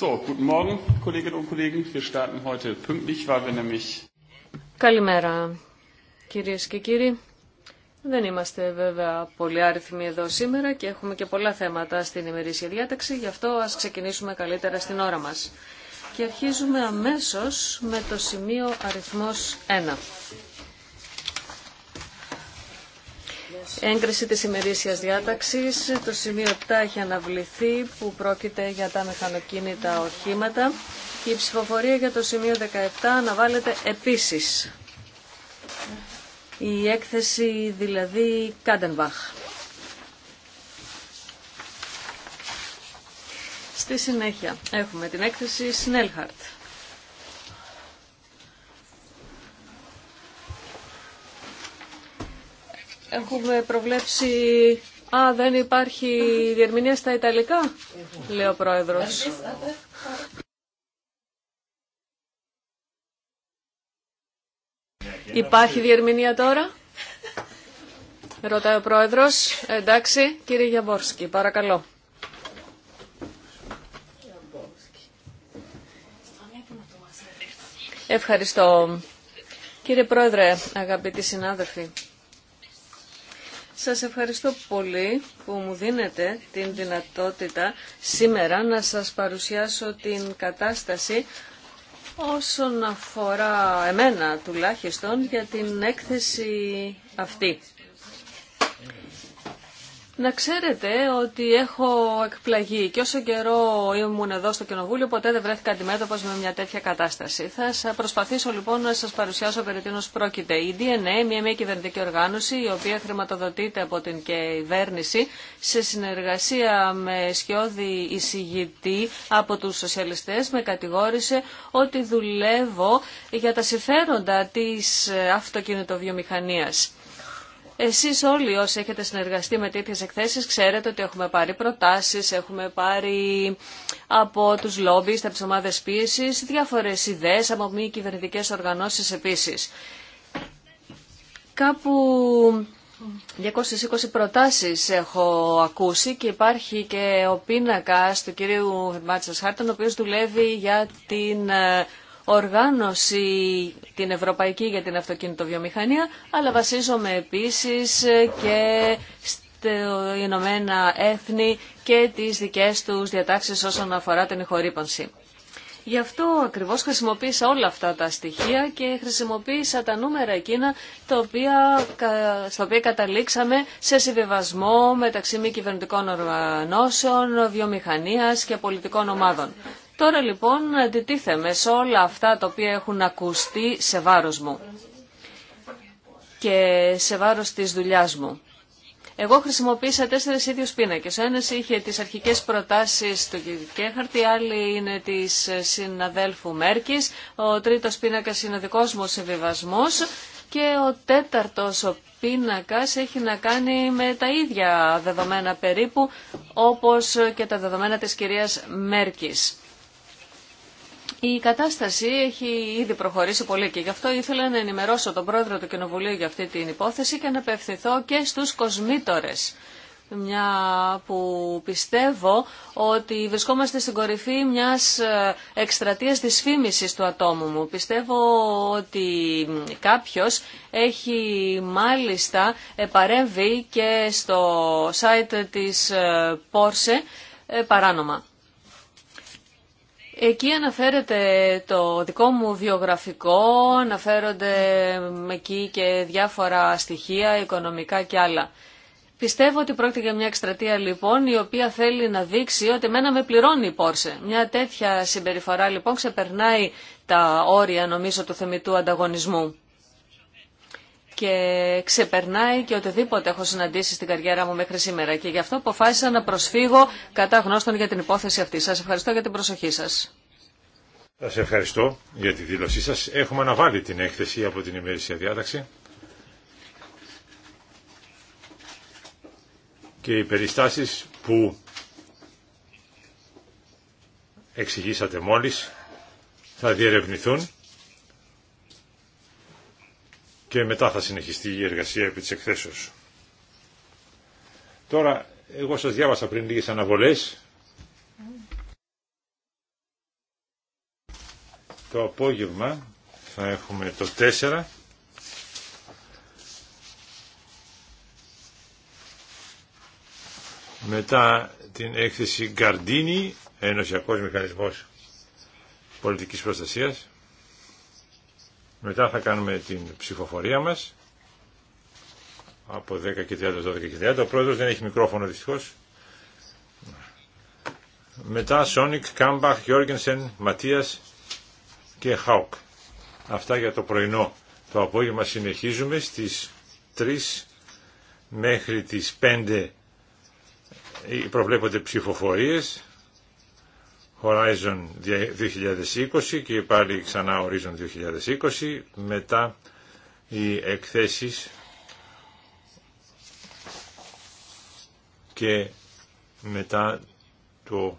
So, guten Morgen, Kolleginnen und Kollegen. Wir starten heute pünktlich, weil wir nämlich... Καλημέρα, κυρίες και κύριοι. Δεν είμαστε βέβαια πολύ άριθμοι εδώ σήμερα και έχουμε και πολλά θέματα στην ημερήσια διάταξη, γι' αυτό ας ξεκινήσουμε καλύτερα στην ώρα μας. Και αρχίζουμε αμέσως με το σημείο αριθμός 1. Έγκριση της ημερήσιας διάταξης. Το σημείο 7 έχει αναβληθεί που πρόκειται για τα μηχανοκίνητα οχήματα. Και Η ψηφοφορία για το σημείο 17 αναβάλλεται επίσης. Η έκθεση δηλαδή Κάντενβαχ. Στη συνέχεια έχουμε την έκθεση Σνέλχαρτ. Έχουμε προβλέψει... Α, δεν υπάρχει διερμηνία στα Ιταλικά, λέει ο Πρόεδρος. Υπάρχει διερμηνία τώρα. Ρωτάει ο Πρόεδρος. Εντάξει, κύριε Γιαμπόρσκι, παρακαλώ. Ευχαριστώ. Κύριε Πρόεδρε, αγαπητοί συνάδελφοι. Σας ευχαριστώ πολύ που μου δίνετε την δυνατότητα σήμερα να σας παρουσιάσω την κατάσταση όσον αφορά εμένα τουλάχιστον για την έκθεση αυτή. Να ξέρετε ότι έχω εκπλαγεί και όσο καιρό ήμουν εδώ στο Κοινοβούλιο ποτέ δεν βρέθηκα αντιμέτωπος με μια τέτοια κατάσταση. Θα προσπαθήσω λοιπόν να σας παρουσιάσω περί τίνος πρόκειται. Η DNA, μια, μια κυβερνητική οργάνωση η οποία χρηματοδοτείται από την κυβέρνηση σε συνεργασία με σκιώδη εισηγητή από τους σοσιαλιστές με κατηγόρησε ότι δουλεύω για τα συμφέροντα της αυτοκινητοβιομηχανίας. Εσείς όλοι όσοι έχετε συνεργαστεί με τέτοιες εκθέσεις ξέρετε ότι έχουμε πάρει προτάσεις, έχουμε πάρει από τους λόμπις, από τις ομάδες πίεσης, διάφορες ιδέες από μη κυβερνητικέ οργανώσεις επίσης. Κάπου 220 προτάσεις έχω ακούσει και υπάρχει και ο πίνακας του κυρίου Μάτσας Χάρτον, ο οποίος δουλεύει για την ε, οργάνωση την Ευρωπαϊκή για την αυτοκινητοβιομηχανία, αλλά βασίζομαι επίσης και στα Ηνωμένα Έθνη και τις δικές τους διατάξεις όσον αφορά την ηχορύπανση. Γι' αυτό ακριβώς χρησιμοποίησα όλα αυτά τα στοιχεία και χρησιμοποίησα τα νούμερα εκείνα τα οποία, στα οποία καταλήξαμε σε συμβιβασμό μεταξύ μη κυβερνητικών οργανώσεων, βιομηχανίας και πολιτικών ομάδων. Τώρα λοιπόν αντιτίθεμε σε όλα αυτά τα οποία έχουν ακουστεί σε βάρος μου και σε βάρος της δουλειάς μου. Εγώ χρησιμοποίησα τέσσερις ίδιους πίνακες. Ο ένα είχε τι αρχικέ προτάσει του Κέχαρτη, άλλη είναι της συναδέλφου Μέρκης. ο τρίτος πίνακας είναι ο δικό μου συμβιβασμό και ο τέταρτος πίνακας έχει να κάνει με τα ίδια δεδομένα περίπου, όπως και τα δεδομένα της κυρίας Μέρκης. Η κατάσταση έχει ήδη προχωρήσει πολύ και γι' αυτό ήθελα να ενημερώσω τον πρόεδρο του Κοινοβουλίου για αυτή την υπόθεση και να απευθυνθώ και στους κοσμήτορες. Μια που πιστεύω ότι βρισκόμαστε στην κορυφή μιας ε, εκστρατείας της φήμησης του ατόμου μου. Πιστεύω ότι κάποιος έχει μάλιστα παρέμβει και στο site της ε, Porsche ε, παράνομα. Εκεί αναφέρεται το δικό μου βιογραφικό, αναφέρονται εκεί και διάφορα στοιχεία, οικονομικά και άλλα. Πιστεύω ότι πρόκειται για μια εκστρατεία λοιπόν η οποία θέλει να δείξει ότι εμένα με πληρώνει η Πόρσε. Μια τέτοια συμπεριφορά λοιπόν ξεπερνάει τα όρια νομίζω του θεμητού ανταγωνισμού και ξεπερνάει και οτιδήποτε έχω συναντήσει στην καριέρα μου μέχρι σήμερα και γι' αυτό αποφάσισα να προσφύγω κατά γνώστων για την υπόθεση αυτή. Σας ευχαριστώ για την προσοχή σας. Σας ευχαριστώ για τη δήλωσή σας. Έχουμε αναβάλει την έκθεση από την ημερήσια διάταξη και οι περιστάσεις που εξηγήσατε μόλις θα διερευνηθούν και μετά θα συνεχιστεί η εργασία επί της εκθέσεως. Τώρα, εγώ σας διάβασα πριν λίγες αναβολές. Το απόγευμα θα έχουμε το 4. Μετά την έκθεση Γκαρντίνη, Ενωσιακός Μηχανισμός Πολιτικής Προστασίας. Μετά θα κάνουμε την ψηφοφορία μας από 10 και 30, 12 και 30. Ο πρόεδρος δεν έχει μικρόφωνο δυστυχώς. Μετά Σόνικ, Κάμπαχ, Γιόργενσεν, Ματίας και Χάουκ. Αυτά για το πρωινό. Το απόγευμα συνεχίζουμε στις 3 μέχρι τις 5 προβλέπονται ψηφοφορίες. Horizon 2020 και πάλι ξανά Horizon 2020, μετά οι εκθέσεις και μετά το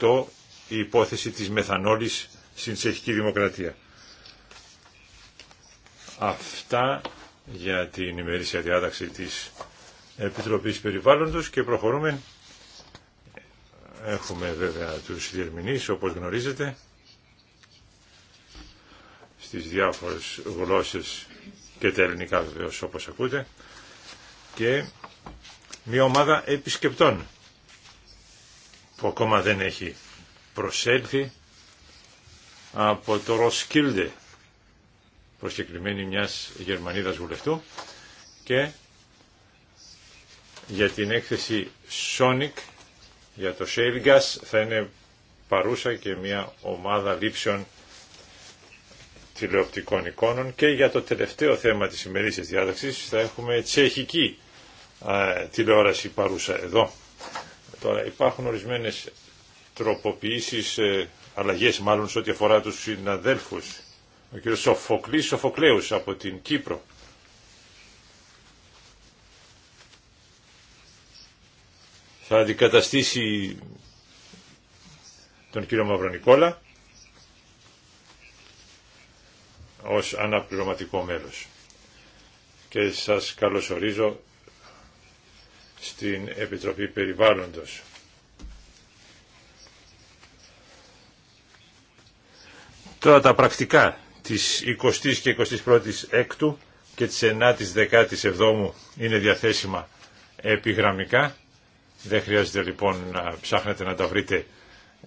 28 η υπόθεση της μεθανόλης στην Τσεχική Δημοκρατία. Αυτά για την ημερήσια διάταξη της Επιτροπής Περιβάλλοντος και προχωρούμε Έχουμε βέβαια τους διερμηνείς, όπως γνωρίζετε, στις διάφορες γλώσσες και τα ελληνικά βεβαίω όπως ακούτε και μια ομάδα επισκεπτών που ακόμα δεν έχει προσέλθει από το Ροσκίλντε προσκεκλημένη μιας Γερμανίδας βουλευτού και για την έκθεση Sonic για το shale gas θα είναι παρούσα και μια ομάδα λήψεων τηλεοπτικών εικόνων και για το τελευταίο θέμα της σημερινής διάταξης θα έχουμε τσεχική τηλεόραση παρούσα εδώ. Τώρα υπάρχουν ορισμένες τροποποιήσεις, ε, αλλαγές μάλλον σε ό,τι αφορά τους συναδέλφους. Ο κ. Σοφοκλής Σοφοκλέους από την Κύπρο. θα αντικαταστήσει τον κύριο Μαυρονικόλα ως αναπληρωματικό μέλος. Και σας καλωσορίζω στην Επιτροπή Περιβάλλοντος. Τώρα τα πρακτικά της 20ης και 21ης έκτου και της 9ης 17ης εβδόμου είναι διαθέσιμα επιγραμμικά. Δεν χρειάζεται λοιπόν να ψάχνετε να τα βρείτε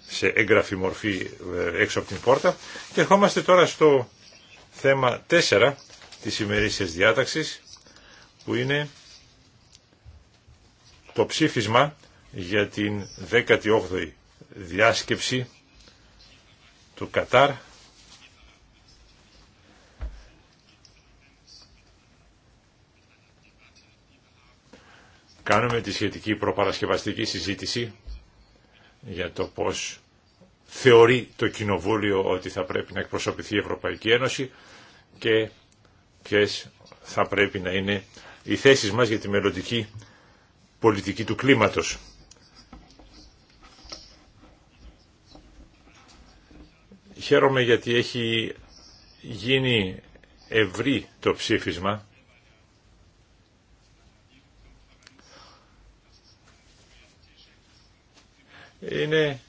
σε έγγραφη μορφή ε, έξω από την πόρτα. Και ερχόμαστε τώρα στο θέμα 4 της ημερήσιας διάταξης που είναι το ψήφισμα για την 18η διάσκεψη του Κατάρ Κάνουμε τη σχετική προπαρασκευαστική συζήτηση για το πώς θεωρεί το Κοινοβούλιο ότι θα πρέπει να εκπροσωπηθεί η Ευρωπαϊκή Ένωση και ποιε θα πρέπει να είναι οι θέσεις μας για τη μελλοντική πολιτική του κλίματος. Χαίρομαι γιατί έχει γίνει ευρύ το ψήφισμα είναι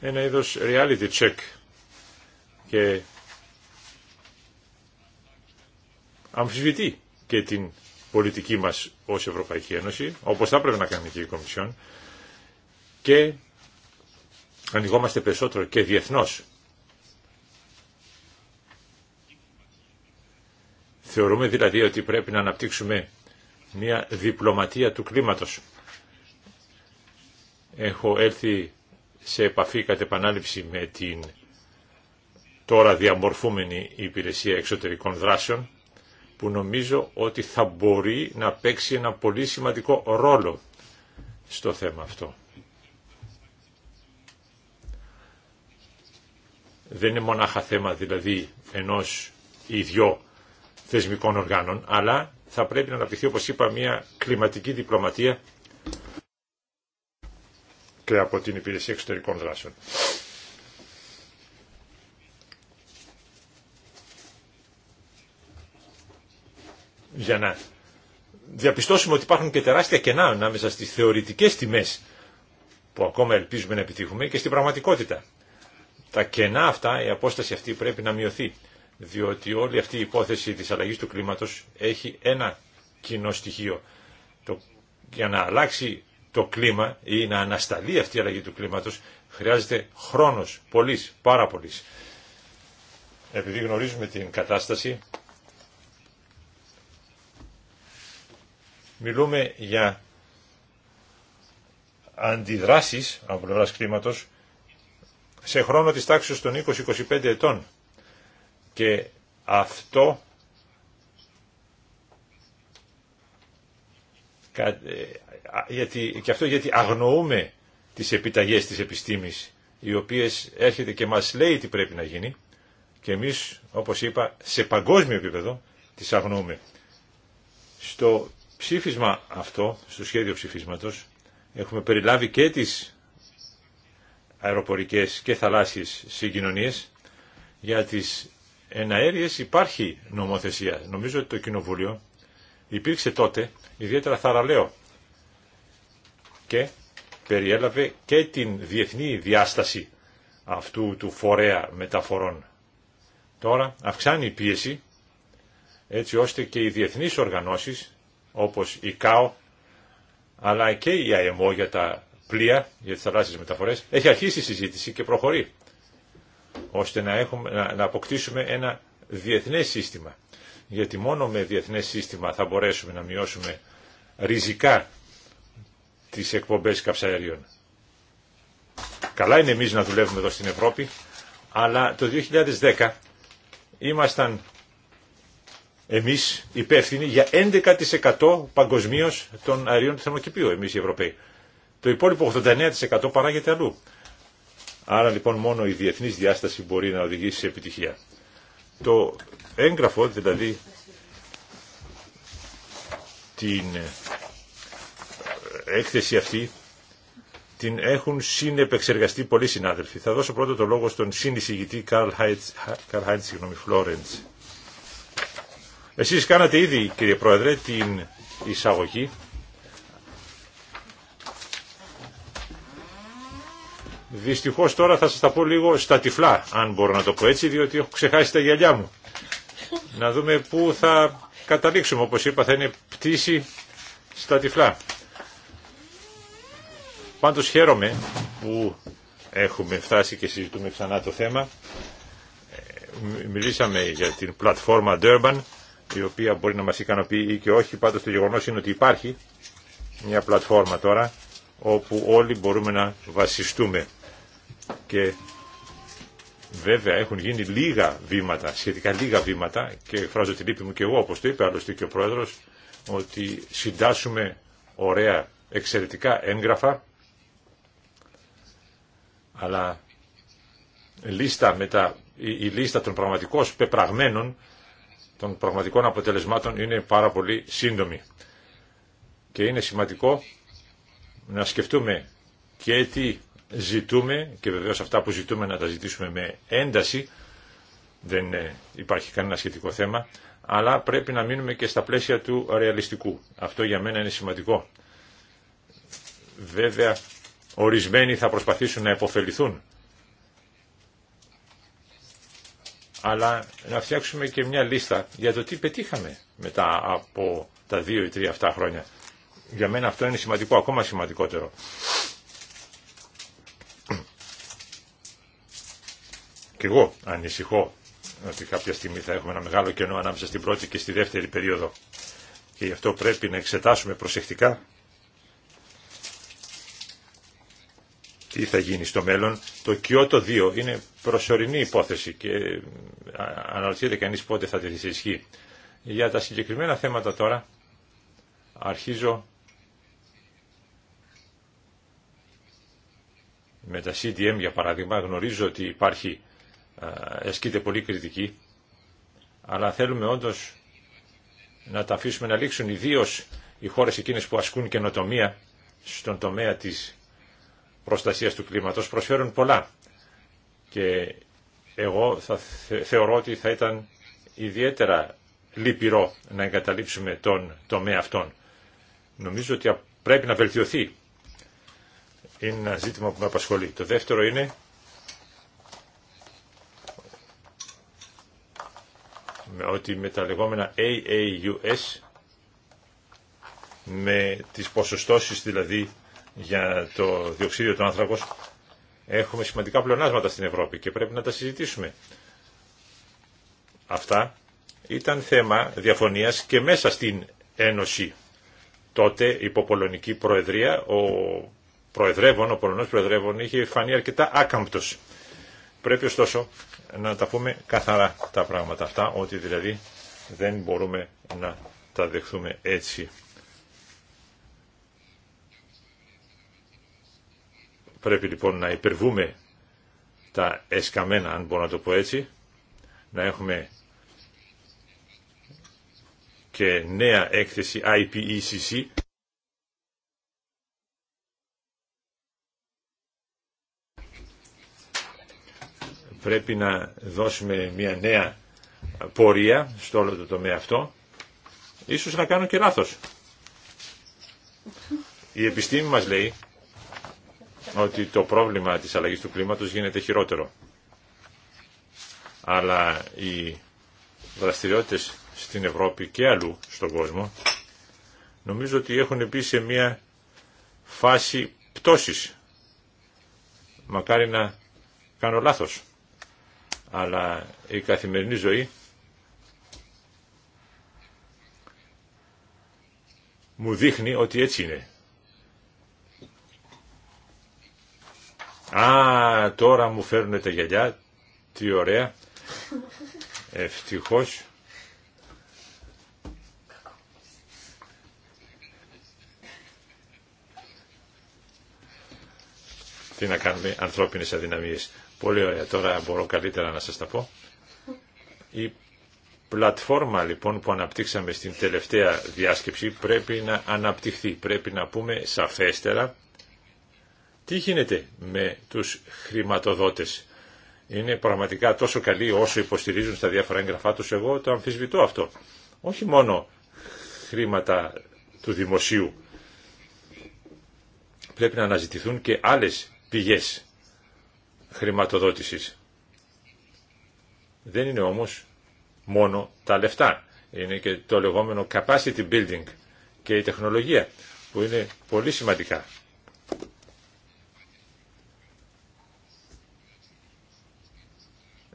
ένα είδος reality check και αμφισβητεί και την πολιτική μας ως Ευρωπαϊκή Ένωση, όπως θα πρέπει να κάνει και η Κομισιόν, και ανοιγόμαστε περισσότερο και διεθνώς. Θεωρούμε δηλαδή ότι πρέπει να αναπτύξουμε μια διπλωματία του κλίματος. Έχω έρθει σε επαφή κατ' επανάληψη με την τώρα διαμορφούμενη υπηρεσία εξωτερικών δράσεων που νομίζω ότι θα μπορεί να παίξει ένα πολύ σημαντικό ρόλο στο θέμα αυτό. Δεν είναι μονάχα θέμα δηλαδή ενός ή δυο θεσμικών οργάνων, αλλά θα πρέπει να αναπτυχθεί, όπως είπα, μια κλιματική διπλωματία και από την Υπηρεσία Εξωτερικών Δράσεων. Για να διαπιστώσουμε ότι υπάρχουν και τεράστια κενά ανάμεσα στις θεωρητικές τιμές που ακόμα ελπίζουμε να επιτύχουμε και στην πραγματικότητα. Τα κενά αυτά, η απόσταση αυτή πρέπει να μειωθεί, διότι όλη αυτή η υπόθεση της αλλαγής του κλίματος έχει ένα κοινό στοιχείο. Το, για να αλλάξει το κλίμα ή να ανασταλεί αυτή η αλλαγή του κλίματος χρειάζεται χρόνος, πολύ, πάρα πολύ. Επειδή γνωρίζουμε την κατάσταση, μιλούμε για αντιδράσεις από πλευρά κλίματος σε χρόνο της τάξης των 20-25 ετών. Και αυτό Ε, γιατί, και αυτό γιατί αγνοούμε τις επιταγές της επιστήμης, οι οποίες έρχεται και μας λέει τι πρέπει να γίνει και εμείς, όπως είπα, σε παγκόσμιο επίπεδο τις αγνοούμε. Στο ψήφισμα αυτό, στο σχέδιο ψηφίσματος, έχουμε περιλάβει και τις αεροπορικές και θαλάσσιες συγκοινωνίες. Για τις εναέριες υπάρχει νομοθεσία. Νομίζω ότι το Κοινοβούλιο υπήρξε τότε ιδιαίτερα θαραλέο και περιέλαβε και την διεθνή διάσταση αυτού του φορέα μεταφορών. Τώρα αυξάνει η πίεση έτσι ώστε και οι διεθνείς οργανώσεις όπως η ΚΑΟ αλλά και η ΑΕΜΟ για τα πλοία, για τις θαλάσσιες μεταφορές, έχει αρχίσει η συζήτηση και προχωρεί, ώστε να, έχουμε, να, αποκτήσουμε ένα διεθνές σύστημα γιατί μόνο με διεθνές σύστημα θα μπορέσουμε να μειώσουμε ριζικά τις εκπομπές καυσαέριων. Καλά είναι εμείς να δουλεύουμε εδώ στην Ευρώπη, αλλά το 2010 ήμασταν εμείς υπεύθυνοι για 11% παγκοσμίω των αερίων του θερμοκηπίου, εμείς οι Ευρωπαίοι. Το υπόλοιπο 89% παράγεται αλλού. Άρα λοιπόν μόνο η διεθνής διάσταση μπορεί να οδηγήσει σε επιτυχία. Το έγγραφο, δηλαδή την ε, έκθεση αυτή, την έχουν συνεπεξεργαστεί πολλοί συνάδελφοι. Θα δώσω πρώτα το λόγο στον συνεισηγητή Καρλ Χάιντ Φλόρεντς. Εσείς κάνατε ήδη, κύριε Πρόεδρε, την εισαγωγή Δυστυχώς τώρα θα σας τα πω λίγο στα τυφλά, αν μπορώ να το πω έτσι, διότι έχω ξεχάσει τα γυαλιά μου. Να δούμε πού θα καταλήξουμε, όπως είπα θα είναι πτήση στα τυφλά. Πάντως χαίρομαι που έχουμε φτάσει και συζητούμε ξανά το θέμα. Ε, μιλήσαμε για την πλατφόρμα Durban, η οποία μπορεί να μας ικανοποιεί ή και όχι, πάντως το γεγονός είναι ότι υπάρχει μια πλατφόρμα τώρα, όπου όλοι μπορούμε να βασιστούμε και βέβαια έχουν γίνει λίγα βήματα, σχετικά λίγα βήματα και εκφράζω τη λύπη μου και εγώ όπως το είπε άλλωστε και ο Πρόεδρος ότι συντάσσουμε ωραία εξαιρετικά έγγραφα αλλά λίστα με η, λίστα των πραγματικών πεπραγμένων των πραγματικών αποτελεσμάτων είναι πάρα πολύ σύντομη. Και είναι σημαντικό να σκεφτούμε και τι ζητούμε και βεβαίως αυτά που ζητούμε να τα ζητήσουμε με ένταση δεν ε, υπάρχει κανένα σχετικό θέμα αλλά πρέπει να μείνουμε και στα πλαίσια του ρεαλιστικού. Αυτό για μένα είναι σημαντικό. Βέβαια, ορισμένοι θα προσπαθήσουν να επωφεληθούν. Αλλά να φτιάξουμε και μια λίστα για το τι πετύχαμε μετά από τα δύο ή τρία αυτά χρόνια. Για μένα αυτό είναι σημαντικό, ακόμα σημαντικότερο. και εγώ ανησυχώ ότι κάποια στιγμή θα έχουμε ένα μεγάλο κενό ανάμεσα στην πρώτη και στη δεύτερη περίοδο και γι' αυτό πρέπει να εξετάσουμε προσεκτικά τι θα γίνει στο μέλλον. Το Κιώτο 2 είναι προσωρινή υπόθεση και ε, αναρωτιέται κανείς πότε θα τη Για τα συγκεκριμένα θέματα τώρα αρχίζω με τα CDM για παράδειγμα γνωρίζω ότι υπάρχει ε, ασκείται πολύ κριτική, αλλά θέλουμε όντω να τα αφήσουμε να λήξουν ιδίω οι χώρες εκείνες που ασκούν καινοτομία στον τομέα της προστασία του κλίματο προσφέρουν πολλά και εγώ θα θεωρώ ότι θα ήταν ιδιαίτερα λυπηρό να εγκαταλείψουμε τον τομέα αυτόν. Νομίζω ότι πρέπει να βελτιωθεί. Είναι ένα ζήτημα που με απασχολεί. Το δεύτερο είναι ότι με τα λεγόμενα AAUS, με τις ποσοστώσεις δηλαδή για το διοξίδιο του άνθρακος, έχουμε σημαντικά πλεονάσματα στην Ευρώπη και πρέπει να τα συζητήσουμε. Αυτά ήταν θέμα διαφωνίας και μέσα στην Ένωση. Τότε υπό Πολωνική Προεδρία ο Προεδρεύων, ο Πολωνός Προεδρεύων είχε φανεί αρκετά άκαμπτος. Πρέπει ωστόσο να τα πούμε καθαρά τα πράγματα αυτά, ότι δηλαδή δεν μπορούμε να τα δεχθούμε έτσι. Πρέπει λοιπόν να υπερβούμε τα εσκαμένα, αν μπορώ να το πω έτσι, να έχουμε και νέα έκθεση IPECC Πρέπει να δώσουμε μια νέα πορεία στο όλο το τομέα αυτό. Ίσως να κάνω και λάθος. Η επιστήμη μας λέει ότι το πρόβλημα της αλλαγής του κλίματος γίνεται χειρότερο. Αλλά οι δραστηριότητες στην Ευρώπη και αλλού στον κόσμο νομίζω ότι έχουν μπει μια φάση πτώσης. Μακάρι να κάνω λάθος αλλά η καθημερινή ζωή μου δείχνει ότι έτσι είναι. Α, τώρα μου φέρνουν τα γυαλιά, τι ωραία. Ευτυχώς. Τι να κάνουμε, ανθρώπινες αδυναμίες. Πολύ ωραία, τώρα μπορώ καλύτερα να σας τα πω. Η πλατφόρμα λοιπόν που αναπτύξαμε στην τελευταία διάσκεψη πρέπει να αναπτυχθεί. Πρέπει να πούμε σαφέστερα τι γίνεται με τους χρηματοδότες. Είναι πραγματικά τόσο καλοί όσο υποστηρίζουν στα διάφορα έγγραφά τους. Εγώ το αμφισβητώ αυτό. Όχι μόνο χρήματα του δημοσίου. Πρέπει να αναζητηθούν και άλλες πηγές χρηματοδότησης. Δεν είναι όμως μόνο τα λεφτά. Είναι και το λεγόμενο capacity building και η τεχνολογία που είναι πολύ σημαντικά.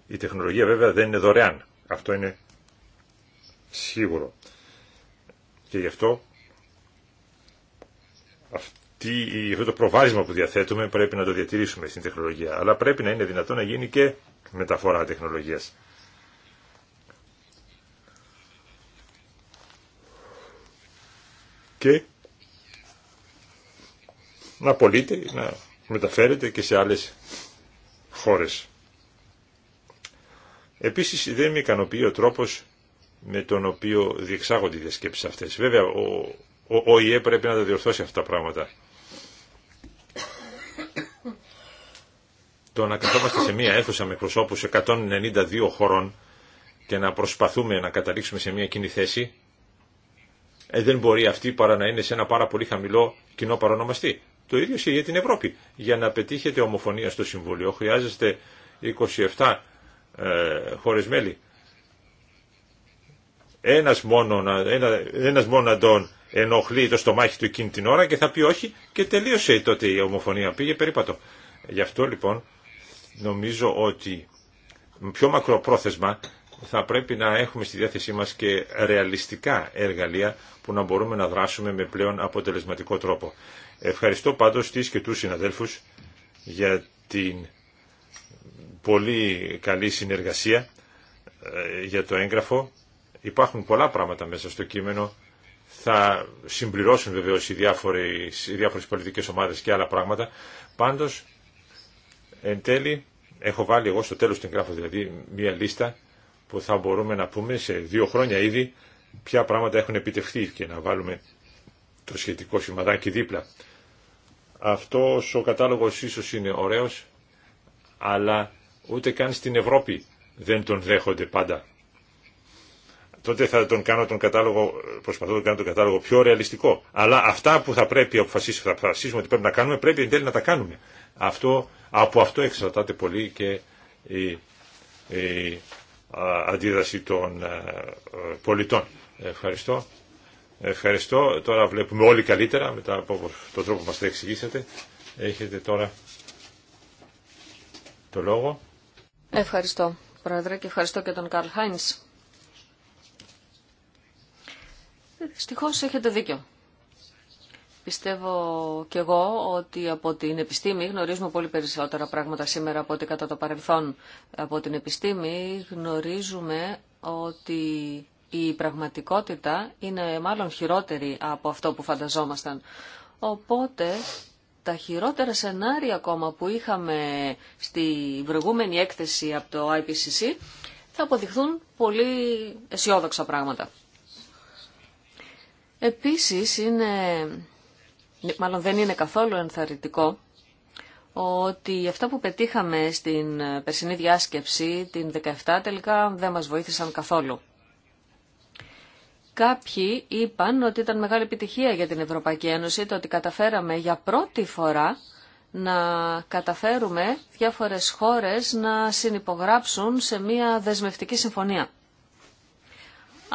Η τεχνολογία βέβαια δεν είναι δωρεάν. Αυτό είναι σίγουρο. Και γι' αυτό τι, αυτό το προβάδισμα που διαθέτουμε πρέπει να το διατηρήσουμε στην τεχνολογία. Αλλά πρέπει να είναι δυνατό να γίνει και μεταφορά τεχνολογίας. Και να πωλείται, να μεταφέρεται και σε άλλες χώρες. Επίσης δεν με ικανοποιεί ο τρόπος με τον οποίο διεξάγονται οι διασκέψεις αυτές. Βέβαια ο, ο πρέπει να τα διορθώσει αυτά τα πράγματα. το να καθόμαστε σε μία αίθουσα με προσώπους 192 χωρών και να προσπαθούμε να καταλήξουμε σε μία κοινή θέση, ε, δεν μπορεί αυτή παρά να είναι σε ένα πάρα πολύ χαμηλό κοινό παρονομαστή. Το ίδιο ισχύει για την Ευρώπη. Για να πετύχετε ομοφωνία στο Συμβούλιο χρειάζεστε 27 ε, χώρες μέλη. Ένας μόνο, ένα, ένας μόνο τον ενοχλεί το στομάχι του εκείνη την ώρα και θα πει όχι και τελείωσε τότε η ομοφωνία. Πήγε περίπατο. Γι' αυτό λοιπόν νομίζω ότι πιο μακροπρόθεσμα θα πρέπει να έχουμε στη διάθεσή μας και ρεαλιστικά εργαλεία που να μπορούμε να δράσουμε με πλέον αποτελεσματικό τρόπο. Ευχαριστώ πάντως τις και τους συναδέλφους για την πολύ καλή συνεργασία ε, για το έγγραφο. Υπάρχουν πολλά πράγματα μέσα στο κείμενο. Θα συμπληρώσουν βεβαίως οι διάφορες, οι διάφορες πολιτικές ομάδες και άλλα πράγματα. Πάντως Εν τέλει, έχω βάλει εγώ στο τέλος την γράφω δηλαδή μια λίστα που θα μπορούμε να πούμε σε δύο χρόνια ήδη ποια πράγματα έχουν επιτευχθεί και να βάλουμε το σχετικό σημαδάκι δίπλα. Αυτό ο κατάλογο ίσω είναι ωραίο, αλλά ούτε καν στην Ευρώπη δεν τον δέχονται πάντα. Τότε θα τον κάνω τον κατάλογο, προσπαθώ να τον κάνω τον κατάλογο πιο ρεαλιστικό. Αλλά αυτά που θα πρέπει, να αποφασίσουμε ότι πρέπει να κάνουμε, πρέπει εν τέλει να τα κάνουμε. Αυτό, από αυτό εξαρτάται πολύ και η, η αντίδραση των ε, πολιτών. Ευχαριστώ. Ευχαριστώ. Τώρα βλέπουμε όλοι καλύτερα μετά από τον τρόπο που μας τα εξηγήσατε. Έχετε τώρα το λόγο. Ευχαριστώ, Πρόεδρε, και ευχαριστώ και τον Καρλ Χάινς. Δυστυχώ έχετε δίκιο. Πιστεύω κι εγώ ότι από την επιστήμη γνωρίζουμε πολύ περισσότερα πράγματα σήμερα από ό,τι κατά το παρελθόν. Από την επιστήμη γνωρίζουμε ότι η πραγματικότητα είναι μάλλον χειρότερη από αυτό που φανταζόμασταν. Οπότε τα χειρότερα σενάρια ακόμα που είχαμε στη προηγούμενη έκθεση από το IPCC θα αποδειχθούν πολύ αισιόδοξα πράγματα. Επίσης είναι μάλλον δεν είναι καθόλου ενθαρρυντικό, ότι αυτά που πετύχαμε στην περσινή διάσκεψη, την 17, τελικά δεν μας βοήθησαν καθόλου. Κάποιοι είπαν ότι ήταν μεγάλη επιτυχία για την Ευρωπαϊκή Ένωση το ότι καταφέραμε για πρώτη φορά να καταφέρουμε διάφορες χώρες να συνυπογράψουν σε μια δεσμευτική συμφωνία.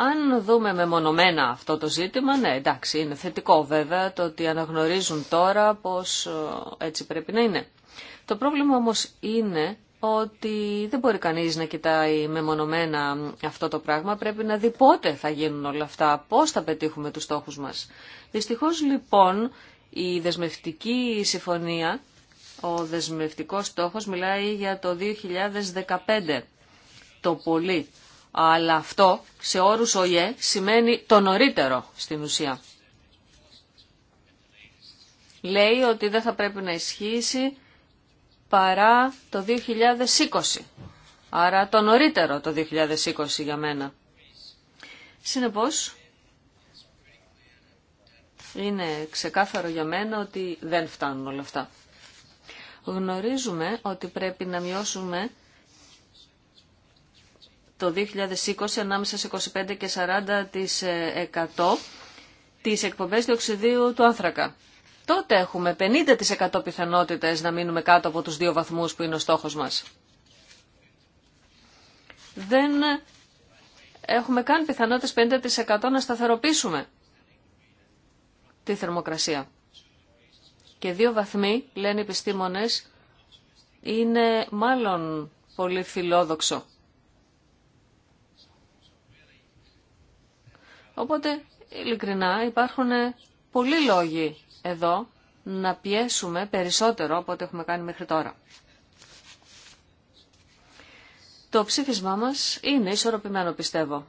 Αν δούμε μεμονωμένα αυτό το ζήτημα, ναι, εντάξει, είναι θετικό βέβαια το ότι αναγνωρίζουν τώρα πως ε, έτσι πρέπει να είναι. Το πρόβλημα όμως είναι ότι δεν μπορεί κανείς να κοιτάει μεμονωμένα αυτό το πράγμα, πρέπει να δει πότε θα γίνουν όλα αυτά, πώς θα πετύχουμε τους στόχους μας. Δυστυχώς λοιπόν η δεσμευτική συμφωνία, ο δεσμευτικός στόχος μιλάει για το 2015 το πολύ αλλά αυτό σε όρους ΟΙΕ σημαίνει το νωρίτερο στην ουσία. Λέει ότι δεν θα πρέπει να ισχύσει παρά το 2020. Άρα το νωρίτερο το 2020 για μένα. Συνεπώς, είναι ξεκάθαρο για μένα ότι δεν φτάνουν όλα αυτά. Γνωρίζουμε ότι πρέπει να μειώσουμε το 2020 ανάμεσα σε 25 και 40% ε, τις εκπομπές διοξιδίου του άνθρακα. Τότε έχουμε 50% πιθανότητες να μείνουμε κάτω από τους δύο βαθμούς που είναι ο στόχος μας. Δεν έχουμε καν πιθανότητες 50% να σταθεροποιήσουμε τη θερμοκρασία. Και δύο βαθμοί, λένε οι επιστήμονες, είναι μάλλον πολύ φιλόδοξο. Οπότε, ειλικρινά, υπάρχουν πολλοί λόγοι εδώ να πιέσουμε περισσότερο από ό,τι έχουμε κάνει μέχρι τώρα. Το ψήφισμά μας είναι ισορροπημένο, πιστεύω.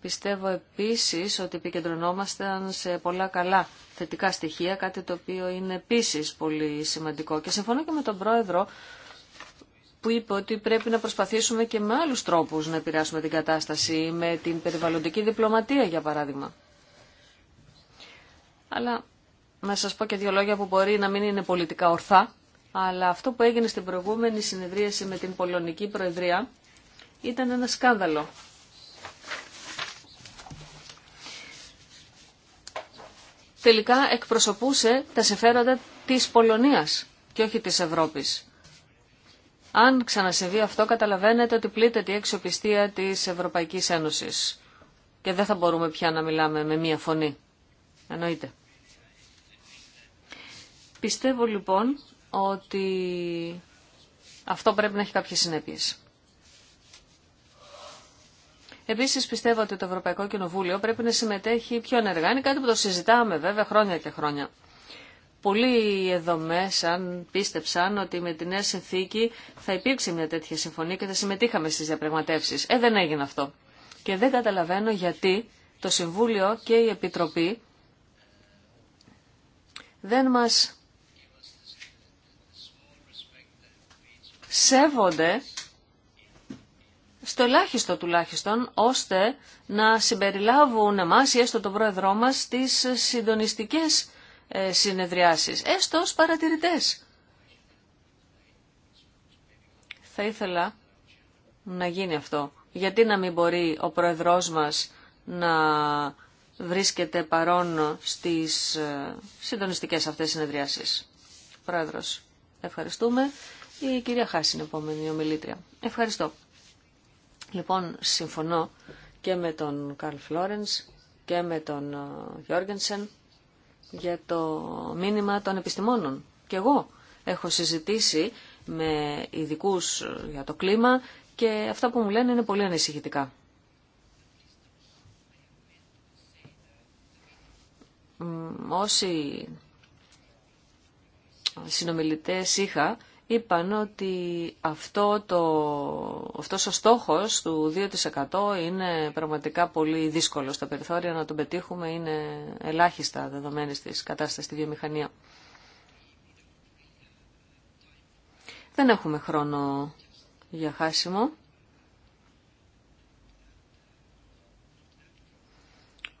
Πιστεύω επίσης ότι επικεντρωνόμαστε σε πολλά καλά θετικά στοιχεία, κάτι το οποίο είναι επίσης πολύ σημαντικό. Και συμφωνώ και με τον Πρόεδρο που είπε ότι πρέπει να προσπαθήσουμε και με άλλους τρόπους να επηρεάσουμε την κατάσταση, με την περιβαλλοντική διπλωματία για παράδειγμα. Αλλά να σας πω και δύο λόγια που μπορεί να μην είναι πολιτικά ορθά, αλλά αυτό που έγινε στην προηγούμενη συνεδρίαση με την Πολωνική Προεδρία ήταν ένα σκάνδαλο. Τελικά εκπροσωπούσε τα συμφέροντα της Πολωνίας και όχι της Ευρώπης. Αν ξανασυμβεί αυτό, καταλαβαίνετε ότι πλήττεται η αξιοπιστία τη Ευρωπαϊκή Ένωση. Και δεν θα μπορούμε πια να μιλάμε με μία φωνή. Εννοείται. Πιστεύω λοιπόν ότι αυτό πρέπει να έχει κάποιες συνέπειες. Επίση, πιστεύω ότι το Ευρωπαϊκό Κοινοβούλιο πρέπει να συμμετέχει πιο ενεργά. Είναι κάτι που το συζητάμε βέβαια χρόνια και χρόνια. Πολλοί εδώ μέσα πίστεψαν ότι με τη νέα συνθήκη θα υπήρξε μια τέτοια συμφωνία και θα συμμετείχαμε στις διαπραγματεύσεις. Ε, δεν έγινε αυτό. Και δεν καταλαβαίνω γιατί το Συμβούλιο και η Επιτροπή δεν μας σέβονται στο ελάχιστο τουλάχιστον, ώστε να συμπεριλάβουν εμάς ή έστω τον πρόεδρό μας τις συντονιστικές ε, συνεδριάσεις, έστω ως παρατηρητές. Θα ήθελα να γίνει αυτό. Γιατί να μην μπορεί ο Πρόεδρός μας να βρίσκεται παρόν στις ε, συντονιστικές αυτές συνεδριάσεις. Πρόεδρος, ευχαριστούμε. Η κυρία Χάση είναι επόμενη ομιλήτρια. Ευχαριστώ. Λοιπόν, συμφωνώ και με τον Καρλ Φλόρενς και με τον ε, Γιώργενσεν για το μήνυμα των επιστημόνων. Και εγώ έχω συζητήσει με ειδικού για το κλίμα και αυτά που μου λένε είναι πολύ ανησυχητικά. Όσοι συνομιλητές είχα, είπαν ότι αυτό το, αυτός ο στόχος του 2% είναι πραγματικά πολύ δύσκολο. Στα περιθώρια να τον πετύχουμε είναι ελάχιστα δεδομένες της κατάστασης στη βιομηχανία. Δεν έχουμε χρόνο για χάσιμο.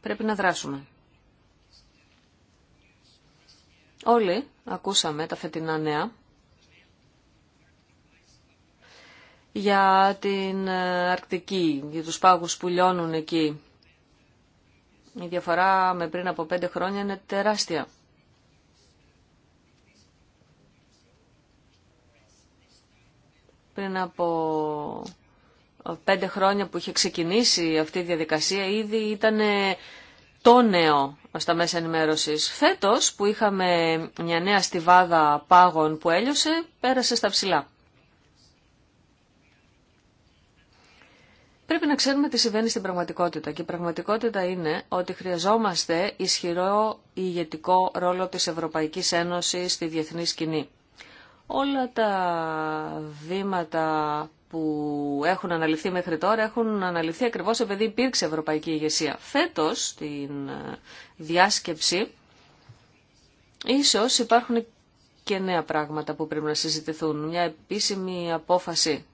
Πρέπει να δράσουμε. Όλοι ακούσαμε τα φετινά νέα για την ε, Αρκτική, για τους πάγους που λιώνουν εκεί. Η διαφορά με πριν από πέντε χρόνια είναι τεράστια. Πριν από ε, πέντε χρόνια που είχε ξεκινήσει αυτή η διαδικασία ήδη ήταν το νέο στα μέσα ενημέρωσης. Φέτος που είχαμε μια νέα στιβάδα πάγων που έλειωσε πέρασε στα ψηλά. Πρέπει να ξέρουμε τι συμβαίνει στην πραγματικότητα και η πραγματικότητα είναι ότι χρειαζόμαστε ισχυρό ηγετικό ρόλο της Ευρωπαϊκής Ένωσης στη διεθνή σκηνή. Όλα τα βήματα που έχουν αναλυθεί μέχρι τώρα έχουν αναλυθεί ακριβώς επειδή υπήρξε ευρωπαϊκή ηγεσία. Φέτος, στην ε, διάσκεψη, ίσως υπάρχουν και νέα πράγματα που πρέπει να συζητηθούν. Μια επίσημη απόφαση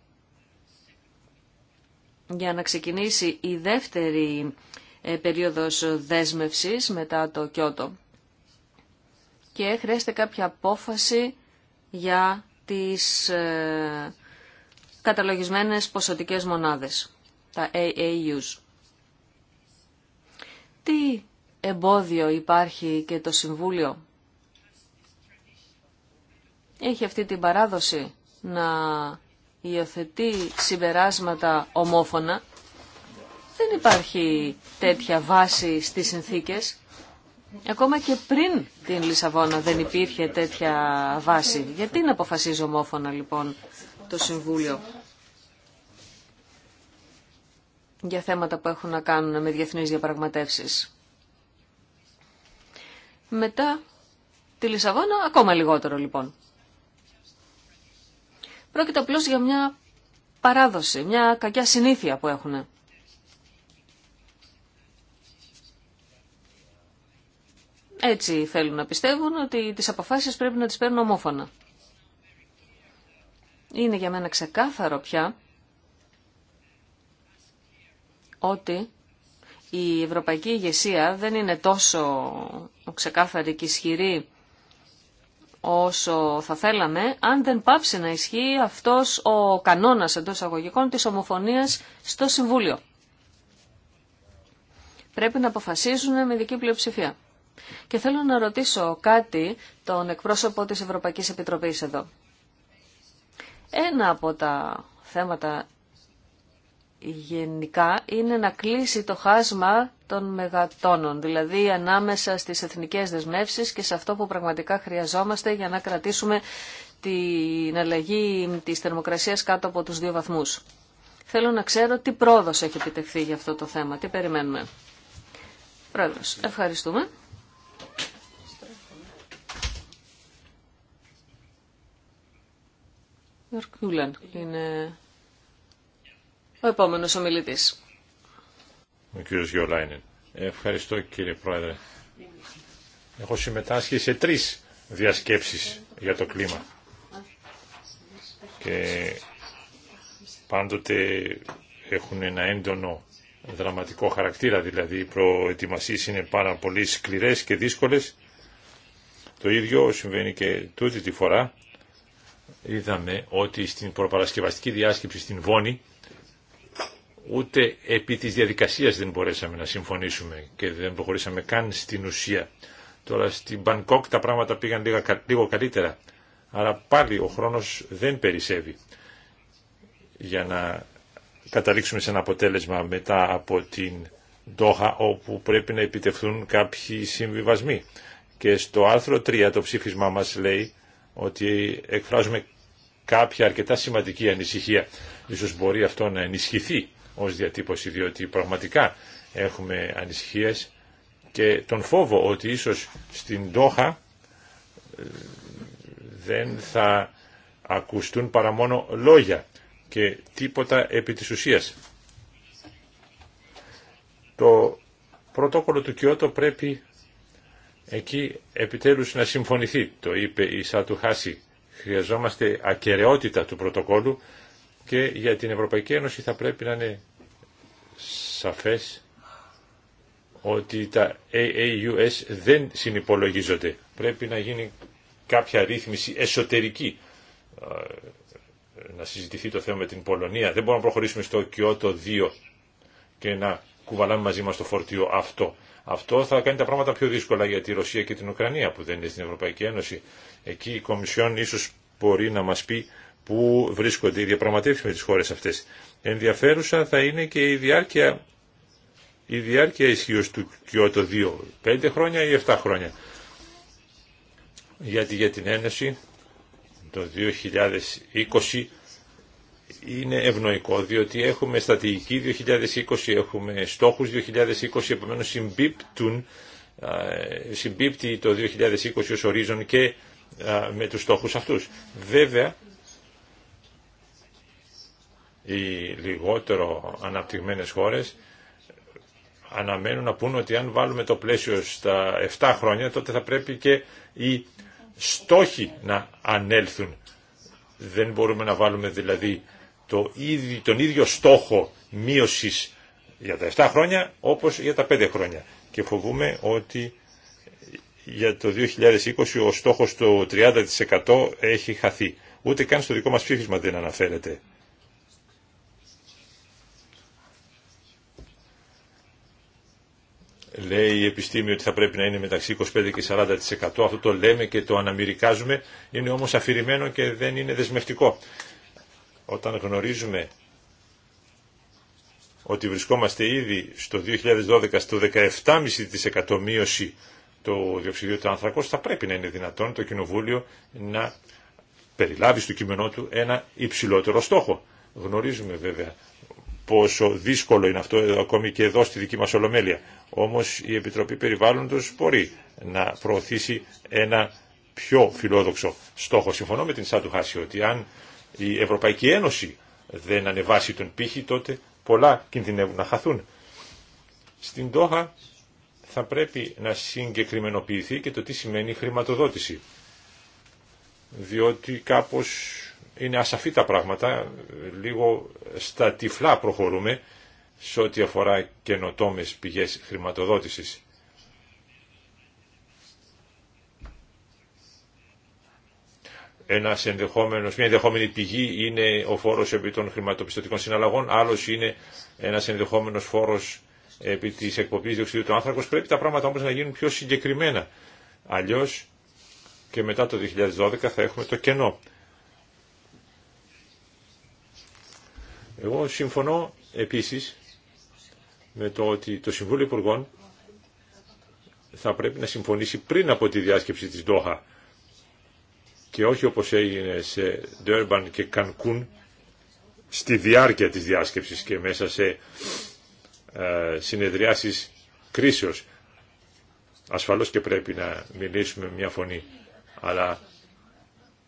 για να ξεκινήσει η δεύτερη ε, περίοδος δέσμευσης μετά το Κιώτο. Και χρειάζεται κάποια απόφαση για τις ε, καταλογισμένες ποσοτικές μονάδες, τα AAUs. Τι εμπόδιο υπάρχει και το Συμβούλιο. Έχει αυτή την παράδοση να υιοθετεί συμπεράσματα ομόφωνα. Δεν υπάρχει τέτοια βάση στις συνθήκες. Ακόμα και πριν την Λισαβόνα δεν υπήρχε τέτοια βάση. Γιατί να αποφασίζει ομόφωνα λοιπόν το Συμβούλιο για θέματα που έχουν να κάνουν με διεθνείς διαπραγματεύσεις. Μετά τη Λισαβόνα ακόμα λιγότερο λοιπόν. Πρόκειται απλώς για μια παράδοση, μια κακιά συνήθεια που έχουν. Έτσι θέλουν να πιστεύουν ότι τις αποφάσεις πρέπει να τις παίρνουν ομόφωνα. Είναι για μένα ξεκάθαρο πια ότι η ευρωπαϊκή ηγεσία δεν είναι τόσο ξεκάθαρη και ισχυρή όσο θα θέλαμε αν δεν πάψει να ισχύει αυτός ο κανόνας εντό αγωγικών της ομοφωνίας στο Συμβούλιο. Πρέπει να αποφασίζουν με δική πλειοψηφία. Και θέλω να ρωτήσω κάτι τον εκπρόσωπο της Ευρωπαϊκής Επιτροπής εδώ. Ένα από τα θέματα γενικά είναι να κλείσει το χάσμα των μεγατόνων, δηλαδή ανάμεσα στις εθνικές δεσμεύσεις και σε αυτό που πραγματικά χρειαζόμαστε για να κρατήσουμε την αλλαγή της θερμοκρασίας κάτω από τους δύο βαθμούς. Θέλω να ξέρω τι πρόοδος έχει επιτευχθεί για αυτό το θέμα, τι περιμένουμε. Πρόεδρος, ευχαριστούμε. είναι ο επόμενος ομιλητής. Ευχαριστώ κύριε Πρόεδρε. Έχω συμμετάσχει σε τρεις διασκέψεις για το κλίμα. Και πάντοτε έχουν ένα έντονο δραματικό χαρακτήρα, δηλαδή οι προετοιμασίες είναι πάρα πολύ σκληρές και δύσκολες. Το ίδιο συμβαίνει και τούτη τη φορά. Είδαμε ότι στην προπαρασκευαστική διάσκεψη στην Βόνη ούτε επί της διαδικασίας δεν μπορέσαμε να συμφωνήσουμε και δεν προχωρήσαμε καν στην ουσία. Τώρα στην Μπανκόκ τα πράγματα πήγαν λίγο καλύτερα, αλλά πάλι ο χρόνος δεν περισσεύει για να καταλήξουμε σε ένα αποτέλεσμα μετά από την Ντόχα όπου πρέπει να επιτευχθούν κάποιοι συμβιβασμοί. Και στο άρθρο 3 το ψήφισμά μας λέει ότι εκφράζουμε κάποια αρκετά σημαντική ανησυχία. Ίσως μπορεί αυτό να ενισχυθεί ως διατύπωση, διότι πραγματικά έχουμε ανησυχίες και τον φόβο ότι ίσως στην Τόχα ε, δεν θα ακουστούν παρά μόνο λόγια και τίποτα επί της ουσίας. Το πρωτόκολλο του Κιώτο πρέπει εκεί επιτέλους να συμφωνηθεί, το είπε η Σάτου Χάση. Χρειαζόμαστε ακαιρεότητα του πρωτοκόλλου και για την Ευρωπαϊκή Ένωση θα πρέπει να είναι σαφές ότι τα AAUS δεν συνυπολογίζονται. Πρέπει να γίνει κάποια ρύθμιση εσωτερική. Ε, να συζητηθεί το θέμα με την Πολωνία. Δεν μπορούμε να προχωρήσουμε στο Κιώτο 2 και να κουβαλάμε μαζί μας το φορτίο αυτό. Αυτό θα κάνει τα πράγματα πιο δύσκολα για τη Ρωσία και την Ουκρανία που δεν είναι στην Ευρωπαϊκή Ένωση. Εκεί η Κομισιόν ίσως μπορεί να μας πει πού βρίσκονται οι διαπραγματεύσεις με τις χώρες αυτές ενδιαφέρουσα θα είναι και η διάρκεια, η διάρκεια ισχύως του Κιώτο 2, 5 χρόνια ή 7 χρόνια. Γιατί για την Ένωση το 2020 είναι ευνοϊκό διότι έχουμε στατηγική 2020, έχουμε στόχους 2020, επομένως συμπίπτουν, συμπίπτει το 2020 ως ορίζον και με τους στόχους αυτούς. Βέβαια οι λιγότερο αναπτυγμένες χώρες αναμένουν να πούν ότι αν βάλουμε το πλαίσιο στα 7 χρόνια τότε θα πρέπει και οι στόχοι να ανέλθουν. Δεν μπορούμε να βάλουμε δηλαδή το τον ίδιο στόχο μείωσης για τα 7 χρόνια όπως για τα 5 χρόνια. Και φοβούμε ότι για το 2020 ο στόχος το 30% έχει χαθεί. Ούτε καν στο δικό μας ψήφισμα δεν αναφέρεται. λέει η επιστήμη ότι θα πρέπει να είναι μεταξύ 25 και 40%. Αυτό το λέμε και το αναμυρικάζουμε. είναι όμως αφηρημένο και δεν είναι δεσμευτικό. Όταν γνωρίζουμε ότι βρισκόμαστε ήδη στο 2012 στο 17,5% μείωση το διοξιδίου του άνθρακος, θα πρέπει να είναι δυνατόν το Κοινοβούλιο να περιλάβει στο κείμενό του ένα υψηλότερο στόχο. Γνωρίζουμε βέβαια πόσο δύσκολο είναι αυτό ε, ακόμη και εδώ στη δική μας Ολομέλεια. Όμως η Επιτροπή Περιβάλλοντος μπορεί να προωθήσει ένα πιο φιλόδοξο στόχο. Συμφωνώ με την Σάντου Χάση ότι αν η Ευρωπαϊκή Ένωση δεν ανεβάσει τον πύχη τότε πολλά κινδυνεύουν να χαθούν. Στην Τόχα θα πρέπει να συγκεκριμενοποιηθεί και το τι σημαίνει χρηματοδότηση. Διότι κάπως είναι ασαφή τα πράγματα, λίγο στα τυφλά προχωρούμε σε ό,τι αφορά καινοτόμε πηγές χρηματοδότησης. Ένας ενδεχόμενος, μια ενδεχόμενη πηγή είναι ο φόρος επί των χρηματοπιστωτικών συναλλαγών, άλλος είναι ένας ενδεχόμενος φόρος επί της εκπομπής διοξιδίου του άνθρακος. Πρέπει τα πράγματα όμως να γίνουν πιο συγκεκριμένα. Αλλιώς και μετά το 2012 θα έχουμε το κενό. Εγώ συμφωνώ επίσης με το ότι το Συμβούλιο Υπουργών θα πρέπει να συμφωνήσει πριν από τη διάσκεψη της Ντόχα και όχι όπως έγινε σε Ντέρμπαν και Κανκούν στη διάρκεια της διάσκεψης και μέσα σε ε, συνεδριάσεις κρίσεως. Ασφαλώς και πρέπει να μιλήσουμε μια φωνή, αλλά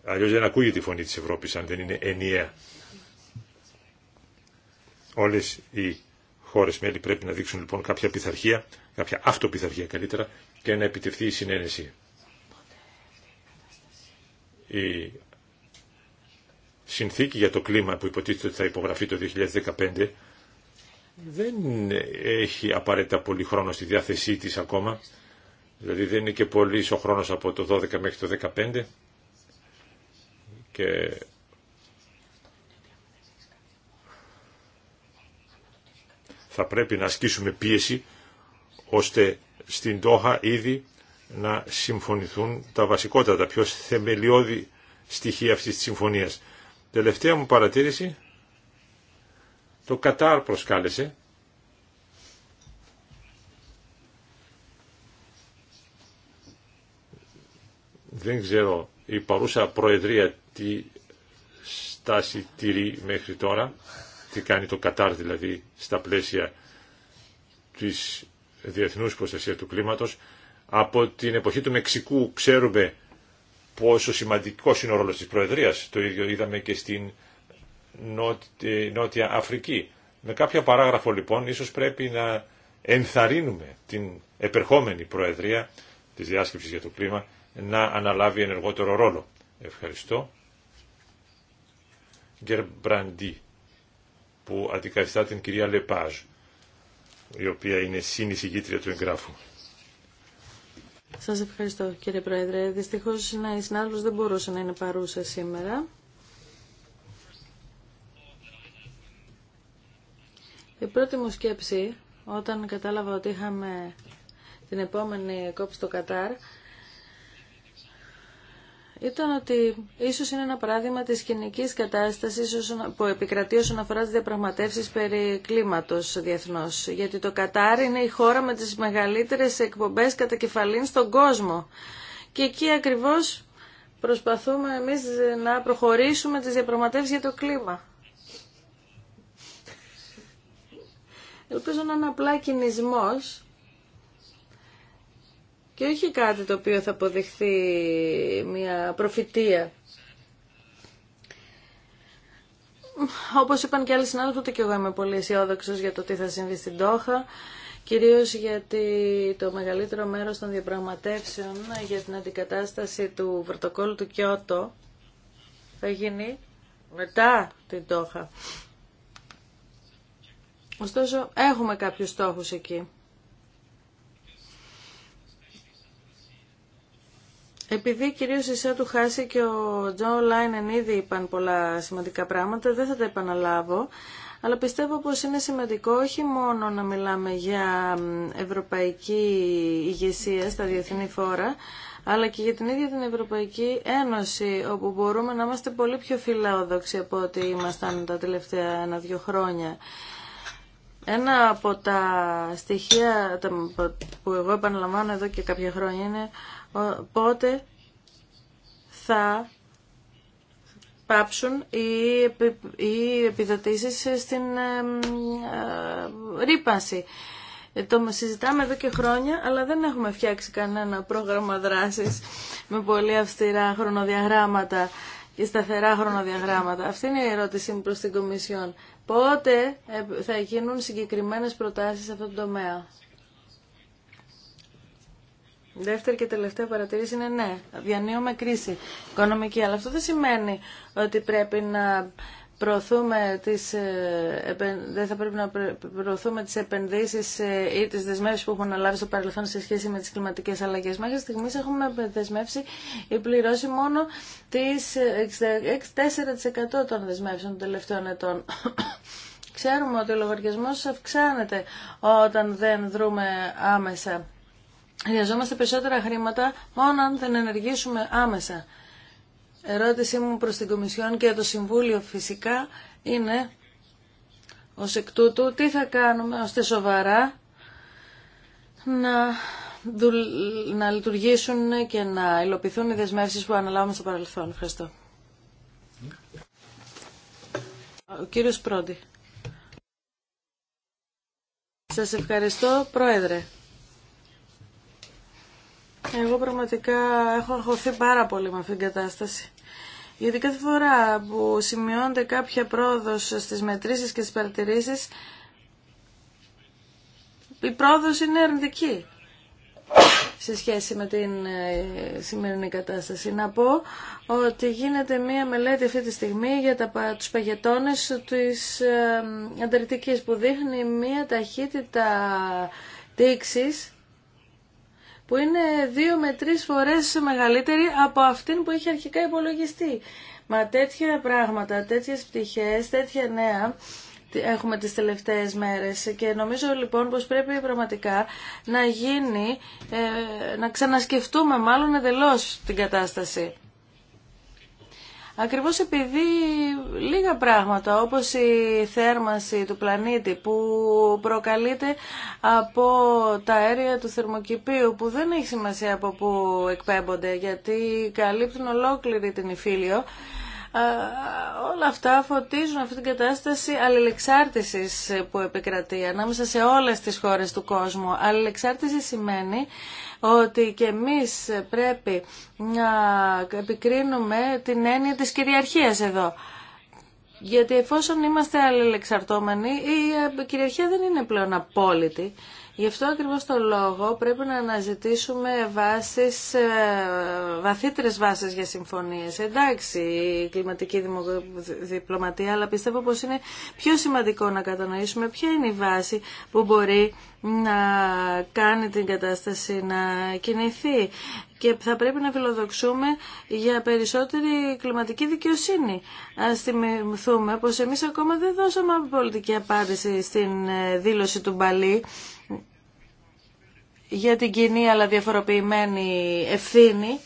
αλλιώς δεν ακούγεται η φωνή της Ευρώπης αν δεν είναι ενιαία. Όλες οι χώρες μέλη πρέπει να δείξουν λοιπόν κάποια πειθαρχία, κάποια αυτοπιθαρχία καλύτερα και να επιτευχθεί η συνένεση. Η συνθήκη για το κλίμα που υποτίθεται ότι θα υπογραφεί το 2015 δεν έχει απαραίτητα πολύ χρόνο στη διάθεσή της ακόμα. Δηλαδή δεν είναι και πολύ ο χρόνος από το 12 μέχρι το 2015. και θα πρέπει να ασκήσουμε πίεση ώστε στην Τόχα ήδη να συμφωνηθούν τα βασικότερα, τα πιο θεμελιώδη στοιχεία αυτής της συμφωνίας. Τελευταία μου παρατήρηση, το Κατάρ προσκάλεσε δεν ξέρω η παρούσα προεδρία τι στάση τηρεί μέχρι τώρα τι κάνει το Κατάρ δηλαδή στα πλαίσια της διεθνούς προστασία του κλίματος. Από την εποχή του Μεξικού ξέρουμε πόσο σημαντικός είναι ο ρόλος της Προεδρίας. Το ίδιο είδαμε και στην Νότια Αφρική. Με κάποια παράγραφο λοιπόν ίσως πρέπει να ενθαρρύνουμε την επερχόμενη Προεδρία της Διάσκεψης για το Κλίμα να αναλάβει ενεργότερο ρόλο. Ευχαριστώ. Γερμπραντή που αντικαθιστά την κυρία Λεπάζ, η οποία είναι συνεισηγήτρια του εγγράφου. Σας ευχαριστώ κύριε Πρόεδρε. Δυστυχώς η συνάδελφος δεν μπορούσε να είναι παρούσα σήμερα. Η πρώτη μου σκέψη όταν κατάλαβα ότι είχαμε την επόμενη κόπη στο Κατάρ ήταν ότι ίσως είναι ένα παράδειγμα της κοινικής κατάστασης που επικρατεί όσον αφορά τις διαπραγματεύσεις περί κλίματος διεθνώς. Γιατί το Κατάρ είναι η χώρα με τις μεγαλύτερες εκπομπές κατά στον κόσμο. Και εκεί ακριβώς προσπαθούμε εμείς να προχωρήσουμε τις διαπραγματεύσεις για το κλίμα. Ελπίζω να είναι απλά κινησμός και όχι κάτι το οποίο θα αποδειχθεί μια προφητεία. Όπως είπαν και άλλοι συνάδελφοι, και εγώ είμαι πολύ αισιόδοξο για το τι θα συμβεί στην Τόχα, κυρίως γιατί το μεγαλύτερο μέρος των διαπραγματεύσεων για την αντικατάσταση του πρωτοκόλλου του Κιώτο θα γίνει μετά την Τόχα. Ωστόσο, έχουμε κάποιους στόχους εκεί. Επειδή κυρίως η του Χάση και ο Τζον Λάινεν ήδη είπαν πολλά σημαντικά πράγματα, δεν θα τα επαναλάβω. Αλλά πιστεύω πως είναι σημαντικό όχι μόνο να μιλάμε για ευρωπαϊκή ηγεσία στα διεθνή φόρα, αλλά και για την ίδια την Ευρωπαϊκή Ένωση, όπου μπορούμε να είμαστε πολύ πιο φιλόδοξοι από ό,τι ήμασταν τα τελευταία ένα-δύο χρόνια. Ένα από τα στοιχεία που εγώ επαναλαμβάνω εδώ και κάποια χρόνια είναι πότε θα πάψουν οι επιδοτήσεις στην ε, ρήπανση. Το συζητάμε εδώ και χρόνια, αλλά δεν έχουμε φτιάξει κανένα πρόγραμμα δράσης με πολύ αυστηρά χρονοδιαγράμματα και σταθερά χρονοδιαγράμματα. Αυτή είναι η ερώτησή μου προς την Κομισιόν. Πότε ε, θα γίνουν συγκεκριμένες προτάσεις σε αυτό το τομέα. Δεύτερη και τελευταία παρατηρήση είναι ναι, διανύουμε κρίση οικονομική, αλλά αυτό δεν σημαίνει ότι πρέπει να προωθούμε τις, ε, δεν θα πρέπει να προωθούμε τις επενδύσεις ε, ή τις δεσμεύσεις που έχουμε λάβει στο παρελθόν σε σχέση με τις κλιματικές αλλαγές. Μέχρι στιγμής έχουμε δεσμεύσει ή πληρώσει μόνο τις 4% ε, των δεσμεύσεων των τελευταίων ετών. Ξέρουμε ότι ο λογαριασμός αυξάνεται όταν δεν δρούμε άμεσα. Χρειαζόμαστε περισσότερα χρήματα μόνο αν δεν ενεργήσουμε άμεσα. Ερώτησή μου προς την Κομισιόν και το Συμβούλιο φυσικά είναι ως εκ τούτου τι θα κάνουμε ώστε σοβαρά να, να λειτουργήσουν και να υλοποιηθούν οι δεσμεύσεις που αναλάβουμε στο παρελθόν. Ευχαριστώ. Ο κύριος Πρόντι. Σας ευχαριστώ, Πρόεδρε. Εγώ πραγματικά έχω αγχωθεί πάρα πολύ με αυτήν την κατάσταση. Γιατί κάθε φορά που σημειώνεται κάποια πρόοδος στις μετρήσεις και στις παρατηρήσεις, η πρόοδος είναι αρνητική σε σχέση με την ε, σημερινή κατάσταση. Να πω ότι γίνεται μία μελέτη αυτή τη στιγμή για τα, τους παγετώνες της ε, Ανταρκτικής που δείχνει μία ταχύτητα τήξης που είναι δύο με τρεις φορές μεγαλύτερη από αυτήν που είχε αρχικά υπολογιστεί. Μα τέτοια πράγματα, τέτοιες πτυχές, τέτοια νέα έχουμε τις τελευταίες μέρες και νομίζω λοιπόν πως πρέπει πραγματικά να γίνει, ε, να ξανασκεφτούμε μάλλον εντελώ την κατάσταση. Ακριβώς επειδή λίγα πράγματα όπως η θέρμανση του πλανήτη που προκαλείται από τα αέρια του θερμοκηπίου που δεν έχει σημασία από πού εκπέμπονται γιατί καλύπτουν ολόκληρη την υφήλιο όλα αυτά φωτίζουν αυτή την κατάσταση αλληλεξάρτησης που επικρατεί ανάμεσα σε όλες τις χώρες του κόσμου. Αλληλεξάρτηση σημαίνει ότι και εμείς πρέπει να επικρίνουμε την έννοια της κυριαρχίας εδώ. Γιατί εφόσον είμαστε αλληλεξαρτώμενοι, η ε, κυριαρχία δεν είναι πλέον απόλυτη. Γι' αυτό ακριβώς το λόγο πρέπει να αναζητήσουμε βάσεις, ε, βαθύτερες βάσεις για συμφωνίες. Εντάξει η κλιματική διπλωματία, αλλά πιστεύω πως είναι πιο σημαντικό να κατανοήσουμε ποια είναι η βάση που μπορεί να κάνει την κατάσταση να κινηθεί και θα πρέπει να φιλοδοξούμε για περισσότερη κλιματική δικαιοσύνη. Α θυμηθούμε πως εμείς ακόμα δεν δώσαμε πολιτική απάντηση στην ε, δήλωση του Μπαλί για την κοινή αλλά διαφοροποιημένη ευθύνη.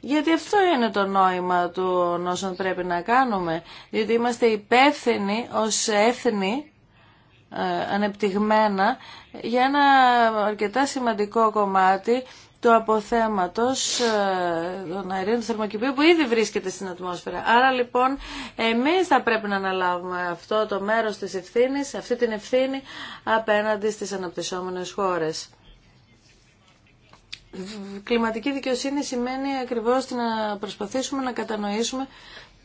Γιατί αυτό είναι το νόημα του όσων πρέπει να κάνουμε. Διότι είμαστε υπεύθυνοι ως έθνη ε, ανεπτυγμένα για ένα αρκετά σημαντικό κομμάτι του αποθέματος ε, των αερίων του θερμοκηπίου που ήδη βρίσκεται στην ατμόσφαιρα. Άρα λοιπόν εμείς θα πρέπει να αναλάβουμε αυτό το μέρος της ευθύνης, αυτή την ευθύνη απέναντι στις αναπτυσσόμενες χώρες. Κλιματική δικαιοσύνη σημαίνει ακριβώς να προσπαθήσουμε να κατανοήσουμε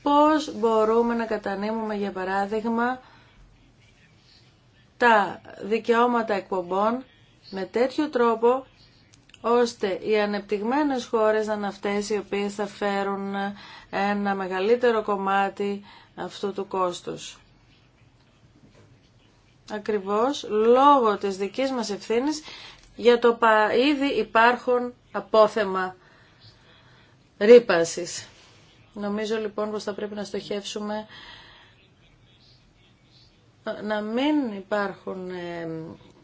πώς μπορούμε να κατανείμουμε για παράδειγμα τα δικαιώματα εκπομπών με τέτοιο τρόπο ώστε οι ανεπτυγμένες χώρες να είναι αυτές οι οποίες θα φέρουν ένα μεγαλύτερο κομμάτι αυτού του κόστους. Ακριβώς λόγω της δικής μας ευθύνης για το ήδη υπάρχουν απόθεμα ρήπασης. Νομίζω λοιπόν πως θα πρέπει να στοχεύσουμε να μην υπάρχουν ε,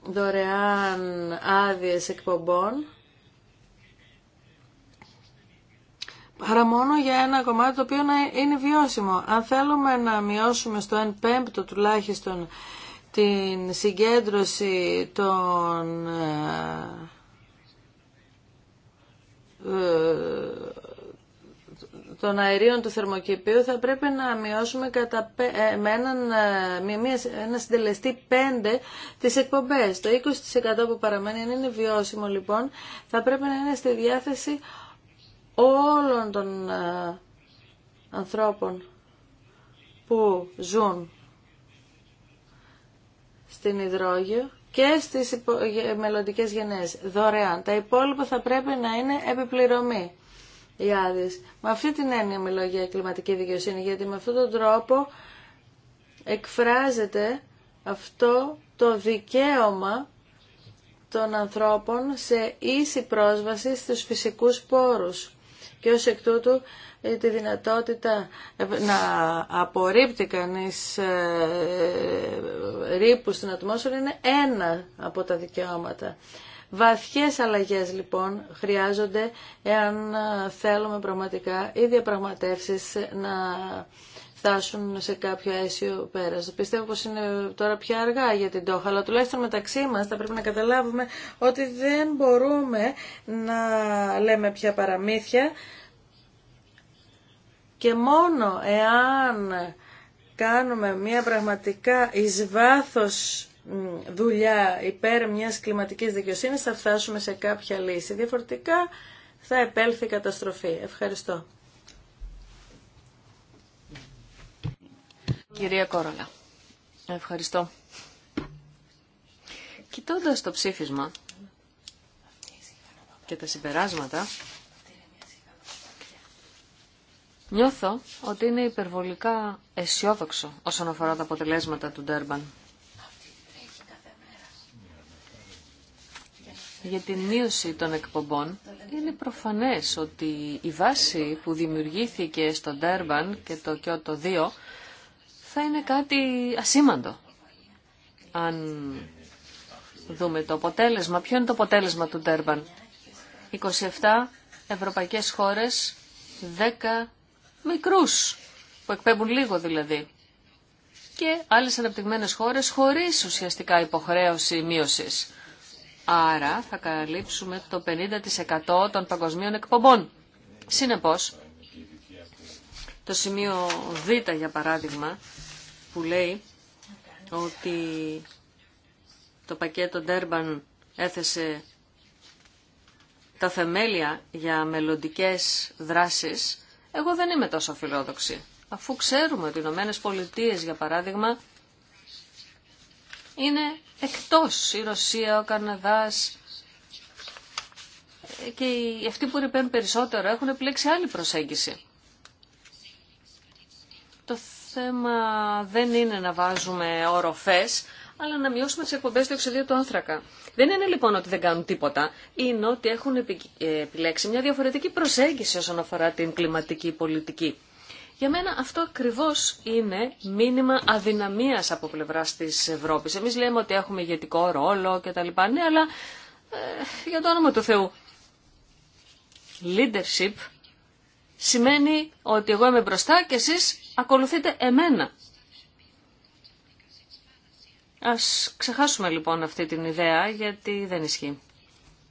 δωρεάν άδειες εκπομπών παρά μόνο για ένα κομμάτι το οποίο να είναι βιώσιμο. Αν θέλουμε να μειώσουμε στο 1 πέμπτο τουλάχιστον την συγκέντρωση των ε, ε, των αερίων του θερμοκηπίου θα πρέπει να μειώσουμε κατά, ε, με έναν, ένα συντελεστή 5 τις εκπομπές. Το 20% που παραμένει αν είναι βιώσιμο λοιπόν θα πρέπει να είναι στη διάθεση όλων των ε, ανθρώπων που ζουν στην υδρόγειο και στις μελλοντικέ γενναίες δωρεάν. Τα υπόλοιπα θα πρέπει να είναι επιπληρωμή οι άδειες. Με αυτή την έννοια μιλώ για κλιματική δικαιοσύνη, γιατί με αυτόν τον τρόπο εκφράζεται αυτό το δικαίωμα των ανθρώπων σε ίση πρόσβαση στους φυσικούς πόρους και ως εκ τούτου ε, τη δυνατότητα ε, να απορρίπτει κανείς ε, ρήπου στην ατμόσφαιρα είναι ένα από τα δικαιώματα. Βαθιές αλλαγές λοιπόν χρειάζονται εάν θέλουμε πραγματικά οι διαπραγματεύσεις να φτάσουν σε κάποιο αίσιο πέρα. Πιστεύω πως είναι τώρα πια αργά για την Τόχα, αλλά τουλάχιστον μεταξύ μας θα πρέπει να καταλάβουμε ότι δεν μπορούμε να λέμε πια παραμύθια και μόνο εάν κάνουμε μια πραγματικά εις βάθος δουλειά υπέρ μιας κλιματικής δικαιοσύνης θα φτάσουμε σε κάποια λύση. Διαφορετικά θα επέλθει η καταστροφή. Ευχαριστώ. Κυρία Κόρολα, ευχαριστώ. Κοιτώντας το ψήφισμα και τα συμπεράσματα, νιώθω ότι είναι υπερβολικά αισιόδοξο όσον αφορά τα αποτελέσματα του Ντέρμπαν. Για την μείωση των εκπομπών είναι προφανές ότι η βάση που δημιουργήθηκε στο Ντέρμπαν και το Κιώτο 2 θα είναι κάτι ασήμαντο. Αν δούμε το αποτέλεσμα, ποιο είναι το αποτέλεσμα του Τέρμπαν. 27 ευρωπαϊκές χώρες, 10 μικρούς, που εκπέμπουν λίγο δηλαδή. Και άλλες αναπτυγμένες χώρες χωρίς ουσιαστικά υποχρέωση μείωσης. Άρα θα καλύψουμε το 50% των παγκοσμίων εκπομπών. Συνεπώς, το σημείο Β, για παράδειγμα, που λέει ότι το πακέτο Ντέρμπαν έθεσε τα θεμέλια για μελλοντικές δράσεις, εγώ δεν είμαι τόσο φιλόδοξη. Αφού ξέρουμε ότι οι Ηνωμένε Πολιτείε, για παράδειγμα, είναι εκτός η Ρωσία, ο Καναδάς και οι, αυτοί που ρηπαίνουν περισσότερο έχουν επιλέξει άλλη προσέγγιση. Το θέμα δεν είναι να βάζουμε οροφές, αλλά να μειώσουμε τις εκπομπές του εξωτερικού του άνθρακα. Δεν είναι λοιπόν ότι δεν κάνουν τίποτα, είναι ότι έχουν ε, επιλέξει μια διαφορετική προσέγγιση όσον αφορά την κλιματική πολιτική. Για μένα αυτό ακριβώς είναι μήνυμα αδυναμίας από πλευράς της Ευρώπης. Εμείς λέμε ότι έχουμε ηγετικό ρόλο και ναι, αλλά ε, για το όνομα του Θεού. Leadership σημαίνει ότι εγώ είμαι μπροστά και εσείς ακολουθείτε εμένα. Ας ξεχάσουμε λοιπόν αυτή την ιδέα γιατί δεν ισχύει.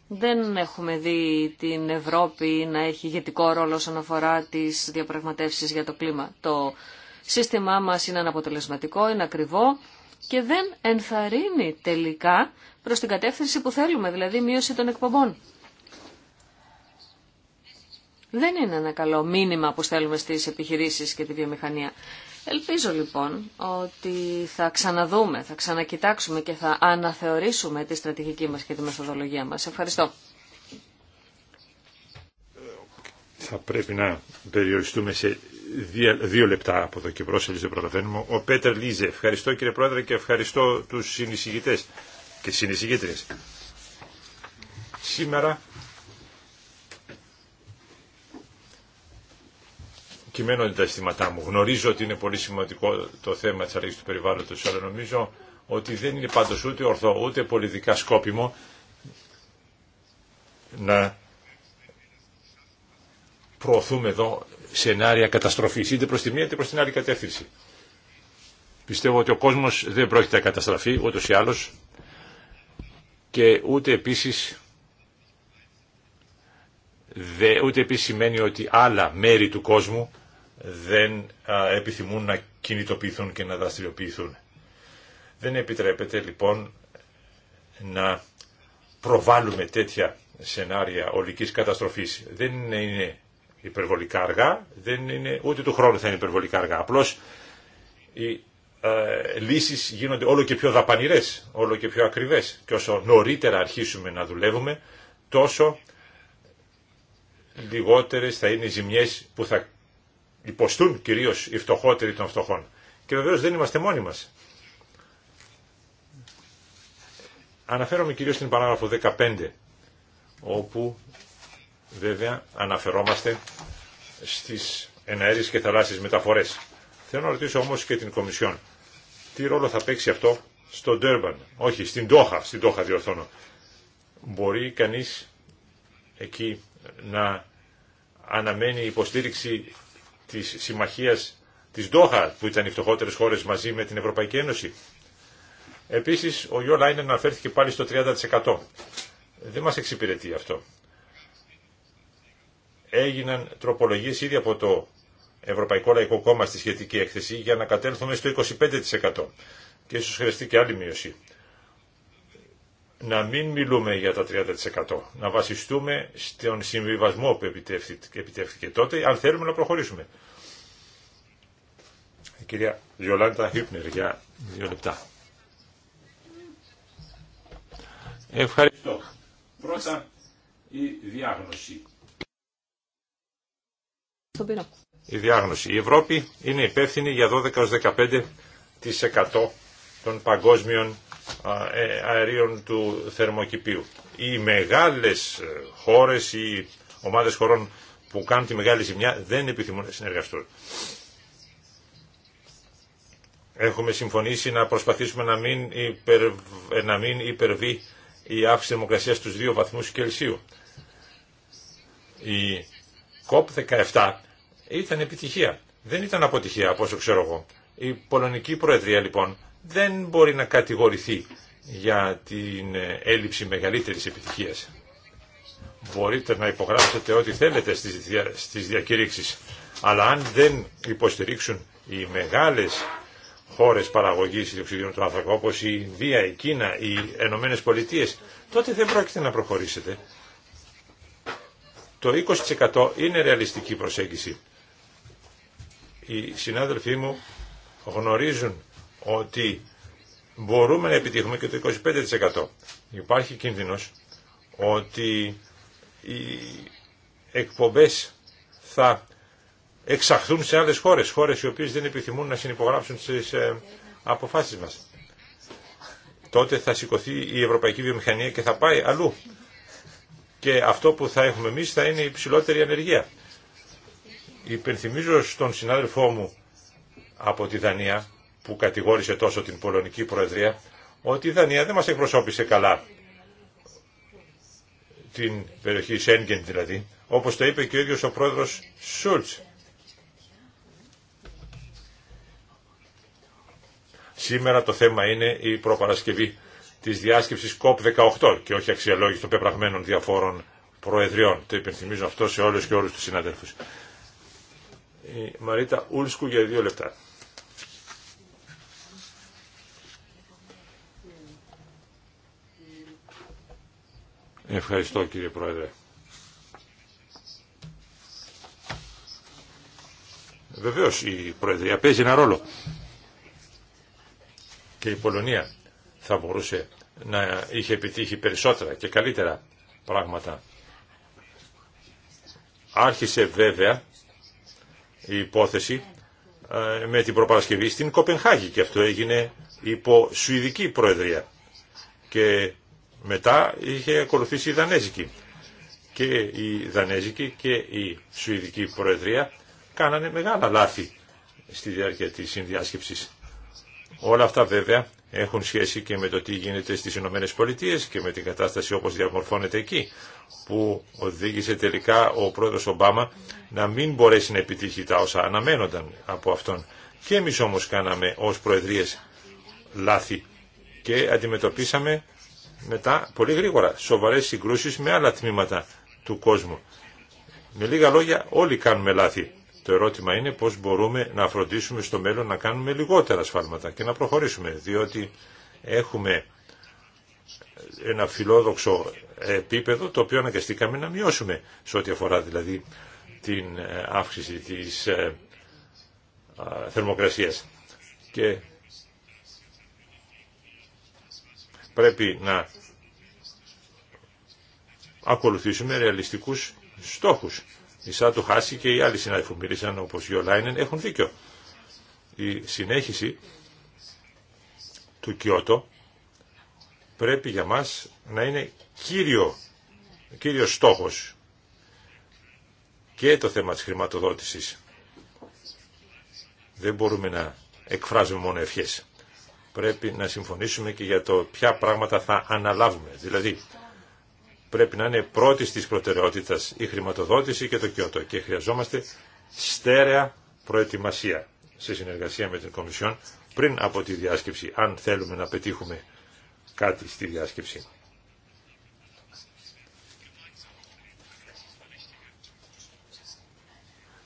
Δεν έχουμε δει την Ευρώπη να έχει ηγετικό ρόλο όσον αφορά τις διαπραγματεύσεις για το κλίμα. Το σύστημά μας είναι αναποτελεσματικό, είναι ακριβό και δεν ενθαρρύνει τελικά προς την κατεύθυνση που θέλουμε, δηλαδή μείωση των εκπομπών δεν είναι ένα καλό μήνυμα που στέλνουμε στις επιχειρήσεις και τη βιομηχανία. Ελπίζω λοιπόν ότι θα ξαναδούμε, θα ξανακοιτάξουμε και θα αναθεωρήσουμε τη στρατηγική μας και τη μεθοδολογία μας. Ευχαριστώ. Θα πρέπει να περιοριστούμε σε δύο, λεπτά από εδώ και μπρος, δεν προλαβαίνουμε. Ο Πέτερ Λίζε, ευχαριστώ κύριε Πρόεδρε και ευχαριστώ τους συνεισηγητές και συνεισηγήτριες. Σήμερα κειμένο τα αισθήματά μου. Γνωρίζω ότι είναι πολύ σημαντικό το θέμα της αλλαγής του περιβάλλοντος, αλλά νομίζω ότι δεν είναι πάντως ούτε ορθό, ούτε πολιτικά σκόπιμο να προωθούμε εδώ σενάρια καταστροφής, είτε προς τη μία είτε προ την άλλη κατεύθυνση. Πιστεύω ότι ο κόσμος δεν πρόκειται να καταστραφεί, ούτως ή και ούτε επίσης ούτε επίσης σημαίνει ότι άλλα μέρη του κόσμου δεν επιθυμούν να κινητοποιηθούν και να δραστηριοποιηθούν. Δεν επιτρέπεται λοιπόν να προβάλλουμε τέτοια σενάρια ολικής καταστροφής. Δεν είναι υπερβολικά αργά, δεν είναι, ούτε του χρόνου θα είναι υπερβολικά αργά. Απλώς οι λύσεις γίνονται όλο και πιο δαπανηρές, όλο και πιο ακριβές. Και όσο νωρίτερα αρχίσουμε να δουλεύουμε, τόσο λιγότερες θα είναι οι ζημιές που θα υποστούν κυρίως οι φτωχότεροι των φτωχών. Και βεβαίω δεν είμαστε μόνοι μα. Αναφέρομαι κυρίως στην παράγραφο 15, όπου βέβαια αναφερόμαστε στις εναέριες και θαλάσσιες μεταφορές. Θέλω να ρωτήσω όμως και την Κομισιόν, τι ρόλο θα παίξει αυτό στο Ντέρμπαν, όχι στην Τόχα, στην Τόχα διορθώνω. Μπορεί κανείς εκεί να αναμένει υποστήριξη της συμμαχίας της Ντόχα που ήταν οι φτωχότερες χώρες μαζί με την Ευρωπαϊκή Ένωση. Επίσης ο Γιώ Λάινεν αναφέρθηκε πάλι στο 30%. Δεν μας εξυπηρετεί αυτό. Έγιναν τροπολογίες ήδη από το Ευρωπαϊκό Λαϊκό Κόμμα στη σχετική έκθεση για να κατέλθουμε στο 25% και ίσως χρειαστεί και άλλη μείωση να μην μιλούμε για τα 30%. Να βασιστούμε στον συμβιβασμό που επιτεύχθηκε τότε, αν θέλουμε να προχωρήσουμε. Η κυρία Γιολάντα Χίπνερ για δύο λεπτά. Ευχαριστώ. Πρώτα η διάγνωση. Η διάγνωση. Η Ευρώπη είναι υπεύθυνη για 12-15% των παγκόσμιων ε, αερίων του θερμοκηπίου. Οι μεγάλες ε, χώρες, οι ομάδες χωρών που κάνουν τη μεγάλη ζημιά δεν επιθυμούν να συνεργαστούν. Έχουμε συμφωνήσει να προσπαθήσουμε να μην, ε, υπερβεί η αύξηση θερμοκρασία στους δύο βαθμούς Κελσίου. Η COP17 ήταν επιτυχία. Δεν ήταν αποτυχία, από όσο ξέρω εγώ. Η Πολωνική Προεδρία λοιπόν δεν μπορεί να κατηγορηθεί για την έλλειψη μεγαλύτερης επιτυχίας. Μπορείτε να υπογράψετε ό,τι θέλετε στις, δια, αλλά αν δεν υποστηρίξουν οι μεγάλες χώρες παραγωγής διοξιδίων του άνθρακα, όπως η Ινδία, η Κίνα, οι Ενωμένε Πολιτείε, τότε δεν πρόκειται να προχωρήσετε. Το 20% είναι ρεαλιστική προσέγγιση. Οι συνάδελφοί μου γνωρίζουν ότι μπορούμε να επιτύχουμε και το 25%. Υπάρχει κίνδυνος ότι οι εκπομπές θα εξαχθούν σε άλλες χώρες, χώρες οι οποίες δεν επιθυμούν να συνυπογράψουν τις ε, αποφάσεις μας. Τότε θα σηκωθεί η ευρωπαϊκή βιομηχανία και θα πάει αλλού. Και αυτό που θα έχουμε εμείς θα είναι η υψηλότερη ανεργία. Υπενθυμίζω στον συνάδελφό μου από τη Δανία που κατηγόρησε τόσο την Πολωνική Προεδρία ότι η Δανία δεν μας εκπροσώπησε καλά την περιοχή Σέγγεν δηλαδή, όπως το είπε και ο ίδιος ο πρόεδρος Σούλτς. Σήμερα το θέμα είναι η προπαρασκευή της διάσκεψης COP18 και όχι αξιολόγηση των πεπραγμένων διαφόρων προεδριών. Το υπενθυμίζω αυτό σε όλους και όλους τους συναδέλφους. Η Μαρίτα Ούλσκου για δύο λεπτά. Ευχαριστώ κύριε Πρόεδρε. Βεβαίως η Προεδρία παίζει ένα ρόλο. Και η Πολωνία θα μπορούσε να είχε επιτύχει περισσότερα και καλύτερα πράγματα. Άρχισε βέβαια η υπόθεση ε, με την προπαρασκευή στην Κοπενχάγη και αυτό έγινε υπό Σουηδική Προεδρία. Και μετά είχε ακολουθήσει η Δανέζικη. Και η Δανέζικη και η Σουηδική Προεδρία κάνανε μεγάλα λάθη στη διάρκεια της συνδιάσκεψης. Όλα αυτά βέβαια έχουν σχέση και με το τι γίνεται στις Ηνωμένε Πολιτείε και με την κατάσταση όπως διαμορφώνεται εκεί, που οδήγησε τελικά ο πρόεδρος Ομπάμα να μην μπορέσει να επιτύχει τα όσα αναμένονταν από αυτόν. Και εμείς όμως κάναμε ως προεδρίες λάθη και αντιμετωπίσαμε μετά πολύ γρήγορα σοβαρές συγκρούσεις με άλλα τμήματα του κόσμου. Με λίγα λόγια όλοι κάνουμε λάθη. Το ερώτημα είναι πώς μπορούμε να φροντίσουμε στο μέλλον να κάνουμε λιγότερα σφάλματα και να προχωρήσουμε, διότι έχουμε ένα φιλόδοξο επίπεδο το οποίο αναγκαστήκαμε να μειώσουμε σε ό,τι αφορά δηλαδή την ε, αύξηση της ε, θερμοκρασίας. πρέπει να ακολουθήσουμε ρεαλιστικούς στόχους. Η Σάτου Χάση και οι άλλοι συνάδελφοι που μίλησαν όπως η Ολάινεν έχουν δίκιο. Η συνέχιση του Κιώτο πρέπει για μας να είναι κύριο, κύριο στόχος και το θέμα της χρηματοδότησης. Δεν μπορούμε να εκφράζουμε μόνο ευχές πρέπει να συμφωνήσουμε και για το ποια πράγματα θα αναλάβουμε. Δηλαδή, πρέπει να είναι πρώτη της προτεραιότητας η χρηματοδότηση και το κοιότο και χρειαζόμαστε στέρεα προετοιμασία σε συνεργασία με την Κομισιόν πριν από τη διάσκεψη, αν θέλουμε να πετύχουμε κάτι στη διάσκεψη.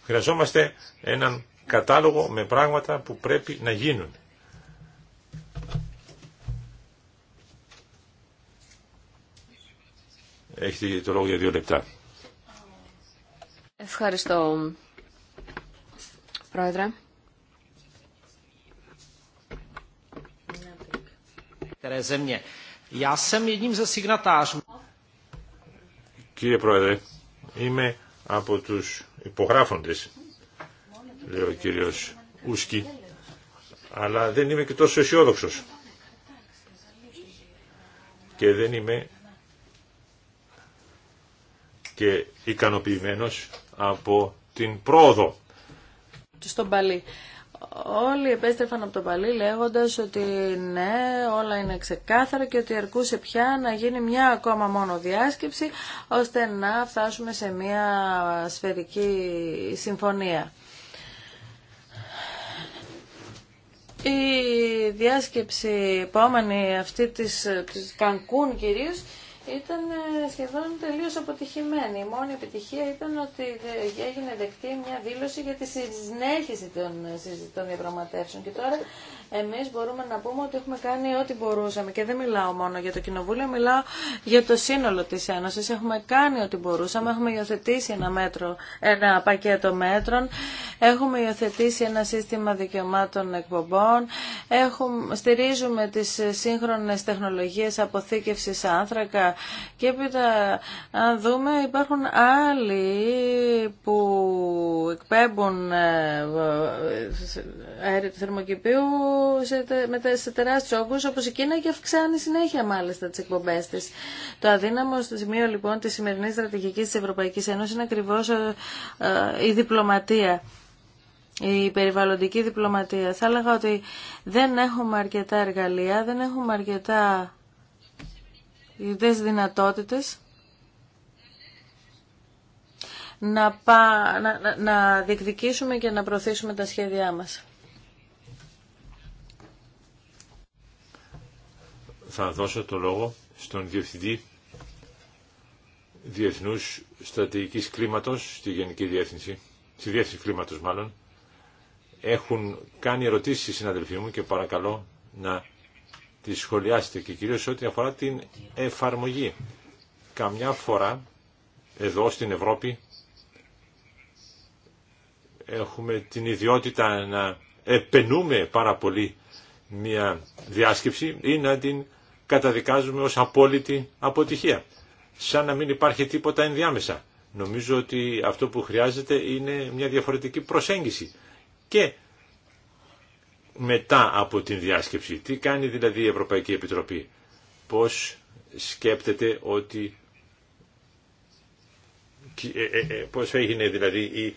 Χρειαζόμαστε έναν κατάλογο με πράγματα που πρέπει να γίνουν Έχετε το λόγο για δύο λεπτά. Ευχαριστώ, Πρόεδρε. Κύριε Πρόεδρε, είμαι από τους υπογράφοντες, λέει ο κύριος Ούσκι, αλλά δεν είμαι και τόσο αισιόδοξο. Και δεν είμαι και ικανοποιημένος από την πρόοδο. Στον Παλί. Όλοι επέστρεφαν από το Παλί λέγοντας ότι ναι, όλα είναι ξεκάθαρα και ότι αρκούσε πια να γίνει μια ακόμα μόνο διάσκεψη ώστε να φτάσουμε σε μια σφαιρική συμφωνία. Η διάσκεψη επόμενη αυτή της, της Κανκούν κυρίως ήταν ε, σχεδόν τελείω αποτυχημένη. Η μόνη επιτυχία ήταν ότι έγινε δεκτή μια δήλωση για τη συνέχιση των, ε, των διαπραγματεύσεων. Και τώρα Εμεί μπορούμε να πούμε ότι έχουμε κάνει ό,τι μπορούσαμε και δεν μιλάω μόνο για το Κοινοβούλιο, μιλάω για το σύνολο της Ένωση. Έχουμε κάνει ό,τι μπορούσαμε, έχουμε υιοθετήσει ένα, μέτρο, ένα πακέτο μέτρων, έχουμε υιοθετήσει ένα σύστημα δικαιωμάτων εκπομπών, έχουμε, στηρίζουμε τις σύγχρονες τεχνολογίε αποθήκευση άνθρακα και έπειτα αν δούμε υπάρχουν άλλοι που εκπέμπουν αέριο του θερμοκηπίου σε, με, σε τεράστιους όγκους όπως η Κίνα και αυξάνει συνέχεια μάλιστα τις εκπομπές της. Το αδύναμο σημείο λοιπόν της σημερινής στρατηγικής της Ευρωπαϊκής Ένωσης είναι ακριβώς ε, ε, η διπλωματία η περιβαλλοντική διπλωματία. Θα έλεγα ότι δεν έχουμε αρκετά εργαλεία, δεν έχουμε αρκετά ιδέες δυνατότητες να, πα, να, να διεκδικήσουμε και να προωθήσουμε τα σχέδιά μας. θα δώσω το λόγο στον Διευθυντή Διεθνούς Στρατηγικής Κλίματος στη Γενική Διεύθυνση, στη Διεύθυνση Κλίματος μάλλον. Έχουν κάνει ερωτήσεις οι συναδελφοί μου και παρακαλώ να τις σχολιάσετε και κυρίως ό,τι αφορά την εφαρμογή. Καμιά φορά εδώ στην Ευρώπη έχουμε την ιδιότητα να επενούμε πάρα πολύ μια διάσκεψη ή να την καταδικάζουμε ως απόλυτη αποτυχία. Σαν να μην υπάρχει τίποτα ενδιάμεσα. Νομίζω ότι αυτό που χρειάζεται είναι μια διαφορετική προσέγγιση. Και μετά από την διάσκεψη, τι κάνει δηλαδή η Ευρωπαϊκή Επιτροπή. Πώς σκέπτεται ότι ε, ε, ε, πώς έγινε δηλαδή η,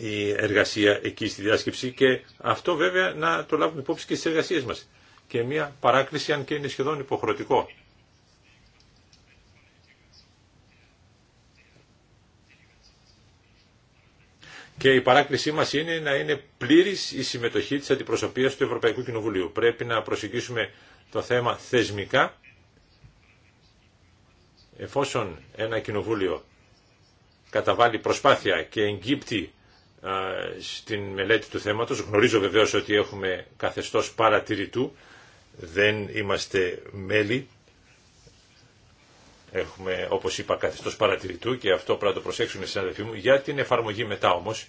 η εργασία εκεί στη διάσκεψη και αυτό βέβαια να το λάβουμε υπόψη και στις εργασίες μας και μια παράκληση αν και είναι σχεδόν υποχρεωτικό. Και η παράκλησή μας είναι να είναι πλήρης η συμμετοχή της αντιπροσωπείας του Ευρωπαϊκού Κοινοβουλίου. Πρέπει να προσεγγίσουμε το θέμα θεσμικά. Εφόσον ένα κοινοβούλιο καταβάλει προσπάθεια και εγκύπτει στην μελέτη του θέματος, γνωρίζω βεβαίως ότι έχουμε καθεστώς παρατηρητού, δεν είμαστε μέλη. Έχουμε, όπως είπα, καθιστός παρατηρητού και αυτό πρέπει να το προσέξουν οι συναδελφοί μου. Για την εφαρμογή μετά όμως,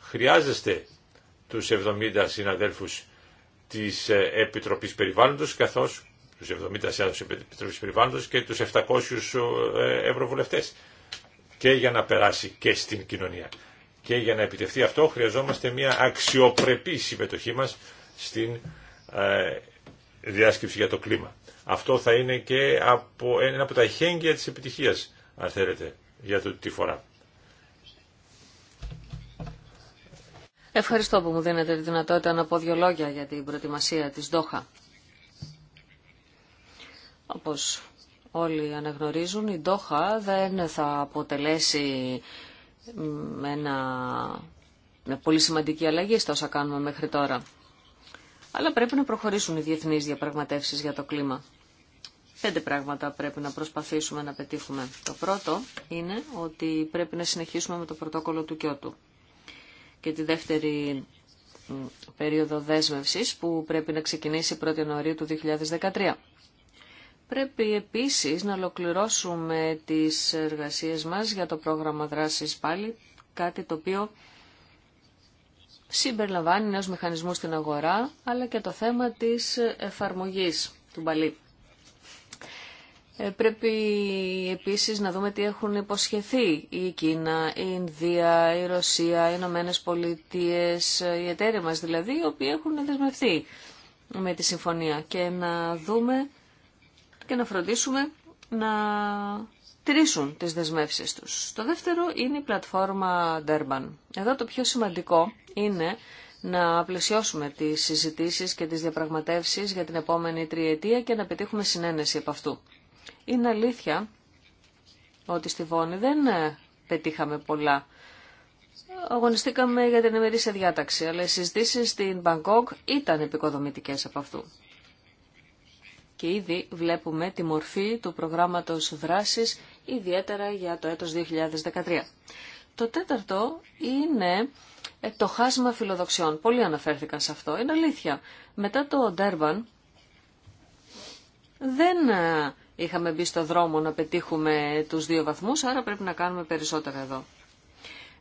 χρειάζεστε τους 70 συναδέλφους της ε, Επιτροπής Περιβάλλοντος, καθώς τους 70 συναδέλφους της Επιτροπής Περιβάλλοντος και τους 700 ε, ευρωβουλευτές. Και για να περάσει και στην κοινωνία. Και για να επιτευχθεί αυτό χρειαζόμαστε μια αξιοπρεπή συμμετοχή μας στην ε, διάσκεψη για το κλίμα. Αυτό θα είναι και από, ένα από τα χέγγια της επιτυχίας, αν θέλετε, για το τι φορά. Ευχαριστώ που μου δίνετε τη δυνατότητα να πω δύο λόγια για την προετοιμασία της Δόχα. Όπως όλοι αναγνωρίζουν, η ΔΟΧΑ δεν θα αποτελέσει ένα, μια πολύ σημαντική αλλαγή στα όσα κάνουμε μέχρι τώρα αλλά πρέπει να προχωρήσουν οι διεθνείς διαπραγματεύσεις για το κλίμα. Πέντε πράγματα πρέπει να προσπαθήσουμε να πετύχουμε. Το πρώτο είναι ότι πρέπει να συνεχίσουμε με το πρωτόκολλο του Κιώτου και τη δεύτερη περίοδο δέσμευσης που πρέπει να ξεκινήσει 1η Ιανουαρίου του 2013. Πρέπει επίσης να ολοκληρώσουμε τις εργασίες μας για το πρόγραμμα δράσης πάλι, κάτι το οποίο συμπεριλαμβάνει νέους μηχανισμούς στην αγορά, αλλά και το θέμα της εφαρμογής του μπαλί. Ε, πρέπει επίσης να δούμε τι έχουν υποσχεθεί η Κίνα, η Ινδία, η Ρωσία, οι Ηνωμένε Πολιτείε, οι εταίροι μας δηλαδή, οι οποίοι έχουν δεσμευτεί με τη συμφωνία και να δούμε και να φροντίσουμε να τρίσουν τις δεσμεύσεις τους. Το δεύτερο είναι η πλατφόρμα Durban. Εδώ το πιο σημαντικό είναι να πλαισιώσουμε τις συζητήσεις και τις διαπραγματεύσεις για την επόμενη τριετία και να πετύχουμε συνένεση από αυτού. Είναι αλήθεια ότι στη Βόνη δεν ε, πετύχαμε πολλά. Αγωνιστήκαμε για την σε διάταξη, αλλά οι συζητήσεις στην Μπαγκόγκ ήταν επικοδομητικές από αυτού. Και ήδη βλέπουμε τη μορφή του προγράμματος δράσης, ιδιαίτερα για το έτος 2013. Το τέταρτο είναι ε, το χάσμα φιλοδοξιών. Πολλοί αναφέρθηκαν σε αυτό. Είναι αλήθεια. Μετά το Ντέρμπαν δεν ε, είχαμε μπει στο δρόμο να πετύχουμε τους δύο βαθμούς, άρα πρέπει να κάνουμε περισσότερα εδώ.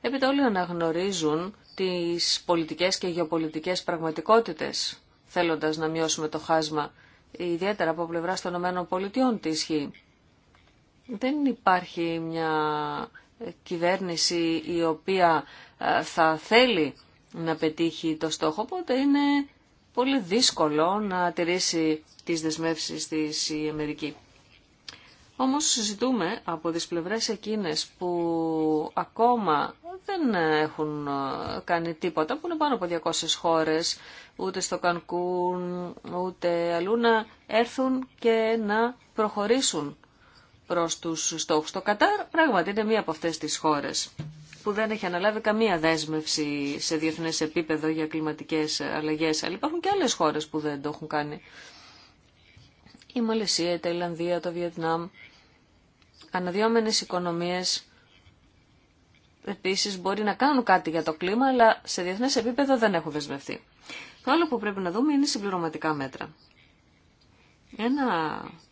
Επειδή όλοι αναγνωρίζουν τις πολιτικές και γεωπολιτικές πραγματικότητες, θέλοντας να μειώσουμε το χάσμα, ιδιαίτερα από πλευρά των ΗΠΑ τι ισχύει. Δεν υπάρχει μια ε, κυβέρνηση η οποία θα θέλει να πετύχει το στόχο, οπότε είναι πολύ δύσκολο να τηρήσει τις δεσμεύσεις της η Αμερική. Όμως συζητούμε από τις πλευρές εκείνες που ακόμα δεν έχουν κάνει τίποτα, που είναι πάνω από 200 χώρες, ούτε στο Κανκούν, ούτε αλλού, να έρθουν και να προχωρήσουν προς τους στόχους. Το Κατάρ πράγματι είναι μία από αυτές τις χώρες που δεν έχει αναλάβει καμία δέσμευση σε διεθνέ επίπεδο για κλιματικές αλλαγέ. Αλλά υπάρχουν και άλλες χώρες που δεν το έχουν κάνει. Η Μαλαισία, η Ταϊλανδία, το Βιετνάμ, Αναδυόμενε οικονομίες Επίση μπορεί να κάνουν κάτι για το κλίμα, αλλά σε διεθνέ επίπεδο δεν έχουν δεσμευτεί. Το άλλο που πρέπει να δούμε είναι συμπληρωματικά μέτρα. Ένα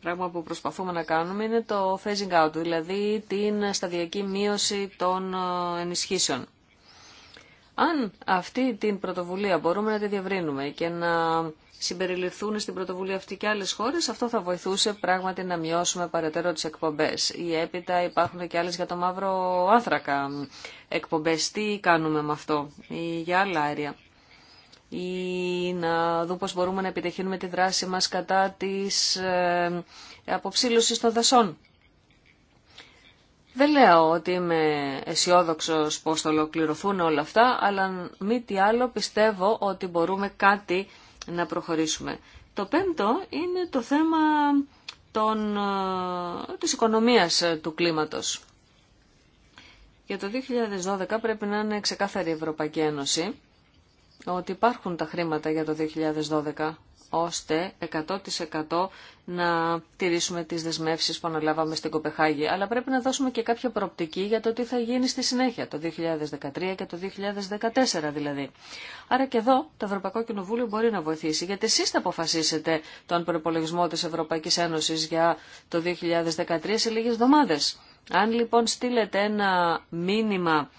πράγμα που προσπαθούμε να κάνουμε είναι το phasing out, δηλαδή την σταδιακή μείωση των ε, ενισχύσεων. Αν αυτή την πρωτοβουλία μπορούμε να τη διαβρύνουμε και να συμπεριληφθούν στην πρωτοβουλία αυτή και άλλες χώρες, αυτό θα βοηθούσε πράγματι να μειώσουμε παρατέρω τις εκπομπές. Ή έπειτα υπάρχουν και άλλες για το μαύρο άνθρακα εκπομπές. Τι κάνουμε με αυτό ή για άλλα αέρια ή να δούμε πώς μπορούμε να επιτεχύνουμε τη δράση μας κατά της ε, αποψήλωσης των δασών. Δεν λέω ότι είμαι αισιόδοξο πως θα ολοκληρωθούν όλα αυτά, αλλά μη τι άλλο πιστεύω ότι μπορούμε κάτι να προχωρήσουμε. Το πέμπτο είναι το θέμα των, ε, της οικονομίας ε, του κλίματος. Για το 2012 πρέπει να είναι ξεκάθαρη η Ευρωπαϊκή Ένωση ότι υπάρχουν τα χρήματα για το 2012 ώστε 100% να τηρήσουμε τις δεσμεύσεις που αναλάβαμε στην Κοπεχάγη. Αλλά πρέπει να δώσουμε και κάποια προοπτική για το τι θα γίνει στη συνέχεια, το 2013 και το 2014 δηλαδή. Άρα και εδώ το Ευρωπαϊκό Κοινοβούλιο μπορεί να βοηθήσει, γιατί εσείς θα αποφασίσετε τον προπολογισμό της Ευρωπαϊκής Ένωσης για το 2013 σε λίγες εβδομάδες. Αν λοιπόν στείλετε ένα μήνυμα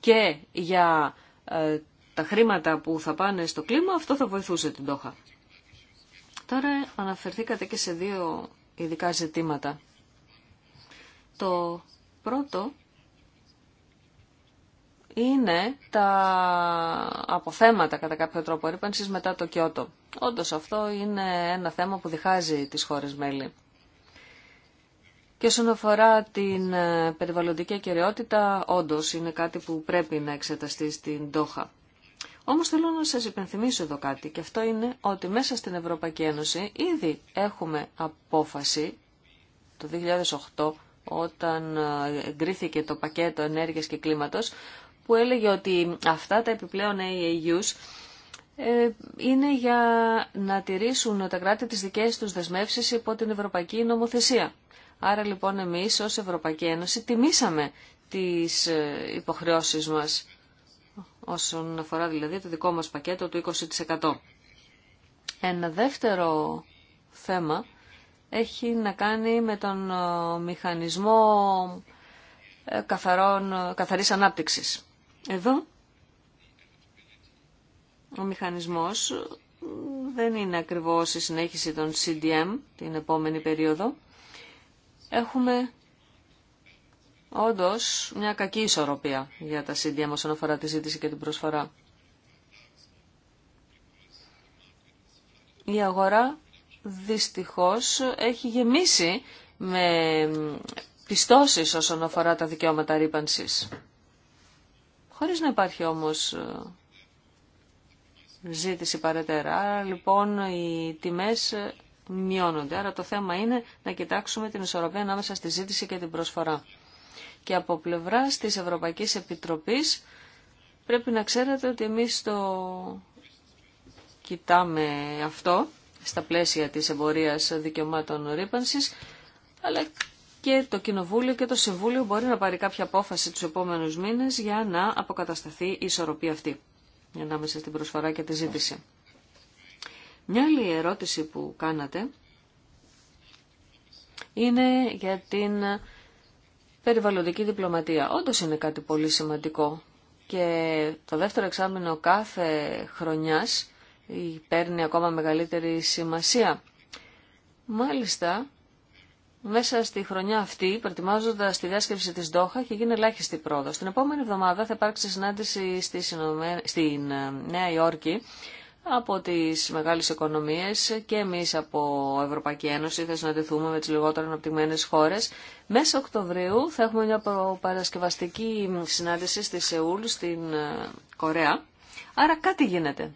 και για ε, τα χρήματα που θα πάνε στο κλίμα, αυτό θα βοηθούσε την Τόχα. Τώρα αναφερθήκατε και σε δύο ειδικά ζητήματα. Το πρώτο είναι τα αποθέματα κατά κάποιο τρόπο ρήπανσης μετά το Κιώτο. Όντως αυτό είναι ένα θέμα που διχάζει τις χώρες μέλη. Και όσον αφορά την ε, περιβαλλοντική κυριότητα όντως είναι κάτι που πρέπει να εξεταστεί στην Τόχα. Όμως θέλω να σας υπενθυμίσω εδώ κάτι και αυτό είναι ότι μέσα στην Ευρωπαϊκή Ένωση ήδη έχουμε απόφαση το 2008 όταν ε, εγκρίθηκε το πακέτο ενέργειας και κλίματος που έλεγε ότι αυτά τα επιπλέον AAUs ε, είναι για να τηρήσουν τα κράτη τις δικές τους δεσμεύσεις υπό την Ευρωπαϊκή Νομοθεσία. Άρα λοιπόν εμείς ως Ευρωπαϊκή Ένωση τιμήσαμε τις ε, υποχρεώσεις μας όσον αφορά δηλαδή το δικό μας πακέτο του 20%. Ένα δεύτερο θέμα έχει να κάνει με τον ε, μηχανισμό ε, καθαρών, ε, καθαρής ανάπτυξης. Εδώ ο μηχανισμός δεν είναι ακριβώς η συνέχιση των CDM την επόμενη περίοδο. Έχουμε Όντω μια κακή ισορροπία για τα μα όσον αφορά τη ζήτηση και την προσφορά. Η αγορά δυστυχώ έχει γεμίσει με πιστώσει όσον αφορά τα δικαιώματα ρήπανση. Χωρί να υπάρχει όμω ε, ζήτηση παρετέρα, Άρα, λοιπόν οι τιμέ ε, μειώνονται. Άρα το θέμα είναι να κοιτάξουμε την ισορροπία ανάμεσα στη ζήτηση και την προσφορά. Και από πλευρά της Ευρωπαϊκής Επιτροπής πρέπει να ξέρετε ότι εμείς το κοιτάμε αυτό στα πλαίσια της εμπορίας δικαιωμάτων ρήπανσης, αλλά και το Κοινοβούλιο και το Συμβούλιο μπορεί να πάρει κάποια απόφαση τους επόμενους μήνες για να αποκατασταθεί η ισορροπία αυτή ανάμεσα στην προσφορά και τη ζήτηση. Μια άλλη ερώτηση που κάνατε είναι για την περιβαλλοντική διπλωματία. όντω είναι κάτι πολύ σημαντικό και το δεύτερο εξάμεινο κάθε χρονιάς παίρνει ακόμα μεγαλύτερη σημασία. Μάλιστα, μέσα στη χρονιά αυτή, προετοιμάζοντα τη διάσκεψη τη Ντόχα, έχει γίνει ελάχιστη πρόοδο. Την επόμενη εβδομάδα θα υπάρξει συνάντηση στη ε, Νέα Υόρκη από τις μεγάλες οικονομίες και εμείς από Ευρωπαϊκή Ένωση θα συναντηθούμε με τις λιγότερο αναπτυγμένες χώρες. Μέσα Οκτωβρίου θα έχουμε μια παρασκευαστική συνάντηση στη Σεούλ στην ε, Κορέα. Άρα κάτι γίνεται.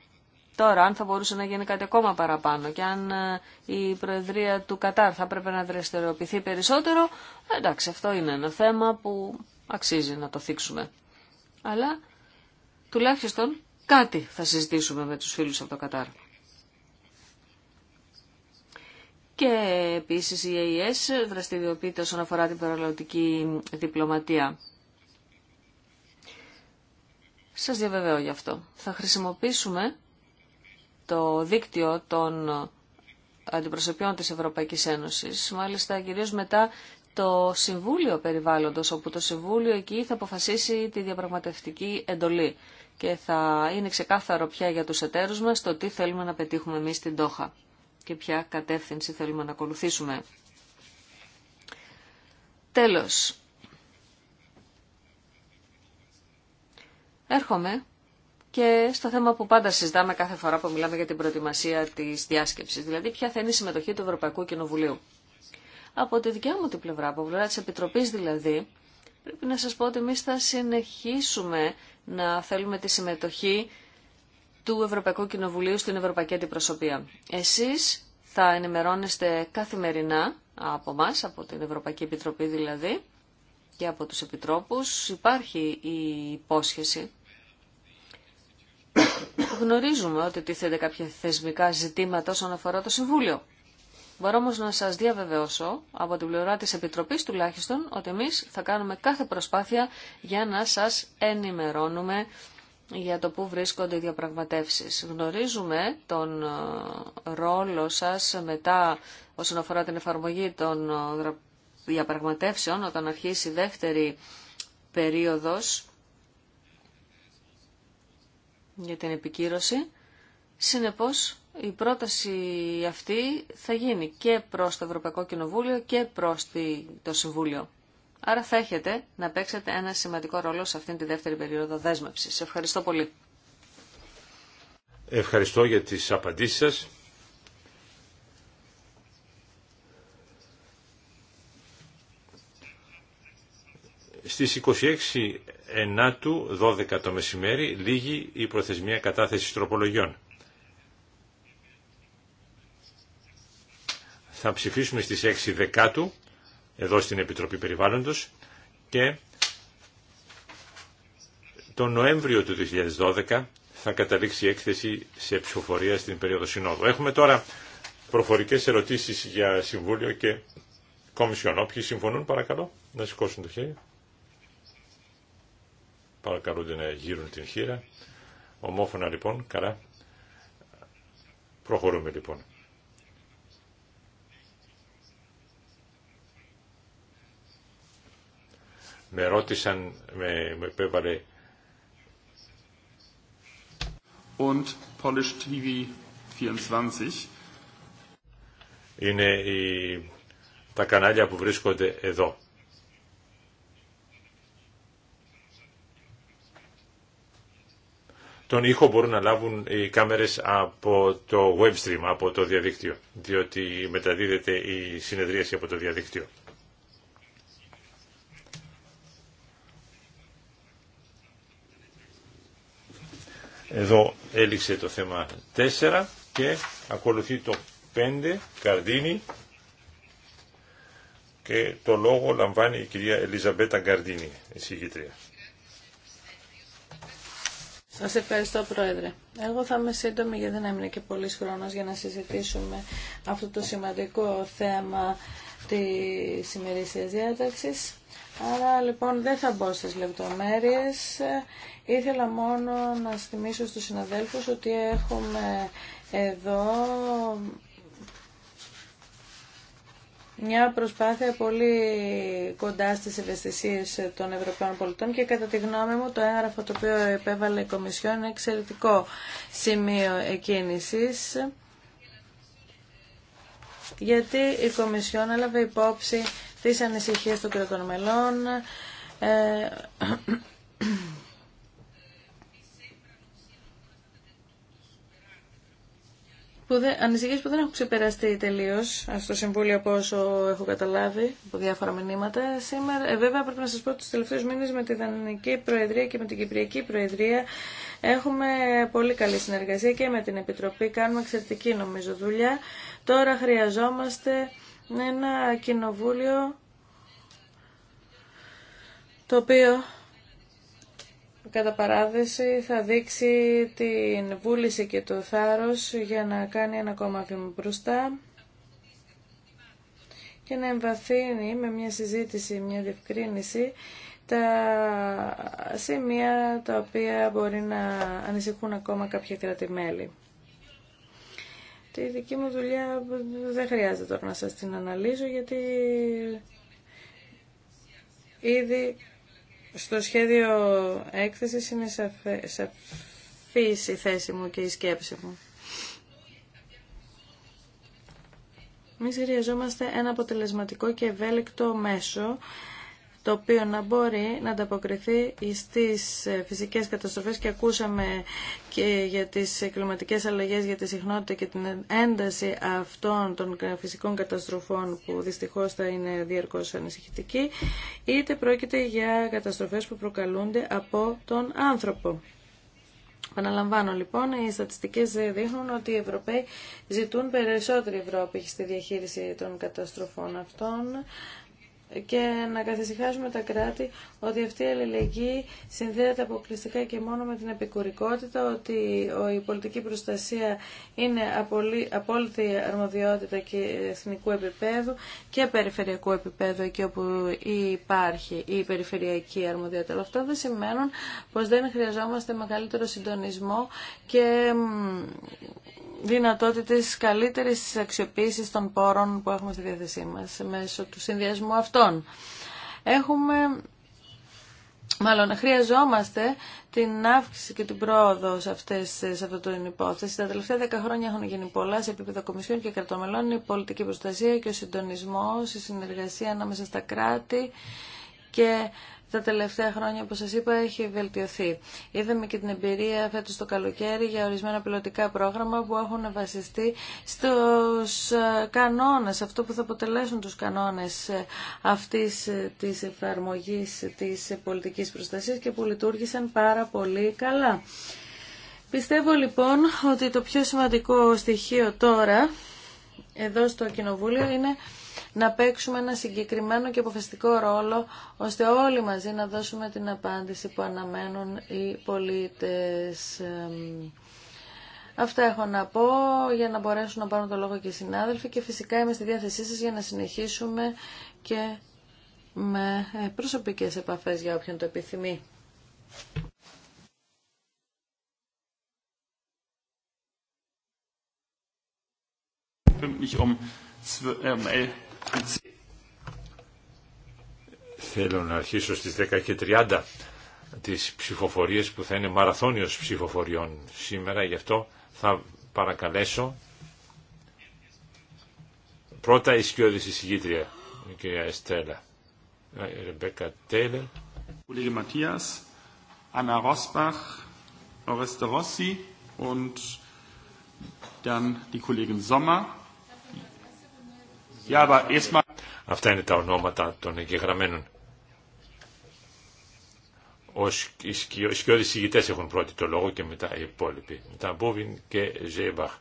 Τώρα, αν θα μπορούσε να γίνει κάτι ακόμα παραπάνω και αν ε, η Προεδρία του Κατάρ θα πρέπει να δραστηριοποιηθεί περισσότερο, εντάξει, αυτό είναι ένα θέμα που αξίζει να το θίξουμε. Αλλά τουλάχιστον Κάτι θα συζητήσουμε με τους φίλους από το Κατάρ. Και επίσης η ΑΕΣ δραστηριοποιείται όσον αφορά την παραλωτική διπλωματία. Σας διαβεβαιώ γι' αυτό. Θα χρησιμοποιήσουμε το δίκτυο των αντιπροσωπιών της Ευρωπαϊκής Ένωσης, μάλιστα κυρίως μετά το Συμβούλιο Περιβάλλοντος, όπου το Συμβούλιο εκεί θα αποφασίσει τη διαπραγματευτική εντολή και θα είναι ξεκάθαρο πια για τους εταίρους μας το τι θέλουμε να πετύχουμε εμείς στην Τόχα και ποια κατεύθυνση θέλουμε να ακολουθήσουμε. Τέλος. Έρχομαι και στο θέμα που πάντα συζητάμε κάθε φορά που μιλάμε για την προετοιμασία της διάσκεψης, δηλαδή ποια θα είναι η συμμετοχή του Ευρωπαϊκού Κοινοβουλίου. Από τη δικιά μου την πλευρά, από πλευρά τη Επιτροπής δηλαδή, Πρέπει να σας πω ότι εμεί θα συνεχίσουμε να θέλουμε τη συμμετοχή του Ευρωπαϊκού Κοινοβουλίου στην Ευρωπαϊκή Αντιπροσωπεία. Εσείς θα ενημερώνεστε καθημερινά από εμά, από την Ευρωπαϊκή Επιτροπή δηλαδή, και από τους Επιτρόπους. Υπάρχει η υπόσχεση. Γνωρίζουμε ότι τίθεται κάποια θεσμικά ζητήματα όσον αφορά το Συμβούλιο. Μπορώ όμω να σα διαβεβαιώσω από την πλευρά τη επιτροπή τουλάχιστον ότι εμεί θα κάνουμε κάθε προσπάθεια για να σας ενημερώνουμε για το πού βρίσκονται οι διαπραγματεύσεις. Γνωρίζουμε τον ε, ρόλο σας μετά όσον αφορά την εφαρμογή των ε, διαπραγματεύσεων όταν αρχίσει η δεύτερη περίοδος για την επικύρωση. Συνεπώς η πρόταση αυτή θα γίνει και προς το Ευρωπαϊκό Κοινοβούλιο και προς το Συμβούλιο. Άρα θα έχετε να παίξετε ένα σημαντικό ρόλο σε αυτήν τη δεύτερη περίοδο δέσμευσης. Ευχαριστώ πολύ. Ευχαριστώ για τις απαντήσεις σας. Στις 26 Ενάτου, 12 το μεσημέρι, λήγει η προθεσμία κατάθεσης τροπολογιών. θα ψηφίσουμε στις 6 Δεκάτου εδώ στην Επιτροπή Περιβάλλοντος και τον Νοέμβριο του 2012 θα καταλήξει η έκθεση σε ψηφοφορία στην περίοδο συνόδου. Έχουμε τώρα προφορικές ερωτήσεις για Συμβούλιο και Κομισιόν. Όποιοι συμφωνούν παρακαλώ να σηκώσουν το χέρι. Παρακαλούνται να γύρουν την χείρα. Ομόφωνα λοιπόν, καλά. Προχωρούμε λοιπόν. με ρώτησαν, με, με επέβαλε TV 24. Είναι τα κανάλια που βρίσκονται εδώ. Τον ήχο μπορούν να λάβουν οι κάμερες από το web stream, από το διαδίκτυο, διότι μεταδίδεται η συνεδρίαση από το διαδίκτυο. Εδώ έληξε το θέμα 4 και ακολουθεί το 5, Καρδίνη. Και το λόγο λαμβάνει η κυρία Ελιζαμπέτα Γκαρδίνη, η συγγήτρια. Σας ευχαριστώ Πρόεδρε. Εγώ θα είμαι σύντομη γιατί δεν έμεινε και πολλής χρόνος για να συζητήσουμε αυτό το σημαντικό θέμα τη σημερινή διάταξης. Άρα λοιπόν δεν θα μπω στις λεπτομέρειες. Ήθελα μόνο να θυμίσω στους συναδέλφους ότι έχουμε εδώ μια προσπάθεια πολύ κοντά στις ευαισθησίες των Ευρωπαίων πολιτών και κατά τη γνώμη μου το έγγραφο το οποίο επέβαλε η Κομισιόν είναι εξαιρετικό σημείο εκκίνησης γιατί η Κομισιόν έλαβε υπόψη τις ανησυχίες των κρατών μελών ε, που δεν, ανησυχίες που δεν έχουν ξεπεραστεί τελείως στο Συμβούλιο από όσο έχω καταλάβει από διάφορα μηνύματα. Σήμερα, ε, βέβαια πρέπει να σας πω ότι τους τελευταίου μήνε με τη Δανεική Προεδρία και με την Κυπριακή Προεδρία έχουμε πολύ καλή συνεργασία και με την Επιτροπή κάνουμε εξαιρετική νομίζω δουλειά. Τώρα χρειαζόμαστε ένα κοινοβούλιο το οποίο κατά παράδεση θα δείξει την βούληση και το θάρρος για να κάνει ένα ακόμα βήμα μπροστά και να εμβαθύνει με μια συζήτηση, μια διευκρίνηση τα σημεία τα οποία μπορεί να ανησυχούν ακόμα κάποια κράτη-μέλη. Τη δική μου δουλειά δεν χρειάζεται τώρα να σας την αναλύσω γιατί ήδη στο σχέδιο έκθεσης είναι σαφής η θέση μου και η σκέψη μου. Εμεί χρειαζόμαστε ένα αποτελεσματικό και ευέλικτο μέσο το οποίο να μπορεί να ανταποκριθεί στις ε, φυσικές καταστροφές και ακούσαμε και για τις κλιματικές αλλαγές, για τη συχνότητα και την ένταση αυτών των φυσικών καταστροφών που δυστυχώς θα είναι διαρκώς ανησυχητική, είτε πρόκειται για καταστροφές που προκαλούνται από τον άνθρωπο. Παναλαμβάνω λοιπόν, οι στατιστικές δείχνουν ότι οι Ευρωπαίοι ζητούν περισσότερη Ευρώπη στη διαχείριση των καταστροφών αυτών και να καθησυχάζουμε τα κράτη ότι αυτή η αλληλεγγύη συνδέεται αποκλειστικά και μόνο με την επικουρικότητα, ότι η πολιτική προστασία είναι απόλυτη αρμοδιότητα και εθνικού επίπεδου και περιφερειακού επίπεδου εκεί όπου υπάρχει η περιφερειακή αρμοδιότητα. Αλλά αυτό δεν σημαίνει πως δεν χρειαζόμαστε μεγαλύτερο συντονισμό και δυνατότητες καλύτερη αξιοποίηση των πόρων που έχουμε στη διάθεσή μας μέσω του συνδυασμού αυτών. Έχουμε Μάλλον χρειαζόμαστε την αύξηση και την πρόοδο σε, αυτές, σε αυτό την υπόθεση. Τα τελευταία δέκα χρόνια έχουν γίνει πολλά σε επίπεδο κομισιών και κρατομελών. Η πολιτική προστασία και ο συντονισμό, η συνεργασία ανάμεσα στα κράτη και τα τελευταία χρόνια, όπως σας είπα, έχει βελτιωθεί. Είδαμε και την εμπειρία φέτος το καλοκαίρι για ορισμένα πιλωτικά πρόγραμμα που έχουν βασιστεί στους ε, κανόνες, αυτό που θα αποτελέσουν τους κανόνες ε, αυτής ε, της εφαρμογής της πολιτικής προστασίας και που λειτουργήσαν πάρα πολύ καλά. Πιστεύω λοιπόν ότι το πιο σημαντικό στοιχείο τώρα εδώ στο Κοινοβούλιο είναι να παίξουμε ένα συγκεκριμένο και αποφασιστικό ρόλο ώστε όλοι μαζί να δώσουμε την απάντηση που αναμένουν οι πολίτες. Αυτά έχω να πω για να μπορέσουν να πάρουν το λόγο και οι συνάδελφοι και φυσικά είμαι στη διάθεσή σας για να συνεχίσουμε και με προσωπικές επαφές για όποιον το επιθυμεί. um Θέλω να αρχίσω στις 10.30 τις ψηφοφορίες που θα είναι μαραθώνιος ψηφοφοριών σήμερα, γι' αυτό θα παρακαλέσω πρώτα η σκιώδηση συγγήτρια, η κυρία Εστέλα, η Ρεμπέκα Τέλερ, Kollege Ματίας, Anna Ροσπαχ Oreste Rossi και τόν dann die Kollegin Sommer. Αυτά είναι τα ονόματα των εγγεγραμμένων. Ως σκιώδεις ηγητές έχουν πρώτοι το λόγο και μετά οι υπόλοιποι. Μετά Μπούβιν και Ζέιμπαχ.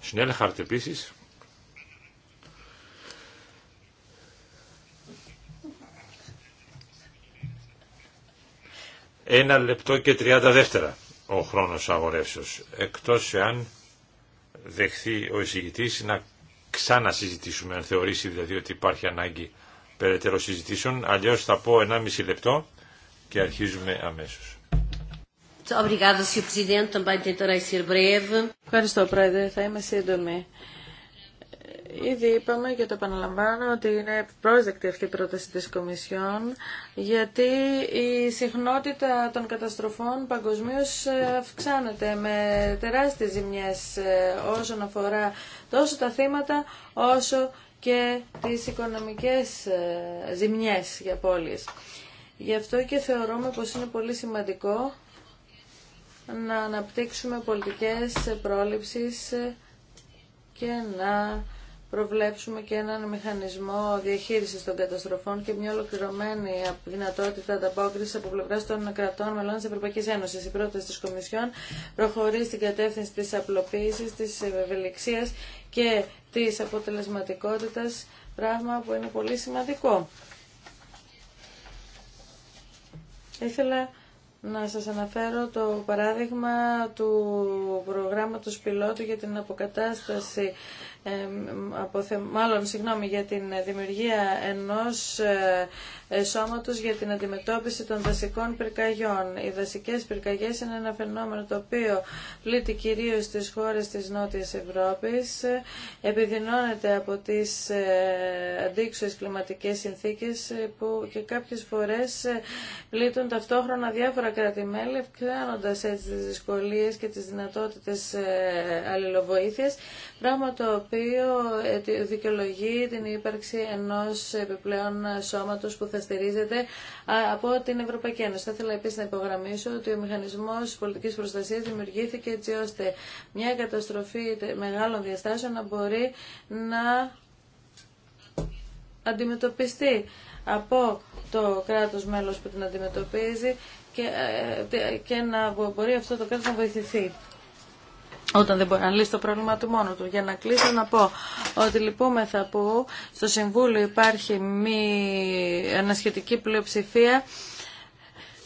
Σνέλχαρτ επίσης. Ένα λεπτό και τριάντα δεύτερα ο χρόνος αγορεύσεως. Εκτός εάν δεχθεί ο εισηγητής να ξανασυζητήσουμε αν θεωρήσει δηλαδή ότι υπάρχει ανάγκη περαιτέρω συζητήσεων. Αλλιώς θα πω 1,5 λεπτό και αρχίζουμε αμέσως. Ευχαριστώ, Πρόεδρε. Θα είμαι σύντομη. Ήδη είπαμε και το επαναλαμβάνω ότι είναι πρόσδεκτη αυτή η πρόταση της Κομισιόν γιατί η συχνότητα των καταστροφών παγκοσμίως ε, αυξάνεται με τεράστιες ζημιές ε, όσον αφορά τόσο τα θύματα όσο και τις οικονομικές ε, ζημιές για πόλεις. Γι' αυτό και θεωρούμε πως είναι πολύ σημαντικό να αναπτύξουμε πολιτικές πρόληψεις και να προβλέψουμε και έναν μηχανισμό διαχείρισης των καταστροφών και μια ολοκληρωμένη δυνατότητα ανταπόκριση από πλευρά των κρατών μελών τη Ευρωπαϊκή Ένωση. Η πρόταση τη Κομισιόν προχωρεί στην κατεύθυνση τη απλοποίηση, τη ευελιξία και τη αποτελεσματικότητα, πράγμα που είναι πολύ σημαντικό. Ήθελα να σας αναφέρω το παράδειγμα του προγράμματος πιλότου για την αποκατάσταση μάλλον συγγνώμη, για την δημιουργία ενός ε, σώματος για την αντιμετώπιση των δασικών πυρκαγιών. Οι δασικές πυρκαγιές είναι ένα φαινόμενο το οποίο πλήττει κυρίως στις χώρες της Νότιας Ευρώπης, ε, επιδεινώνεται από τις ε, αντίξωες κλιματικές συνθήκες που και κάποιες φορές πλήττουν ταυτόχρονα διάφορα κράτη-μέλη, έτσι τις δυσκολίες και τις δυνατότητες αλληλοβοήθειας, πράγμα το οποίο ε, δικαιολογεί την ύπαρξη ενός επιπλέον σώματος που θα στηρίζεται από την Ευρωπαϊκή Ένωση. Θα ήθελα επίσης να υπογραμμίσω ότι ο μηχανισμός πολιτικής προστασίας δημιουργήθηκε έτσι ώστε μια καταστροφή μεγάλων διαστάσεων να μπορεί να αντιμετωπιστεί από το κράτος μέλος που την αντιμετωπίζει και, ε, και να μπορεί αυτό το κράτος να βοηθηθεί όταν δεν μπορεί να λύσει το πρόβλημα του μόνο του. Για να κλείσω να πω ότι λυπούμεθα που στο Συμβούλιο υπάρχει μη ανασχετική πλειοψηφία,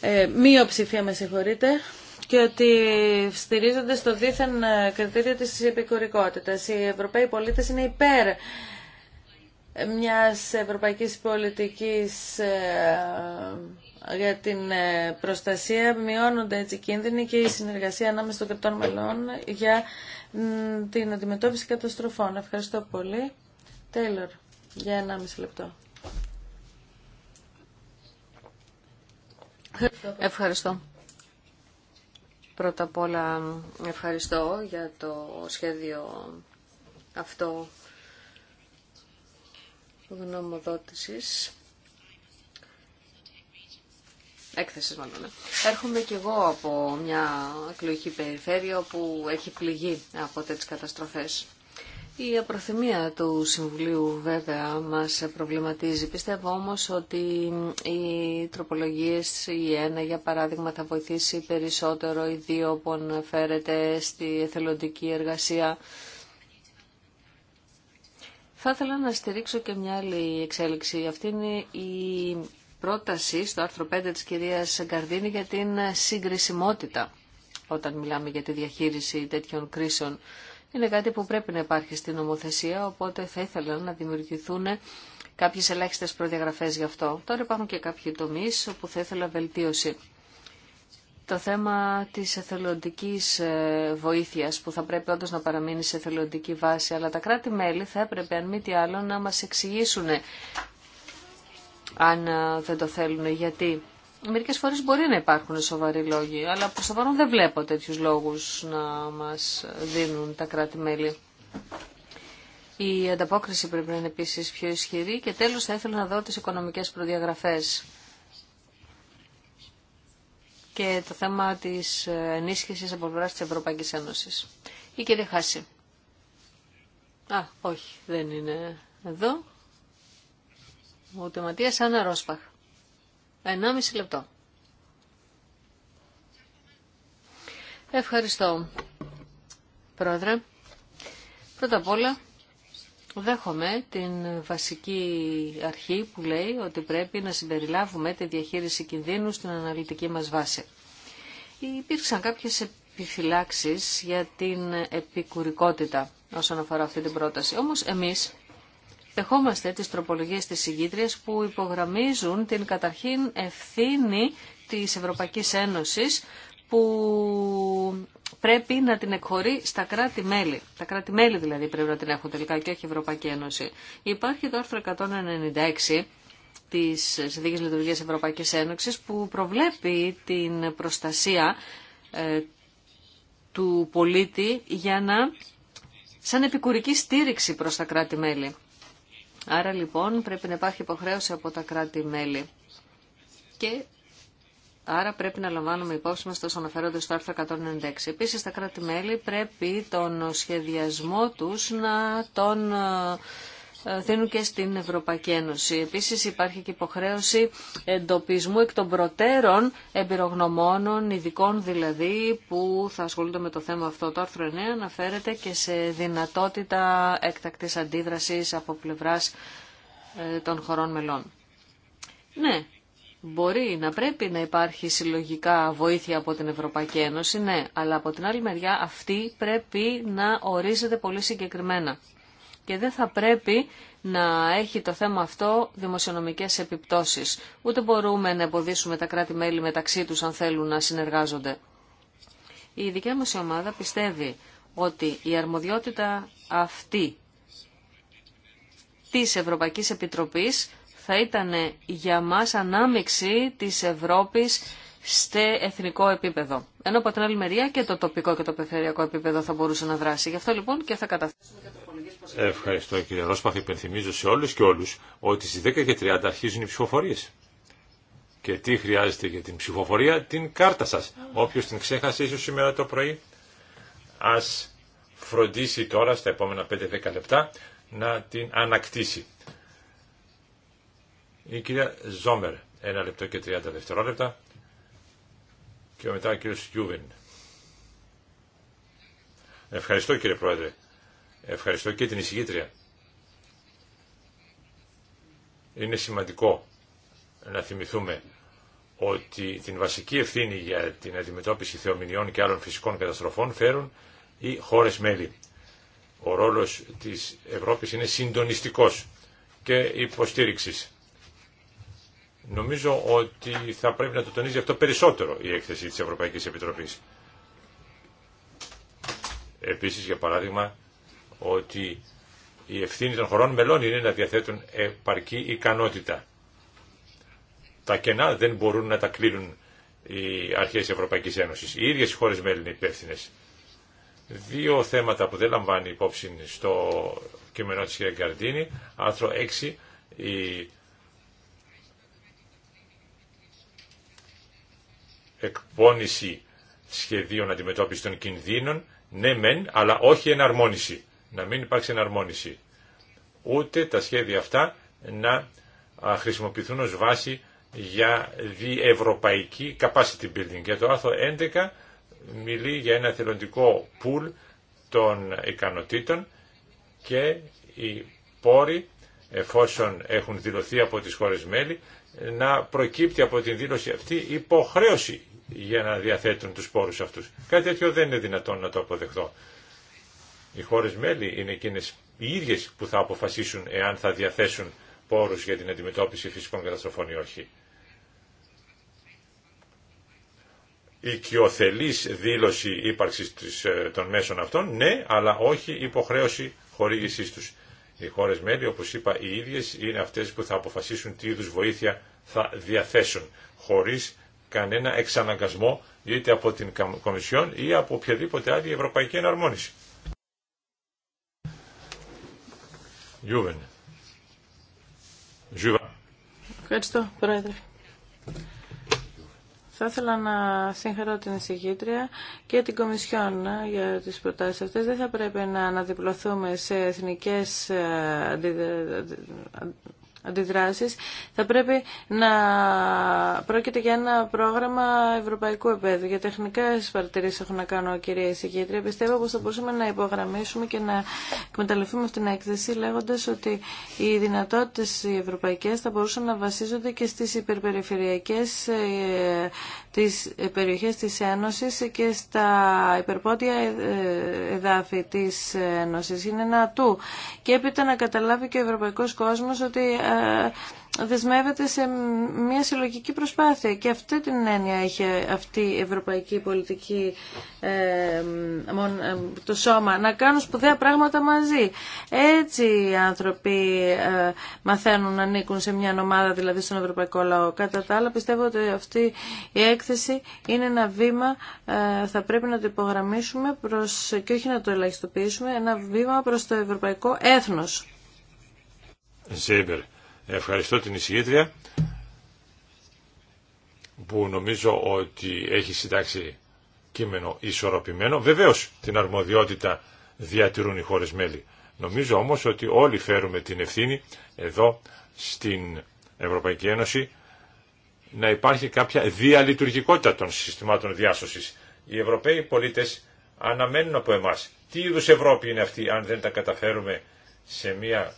ε, μειοψηφία με συγχωρείτε, και ότι στηρίζονται στο δίθεν ε, κριτήριο της επικουρικότητας. Οι Ευρωπαίοι πολίτες είναι υπέρ μιας ευρωπαϊκής πολιτικής ε, για την ε, προστασία μειώνονται έτσι κίνδυνοι και η συνεργασία ανάμεσα των κρατών μελών για την αντιμετώπιση καταστροφών. Ευχαριστώ πολύ. Τέιλορ, για 1,5 λεπτό. Ευχαριστώ. Πρώτα απ' όλα ευχαριστώ για το σχέδιο αυτό γνωμοδότησης. Έκθεση μάλλον. Ναι. Έρχομαι κι εγώ από μια εκλογική περιφέρεια που έχει πληγεί από τέτοιες καταστροφές. Η απροθυμία του Συμβουλίου βέβαια μας προβληματίζει. Πιστεύω όμως ότι οι τροπολογίες, η ένα για παράδειγμα θα βοηθήσει περισσότερο, οι δύο που αναφέρεται στη εθελοντική εργασία θα ήθελα να στηρίξω και μια άλλη εξέλιξη. Αυτή είναι η πρόταση στο άρθρο 5 της κυρίας Γκαρδίνη για την συγκρισιμότητα όταν μιλάμε για τη διαχείριση τέτοιων κρίσεων. Είναι κάτι που πρέπει να υπάρχει στην νομοθεσία, οπότε θα ήθελα να δημιουργηθούν κάποιες ελάχιστες προδιαγραφές γι' αυτό. Τώρα υπάρχουν και κάποιοι τομείς όπου θα ήθελα βελτίωση το θέμα της εθελοντικής ε, βοήθειας που θα πρέπει όντως να παραμείνει σε εθελοντική βάση, αλλά τα κράτη-μέλη θα έπρεπε αν μη τι άλλο να μας εξηγήσουν αν ε, δεν το θέλουν, γιατί μερικές φορές μπορεί να υπάρχουν σοβαροί λόγοι, αλλά προς το παρόν δεν βλέπω τέτοιους λόγους να μας δίνουν τα κράτη-μέλη. Η ανταπόκριση πρέπει να είναι επίσης πιο ισχυρή και τέλος θα ήθελα να δω τις οικονομικές προδιαγραφές και το θέμα της ενίσχυσης από πλευράς της Ευρωπαϊκής Ένωσης. Η κυρία Χάση. Α, όχι, δεν είναι εδώ. Ο Ματίας, Άννα Ρόσπαχ. Ενάμιση λεπτό. Ευχαριστώ, Πρόεδρε. Πρώτα απ' όλα, Δέχομαι την βασική αρχή που λέει ότι πρέπει να συμπεριλάβουμε τη διαχείριση κινδύνου στην αναλυτική μας βάση. Υπήρξαν κάποιες επιφυλάξεις για την επικουρικότητα όσον αφορά αυτή την πρόταση. Όμως εμείς δεχόμαστε τις τροπολογίες της συγκήτριας που υπογραμμίζουν την καταρχήν ευθύνη της Ευρωπαϊκής Ένωσης που πρέπει να την εκχωρεί στα κράτη-μέλη. Τα κράτη-μέλη δηλαδή πρέπει να την έχουν τελικά και όχι η Ευρωπαϊκή Ένωση. Υπάρχει το άρθρο 196 τη Συνθήκης Λειτουργίας Ευρωπαϊκή Ένωση που προβλέπει την προστασία ε, του πολίτη για να σαν επικουρική στήριξη προς τα κράτη-μέλη. Άρα λοιπόν πρέπει να υπάρχει υποχρέωση από τα κράτη-μέλη και Άρα πρέπει να λαμβάνουμε υπόψη μας τόσο αναφέρονται στο άρθρο 196. Επίσης τα κράτη-μέλη πρέπει τον σχεδιασμό τους να τον ε, δίνουν και στην Ευρωπαϊκή Ένωση. Επίσης υπάρχει και υποχρέωση εντοπισμού εκ των προτέρων εμπειρογνωμόνων, ειδικών δηλαδή, που θα ασχολούνται με το θέμα αυτό. Το άρθρο 9 αναφέρεται και σε δυνατότητα έκτακτης αντίδρασης από πλευράς ε, των χωρών μελών. Ναι, Μπορεί να πρέπει να υπάρχει συλλογικά βοήθεια από την Ευρωπαϊκή Ένωση, ναι, αλλά από την άλλη μεριά αυτή πρέπει να ορίζεται πολύ συγκεκριμένα. Και δεν θα πρέπει να έχει το θέμα αυτό δημοσιονομικές επιπτώσεις. Ούτε μπορούμε να εμποδίσουμε τα κράτη-μέλη μεταξύ τους αν θέλουν να συνεργάζονται. Η ειδική μας ομάδα πιστεύει ότι η αρμοδιότητα αυτή της Ευρωπαϊκής Επιτροπής θα ήταν για μας ανάμειξη της Ευρώπης σε εθνικό επίπεδο. Ενώ από την άλλη μεριά και το τοπικό και το περιφερειακό επίπεδο θα μπορούσε να δράσει. Γι' αυτό λοιπόν και θα καταθέσουμε και το Ευχαριστώ κύριε Ρόσπαχ. Υπενθυμίζω σε όλους και όλους ότι στις 10 και 30 αρχίζουν οι ψηφοφορίες. Και τι χρειάζεται για την ψηφοφορία, την κάρτα σας. όποιο την ξέχασε ίσως σήμερα το πρωί, ας φροντίσει τώρα στα επόμενα 5-10 λεπτά να την ανακτήσει. Η κυρία Ζόμερ, ένα λεπτό και 30 δευτερόλεπτα. Και μετά ο κύριος Γιούβιν. Ευχαριστώ κύριε Πρόεδρε. Ευχαριστώ και την εισηγήτρια. Είναι σημαντικό να θυμηθούμε ότι την βασική ευθύνη για την αντιμετώπιση θεομηνιών και άλλων φυσικών καταστροφών φέρουν οι χώρες μέλη. Ο ρόλος της Ευρώπης είναι συντονιστικός και υποστήριξης. Νομίζω ότι θα πρέπει να το τονίζει αυτό περισσότερο η έκθεση της Ευρωπαϊκής Επιτροπής. Επίσης, για παράδειγμα, ότι η ευθύνη των χωρών μελών είναι να διαθέτουν επαρκή ικανότητα. Τα κενά δεν μπορούν να τα κλείνουν οι αρχές Ευρωπαϊκής Ένωσης. Οι ίδιες οι χώρες μέλη είναι υπεύθυνε. Δύο θέματα που δεν λαμβάνει υπόψη στο κείμενό της κ. Γκαρντίνη, άρθρο 6, η εκπόνηση σχεδίων αντιμετώπισης των κινδύνων, ναι μεν, αλλά όχι εναρμόνιση. Να μην υπάρξει εναρμόνιση. Ούτε τα σχέδια αυτά να χρησιμοποιηθούν ως βάση για διευρωπαϊκή capacity building. Για το άρθρο 11 μιλεί για ένα θελοντικό pool των ικανοτήτων και οι πόροι, εφόσον έχουν δηλωθεί από τις χώρες μέλη, να προκύπτει από την δήλωση αυτή υποχρέωση για να διαθέτουν τους πόρους αυτούς. Κάτι τέτοιο δεν είναι δυνατόν να το αποδεχτώ. Οι χώρες μέλη είναι εκείνες οι ίδιες που θα αποφασίσουν εάν θα διαθέσουν πόρους για την αντιμετώπιση φυσικών καταστροφών ή όχι. Η οικειοθελής δήλωση ύπαρξης ε, των μέσων αυτών, ναι, αλλά όχι υποχρέωση χορήγησής τους. Οι χώρες μέλη, όπως είπα, οι ίδιες είναι αυτές που θα αποφασίσουν τι είδους βοήθεια θα διαθέσουν, χωρίς κανένα εξαναγκασμό είτε από την Κομισιόν ή από οποιαδήποτε άλλη ευρωπαϊκή εναρμόνιση. Ευχαριστώ, Πρόεδρε. Θα ήθελα να συγχαρώ την εισηγήτρια και την Κομισιόν ε, για τις προτάσεις αυτές. Δεν θα πρέπει να αναδιπλωθούμε σε εθνικές ε, αντιδράσεις, θα πρέπει να πρόκειται για ένα πρόγραμμα ευρωπαϊκού επέδου. Για τεχνικά παρατηρήσεις έχω να κάνω, κυρία Εισηγήτρια. Πιστεύω πως θα μπορούσαμε να υπογραμμίσουμε και να εκμεταλλευτούμε αυτήν την έκθεση λέγοντας ότι οι δυνατότητες οι ευρωπαϊκές θα μπορούσαν να βασίζονται και στις υπερπεριφερειακές ε, τις περιοχές της Ένωσης και στα υπερπότια ε, εδάφη της Ένωσης. Είναι ένα του. Και έπειτα να καταλάβει και ο ευρωπαϊκός κόσμος ότι ε, δεσμεύεται σε μια συλλογική προσπάθεια και αυτή την έννοια έχει αυτή η ευρωπαϊκή πολιτική ε, ε, το σώμα να κάνουν σπουδαία πράγματα μαζί έτσι οι άνθρωποι ε, μαθαίνουν να ανήκουν σε μια ομάδα δηλαδή στον ευρωπαϊκό λαό κατά τα άλλα πιστεύω ότι αυτή η έκθεση είναι ένα βήμα θα πρέπει να το υπογραμμίσουμε προς, και όχι να το ελαχιστοποιήσουμε ένα βήμα προς το ευρωπαϊκό έθνος Ευχαριστώ την εισηγήτρια που νομίζω ότι έχει συντάξει κείμενο ισορροπημένο. Βεβαίως την αρμοδιότητα διατηρούν οι χώρες μέλη. Νομίζω όμως ότι όλοι φέρουμε την ευθύνη εδώ στην Ευρωπαϊκή Ένωση να υπάρχει κάποια διαλειτουργικότητα των συστημάτων διάσωσης. Οι Ευρωπαίοι πολίτες αναμένουν από εμάς τι είδους Ευρώπη είναι αυτή αν δεν τα καταφέρουμε σε μια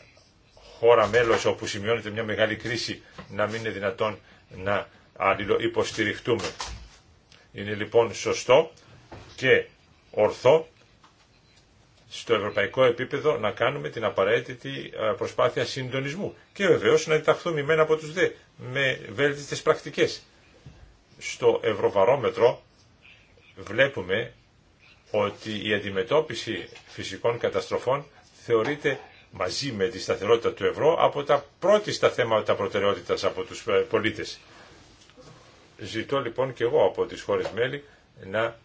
χώρα μέλος όπου σημειώνεται μια μεγάλη κρίση να μην είναι δυνατόν να αλληλοϊποστηριχτούμε. Είναι λοιπόν σωστό και ορθό στο ευρωπαϊκό επίπεδο να κάνουμε την απαραίτητη ε, προσπάθεια συντονισμού και βεβαίω να με μένα από τους δε με βέλτιστες πρακτικές. Στο Ευρωβαρόμετρο βλέπουμε ότι η αντιμετώπιση φυσικών καταστροφών θεωρείται μαζί με τη σταθερότητα του ευρώ από τα πρώτη στα θέματα προτεραιότητας από τους ε, πολίτες. Ζητώ λοιπόν και εγώ από τις χώρες μέλη να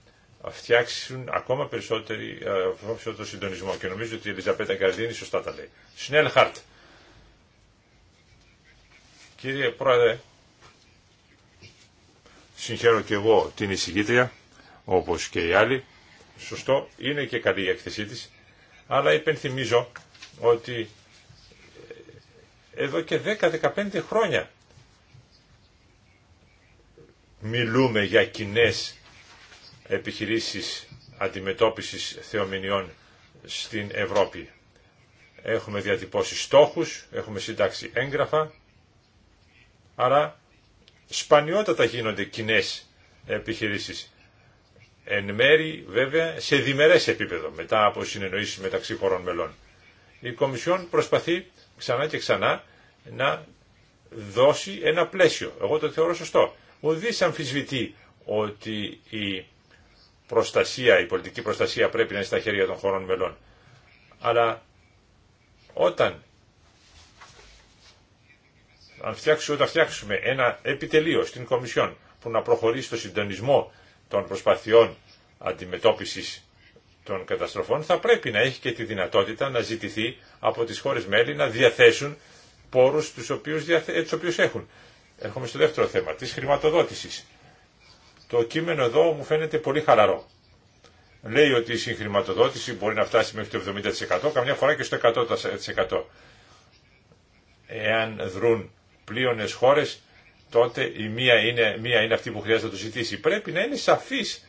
φτιάξουν ακόμα ε, περισσότερο συντονισμό και νομίζω ότι η Ελιζαπέτα Καρδίνη σωστά τα λέει. Σνέλ Κύριε Πρόεδρε, συγχαίρω και εγώ την εισηγήτρια, όπως και οι άλλοι. Σωστό, είναι και καλή η έκθεσή της, αλλά υπενθυμίζω ότι ε, εδώ και 10-15 χρόνια μιλούμε για κοινέ επιχειρήσεις αντιμετώπισης θεομηνιών στην Ευρώπη. Έχουμε διατυπώσει στόχους, έχουμε συντάξει έγγραφα, άρα σπανιότατα γίνονται κοινέ επιχειρήσεις. Εν μέρη βέβαια σε διμερές επίπεδο μετά από συνεννοήσεις μεταξύ χωρών μελών η Κομισιόν προσπαθεί ξανά και ξανά να δώσει ένα πλαίσιο. Εγώ το θεωρώ σωστό. Ουδής αμφισβητεί ότι η προστασία, η πολιτική προστασία πρέπει να είναι στα χέρια των χωρών μελών. Αλλά όταν, αν φτιάξουμε, όταν φτιάξουμε ένα επιτελείο στην Κομισιόν που να προχωρήσει στο συντονισμό των προσπαθειών αντιμετώπισης των καταστροφών θα πρέπει να έχει και τη δυνατότητα να ζητηθεί από τις χώρες μέλη να διαθέσουν πόρους τους οποίους, ε, οποίους έχουν. Έρχομαι στο δεύτερο θέμα, της χρηματοδότησης. Το κείμενο εδώ μου φαίνεται πολύ χαλαρό. Λέει ότι η συγχρηματοδότηση μπορεί να φτάσει μέχρι το 70%, καμιά φορά και στο 100%. Εάν δρούν πλείονες χώρες, τότε η μία είναι, μία είναι αυτή που χρειάζεται να το ζητήσει. Πρέπει να είναι σαφής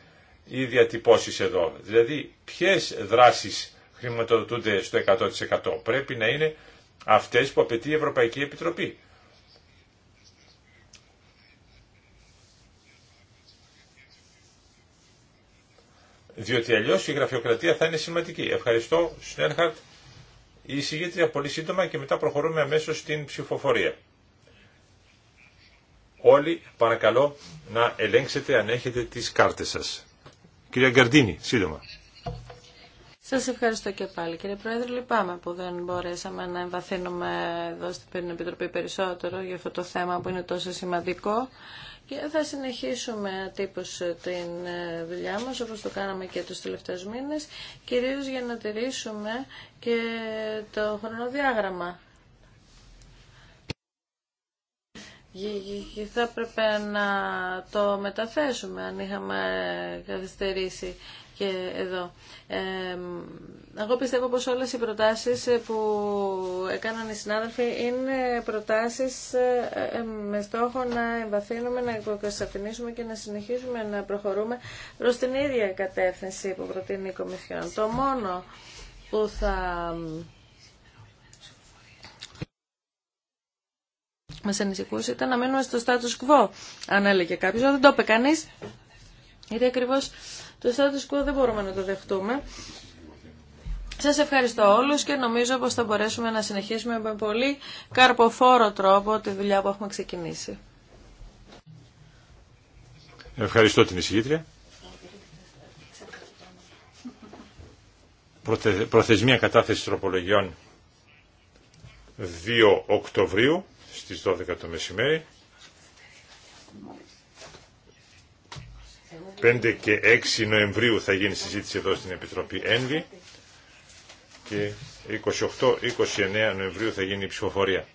ή διατυπώσει εδώ. Δηλαδή ποιε δράσεις χρηματοδοτούνται στο 100% πρέπει να είναι αυτές που απαιτεί η Ευρωπαϊκή Επιτροπή. Διότι αλλιώ η γραφειοκρατία θα είναι σημαντική. Ευχαριστώ, Σνέρχαρτ η εισηγήτρια πολύ σύντομα και μετά προχωρούμε αμέσω στην ψηφοφορία. Όλοι παρακαλώ να ελέγξετε αν έχετε τις κάρτες σας. Κυρία Γκαρντίνη, σύντομα. Σα ευχαριστώ και πάλι κύριε Πρόεδρε. Λυπάμαι που δεν μπορέσαμε να εμβαθύνουμε εδώ στην Επιτροπή περισσότερο για αυτό το θέμα που είναι τόσο σημαντικό. Και θα συνεχίσουμε τύπως την ε, δουλειά μας όπως το κάναμε και τους τελευταίους μήνες, κυρίως για να τηρήσουμε και το χρονοδιάγραμμα θα έπρεπε να το μεταθέσουμε αν είχαμε καθυστερήσει και εδώ. Ε, εγώ πιστεύω πως όλες οι προτάσεις που έκαναν οι συνάδελφοι είναι προτάσεις ε, ε, με στόχο να εμβαθύνουμε, να υποκατασταθμίσουμε και να συνεχίσουμε να προχωρούμε προς την ίδια κατεύθυνση που προτείνει η Κομισιόν. Το μόνο που θα Μα ανησυχούσε ήταν να μένουμε στο status quo. Αν έλεγε κάποιος, δεν το είπε κανείς, γιατί ακριβώς το status quo δεν μπορούμε να το δεχτούμε. Σας ευχαριστώ όλους και νομίζω πως θα μπορέσουμε να συνεχίσουμε με πολύ καρποφόρο τρόπο τη δουλειά που έχουμε ξεκινήσει. Ευχαριστώ την εισηγήτρια. Προθεσμία κατάθεση τροπολογιών 2 Οκτωβρίου στις 12 το μεσημέρι. 5 και 6 Νοεμβρίου θα γίνει συζήτηση εδώ στην Επιτροπή ΕΝΒΗ και 28-29 Νοεμβρίου θα γίνει η ψηφοφορία.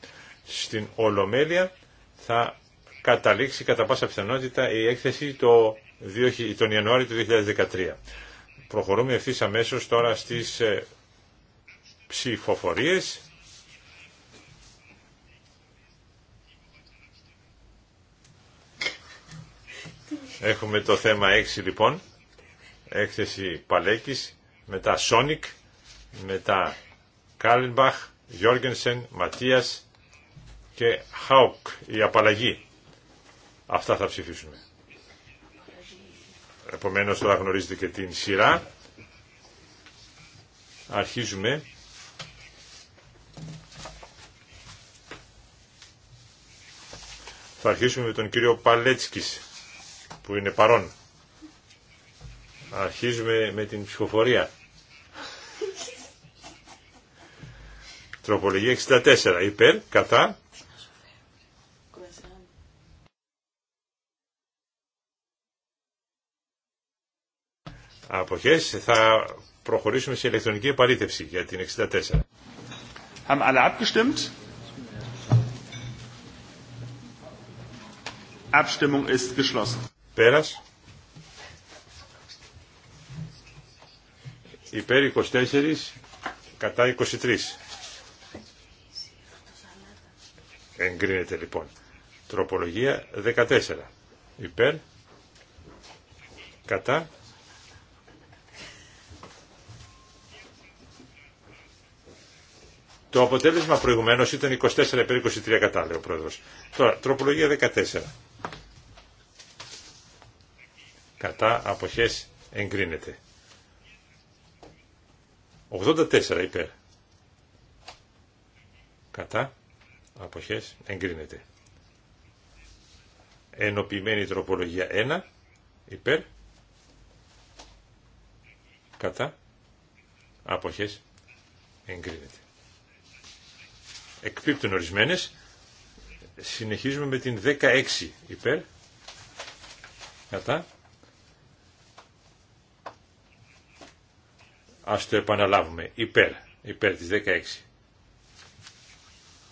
Στην Ολομέλεια θα καταλήξει κατά πάσα πιθανότητα η έκθεση το, τον Ιανουάριο του 2013. Προχωρούμε ευθύ αμέσω τώρα στις ε, ψηφοφορίες. Έχουμε το θέμα 6 λοιπόν, έκθεση Παλέκης, μετά Σόνικ, μετά Κάλινμπαχ, Γιόργενσεν, Ματίας και Χάουκ, η απαλλαγή. Αυτά θα ψηφίσουμε. Επομένως τώρα γνωρίζετε και την σειρά. Αρχίζουμε. Θα αρχίσουμε με τον κύριο Παλέτσκης που είναι παρόν. Αρχίζουμε με την ψηφοφορία. Τροπολογία 64. Υπέρ, κατά. Αποχές. Θα προχωρήσουμε σε ηλεκτρονική επαλήθευση για την 64. Haben alle abgestimmt? Abstimmung ist geschlossen. Πέρας. Υπέρ 24, κατά 23. Εγκρίνεται λοιπόν. Τροπολογία 14. Υπέρ, κατά. Το αποτέλεσμα προηγουμένως ήταν 24 υπέρ 23 κατά, λέει ο Τώρα, τροπολογία 14 κατά αποχές εγκρίνεται. 84 υπέρ. Κατά αποχές εγκρίνεται. Ενοποιημένη τροπολογία 1 υπέρ. Κατά αποχές εγκρίνεται. Εκπίπτουν ορισμένες. Συνεχίζουμε με την 16 υπέρ. Κατά Ας το επαναλάβουμε. Υπέρ. Υπέρ της 16.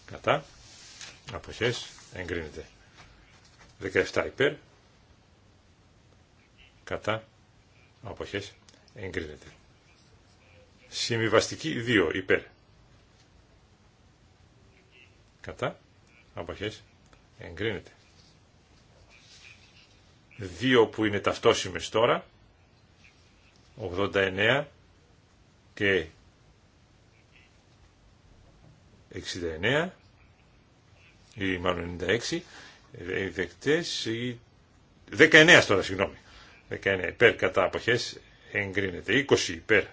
Κατά. Αποχές. Εγκρίνεται. 17 υπέρ. Κατά. Αποχές. Εγκρίνεται. Συμβιβαστική 2 υπέρ. Κατά. Αποχές. Εγκρίνεται. Δύο που είναι ταυτόσιμες τώρα. 89 και 69 ή μάλλον 96 ε, δεκτές 19 τώρα συγγνώμη 19 υπέρ κατά αποχές εγκρίνεται 20 υπέρ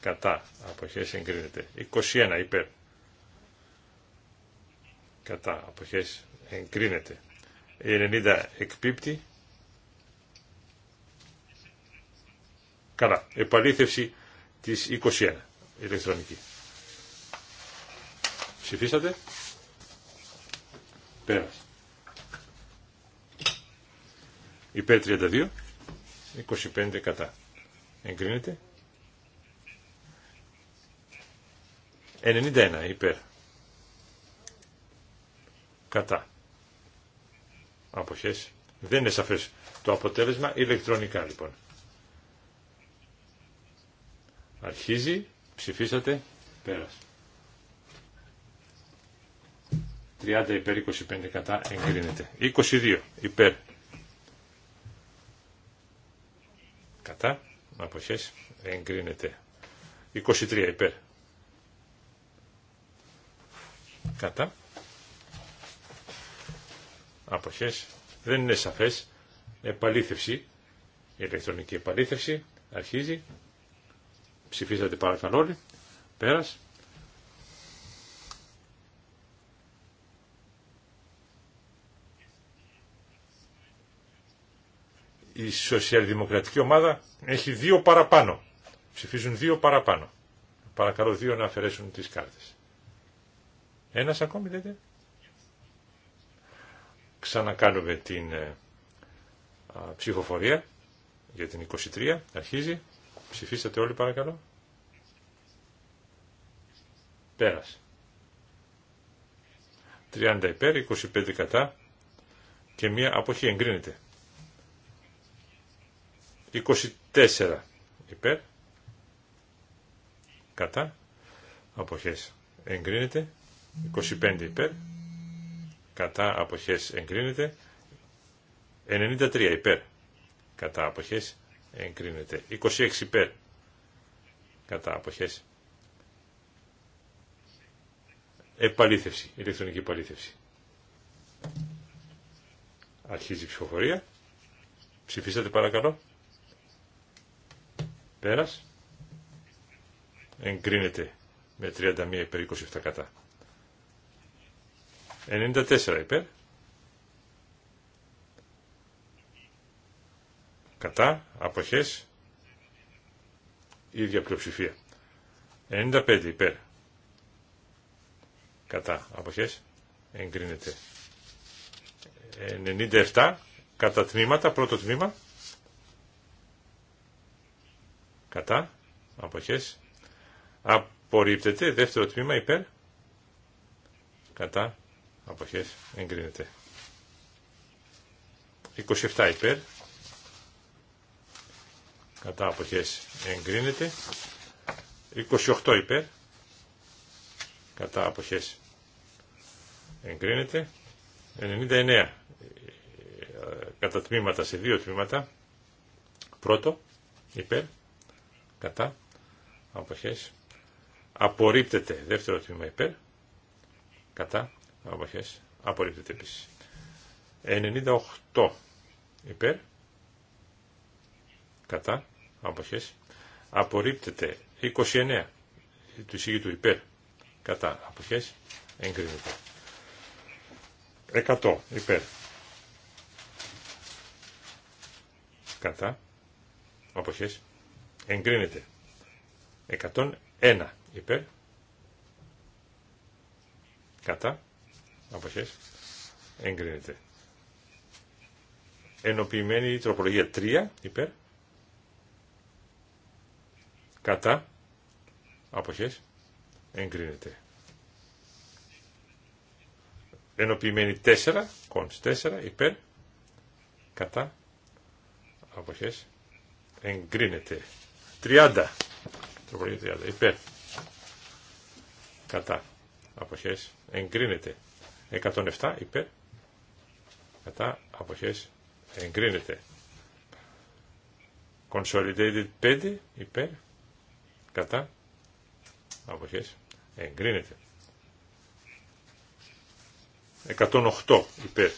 κατά αποχές εγκρίνεται 21 υπέρ κατά αποχές εγκρίνεται 90 εκπίπτει Καλά. Επαλήθευση της 21 ηλεκτρονική. Ψηφίσατε. Πέρας. Υπέρ 32, 25 κατά. Εγκρίνεται. 91 υπέρ. Κατά. Αποχές. Δεν είναι σαφές το αποτέλεσμα ηλεκτρονικά λοιπόν. Αρχίζει. Ψηφίσατε. Πέρας. 30 υπέρ 25 κατά εγκρίνεται. 22 υπέρ. Κατά. Αποχές. Εγκρίνεται. 23 υπέρ. Κατά. Αποχές. Δεν είναι σαφές. Επαλήθευση. ηλεκτρονική επαλήθευση αρχίζει. Ψηφίσατε παρακαλώ όλοι. Πέρας. Η σοσιαλδημοκρατική ομάδα έχει δύο παραπάνω. Ψηφίζουν δύο παραπάνω. Παρακαλώ δύο να αφαιρέσουν τις κάρτες. Ένας ακόμη λέτε. Ξανακάνουμε την ε, ψηφοφορία για την 23. Αρχίζει. Ψηφίσατε όλοι παρακαλώ. Πέρασε. 30 υπέρ, 25 κατά και μία αποχή εγκρίνεται. 24 υπέρ, κατά, αποχές εγκρίνεται. 25 υπέρ, κατά, αποχές εγκρίνεται. 93 υπέρ, κατά, αποχές εγκρίνεται. 26 υπέρ κατά αποχές. Επαλήθευση, ηλεκτρονική επαλήθευση. Αρχίζει η ψηφοφορία. Ψηφίσατε παρακαλώ. Πέρας. Εγκρίνεται με 31 υπέρ 27 κατά. 94 υπέρ. κατά, αποχές, ίδια πλειοψηφία. 95 υπέρ, κατά, αποχές, εγκρίνεται. 97 κατά τμήματα, πρώτο τμήμα, κατά, αποχές, απορρίπτεται, δεύτερο τμήμα υπέρ, κατά, αποχές, εγκρίνεται. 27 υπέρ, κατά αποχές εγκρίνεται 28 υπέρ κατά αποχές εγκρίνεται 99 ε, κατά τμήματα σε δύο τμήματα πρώτο υπέρ κατά αποχές απορρίπτεται δεύτερο τμήμα υπέρ κατά αποχές απορρίπτεται επίσης 98 υπέρ κατά αποχές απορρίπτεται 29 του του υπέρ κατά αποχές εγκρίνεται 100 υπέρ κατά αποχές εγκρίνεται 101 υπέρ κατά αποχές εγκρίνεται ενοποιημένη τροπολογία 3 υπέρ Κατά. Αποχές. Εγκρίνεται. Ενοποιημένη 4. Κόντς 4. Υπέρ. Κατά. Αποχές. Εγκρίνεται. 30. 30. Υπέρ. Κατά. Αποχές. Εγκρίνεται. 107. Υπέρ. Κατά. Αποχές. Εγκρίνεται. Consolidated 5. Υπέρ Κατά. Αποχές. Εγκρίνεται. 108 υπέρ.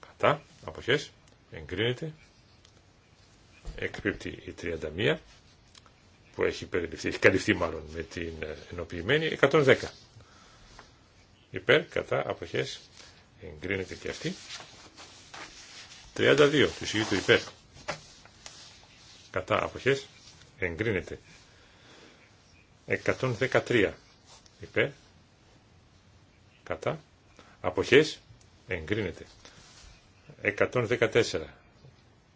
Κατά. Αποχές. Εγκρίνεται. Εκπίπτει η 31 που έχει περιληφθεί, έχει καλυφθεί μάλλον με την ε, ενοποιημένη. 110 υπέρ. Κατά. Αποχές. Εγκρίνεται και αυτή. 32 του συγγήτου υπέρ. Κατά. Αποχές εγκρίνεται. 113 υπέρ, κατά, αποχές, εγκρίνεται. 114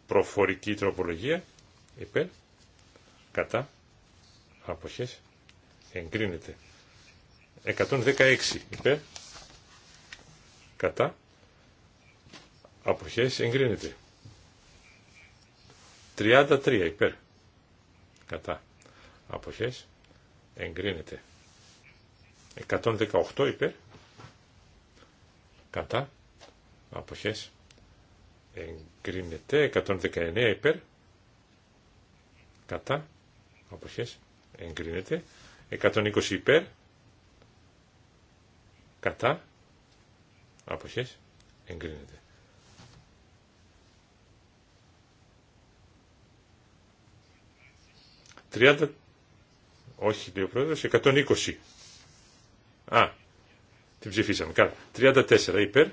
προφορική τροπολογία, υπέρ, κατά, αποχές, εγκρίνεται. 116 υπέρ, κατά, αποχές, εγκρίνεται. 33 υπέρ, κατά αποχές εγκρίνεται 118 υπέρ κατά αποχές εγκρίνεται 119 υπέρ κατά αποχές εγκρίνεται 120 υπέρ κατά αποχές εγκρίνεται 30, όχι λέει ο πρόεδρος, 120. Α, την ψηφίσαμε. Καλά. 34 υπέρ,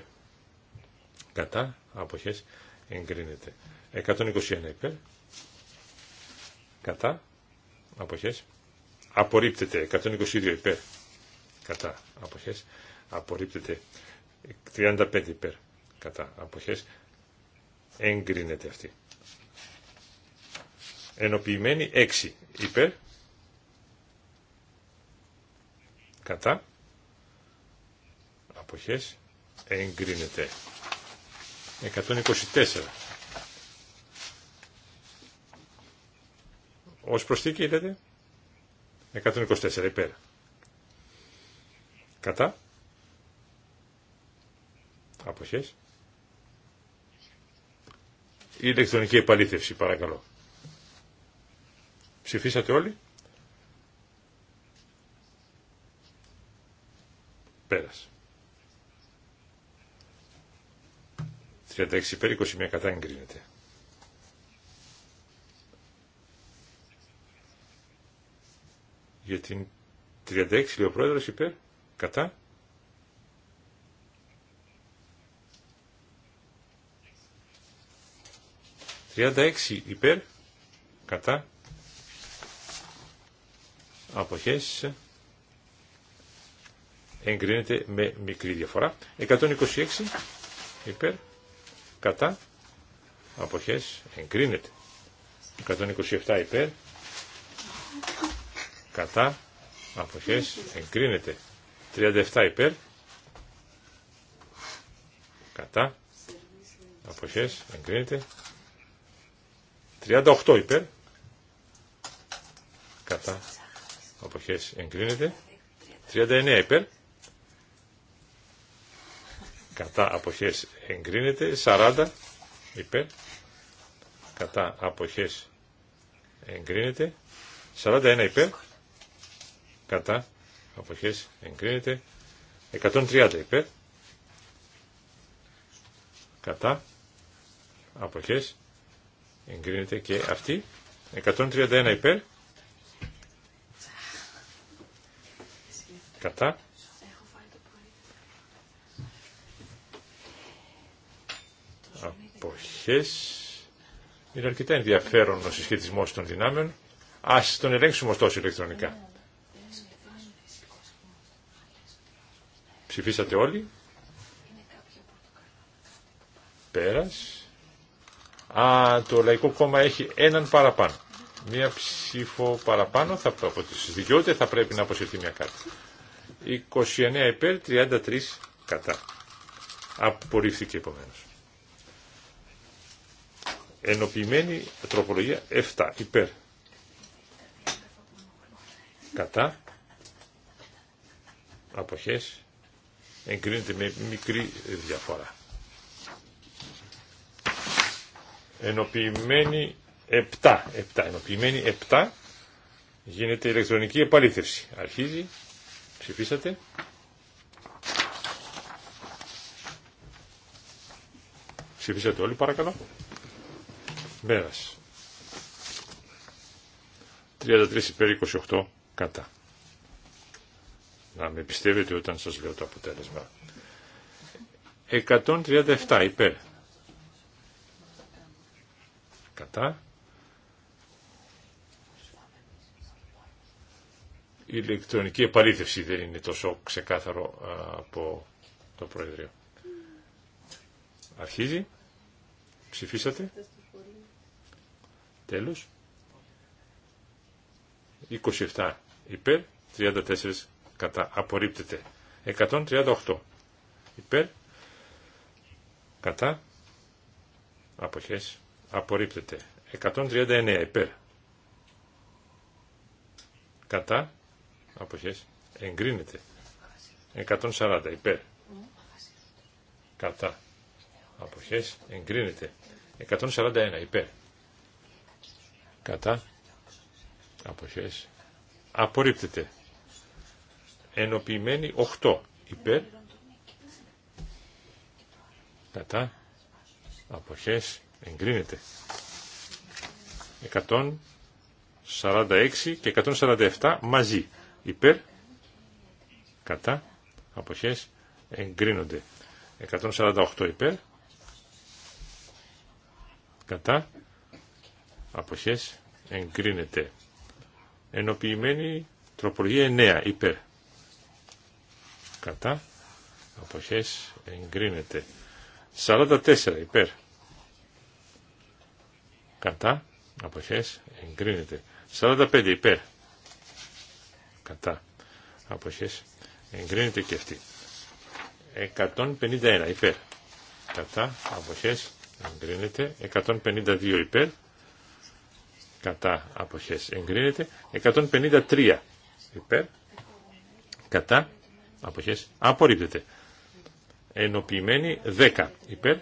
κατά, αποχές, εγκρίνεται. 121 υπέρ, κατά, αποχές, απορρίπτεται. 122 υπέρ, κατά, αποχές, απορρίπτεται. 35 υπέρ, κατά, αποχές, εγκρίνεται αυτή ενοποιημένη 6 υπέρ κατά αποχές εγκρίνεται 124 ως προσθήκη είδατε 124 υπέρ κατά αποχές η ηλεκτρονική επαλήθευση παρακαλώ Ψηφίσατε όλοι. Πέρασε. 36 υπέρ 21 κατά εγκρίνεται. για την 36 λέει υπέρ, κατά. Τριάντα υπέρ, κατά αποχές εγκρίνεται με μικρή διαφορά. 126 υπέρ κατά αποχές εγκρίνεται. 127 υπέρ κατά αποχές εγκρίνεται. 37 υπέρ κατά αποχές εγκρίνεται. 38 υπέρ κατά Αποχές εγκρίνεται. 39 υπέρ. Κατά αποχές εγκρίνεται. 40 υπέρ. Κατά αποχές εγκρίνεται. 41 υπέρ. Κατά αποχές εγκρίνεται. 130 υπέρ. Κατά αποχές εγκρίνεται και αυτή. 131 υπέρ. Κατά. Αποχές. Είναι αρκετά ενδιαφέρον ο συσχετισμός των δυνάμεων. Ας τον ελέγξουμε ωστόσο ηλεκτρονικά. Ψηφίσατε όλοι. Πέρας. Α, το Λαϊκό Κόμμα έχει έναν παραπάνω. Μία ψήφο παραπάνω θα, από τις δικαιοτητες θα πρέπει να αποσυρθεί μια κάρτα. 29 υπέρ, 33 κατά. Απορρίφθηκε επομένω. Ενοποιημένη τροπολογία 7 υπέρ. Κατά. Αποχές. Εγκρίνεται με μικρή διαφορά. Ενοποιημένη 7. 7. Ενοποιημένη 7 γίνεται ηλεκτρονική επαλήθευση. Αρχίζει. Ψηφίσατε. Ψηφίσατε όλοι παρακαλώ. Πέρασε. 33 υπέρ 28 κατά. Να με πιστεύετε όταν σας λέω το αποτέλεσμα. 137 υπέρ. Κατά. Η ηλεκτρονική επαλήθευση δεν είναι τόσο ξεκάθαρο από το Προεδρείο. Αρχίζει. Ψηφίσατε. Τέλος. 27 υπέρ, 34 κατά. Απορρίπτεται. 138 υπέρ, κατά. Αποχές. Απορρίπτεται. 139 υπέρ. Κατά αποχές εγκρίνεται 140 υπέρ κατά αποχές εγκρίνεται 141 υπέρ κατά αποχές απορρίπτεται ενοποιημένη 8 υπέρ κατά αποχές εγκρίνεται 146 και 147 μαζί υπέρ, κατά, αποχές, εγκρίνονται. 148 υπέρ, κατά, αποχές, εγκρίνεται. Ενοποιημένη τροπολογία 9 υπέρ, κατά, αποχές, εγκρίνεται. 44 υπέρ, κατά, αποχές, εγκρίνεται. 45 υπέρ, κατά αποχές εγκρίνεται και αυτή 151 υπέρ κατά αποχές εγκρίνεται 152 υπέρ κατά αποχές εγκρίνεται 153 υπέρ κατά αποχές απορρίπτεται ενοποιημένη 10 υπέρ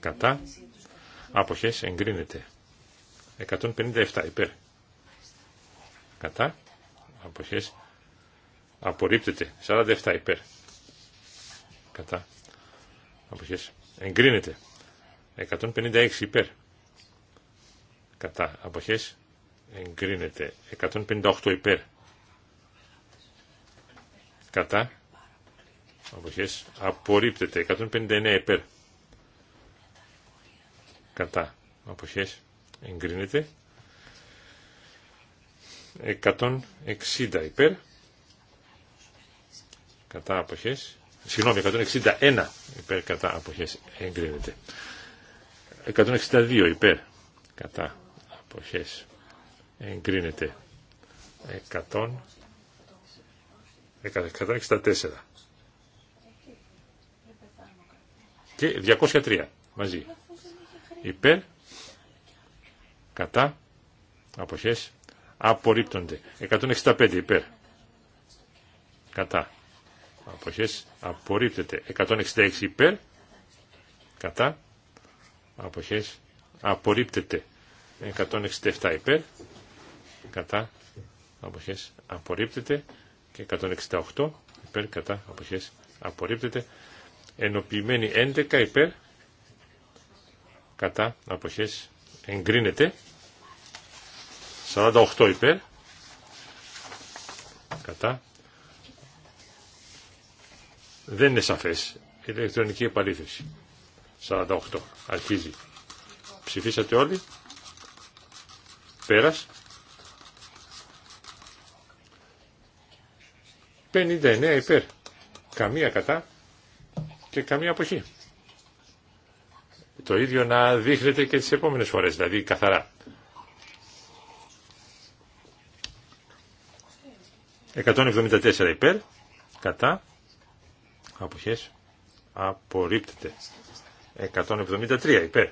κατά αποχές εγκρίνεται 157 υπέρ κατά αποχές απορρίπτεται 47 υπέρ κατά αποχές εγκρίνεται 156 υπέρ κατά αποχές εγκρίνεται 158 υπέρ κατά αποχές απορρίπτεται 159 υπέρ κατά αποχές εγκρίνεται 160 υπέρ κατά αποχές συγγνώμη 161 υπέρ κατά αποχές εγκρίνεται 162 υπέρ κατά αποχές εγκρίνεται 164 και 203 μαζί υπέρ κατά αποχές απορρίπτονται. 165 υπέρ. Κατά. Αποχές απορρίπτεται. 166 υπέρ. Κατά. Αποχές απορρίπτεται. 167 υπέρ. Κατά. Αποχές απορρίπτεται. Και 168 υπέρ. Κατά. Αποχές απορρίπτεται. Ενοποιημένη 11 υπέρ. Κατά. Αποχές εγκρίνεται. 48 υπέρ. Κατά. Δεν είναι σαφές. Ηλεκτρονική επαλήθευση. 48. Αρχίζει. Ψηφίσατε όλοι. Πέρας. 59 υπέρ. Καμία κατά και καμία αποχή. Το ίδιο να δείχνετε και τις επόμενες φορές, δηλαδή καθαρά. 174 υπέρ, κατά, αποχές, απορρίπτεται. 173 υπέρ,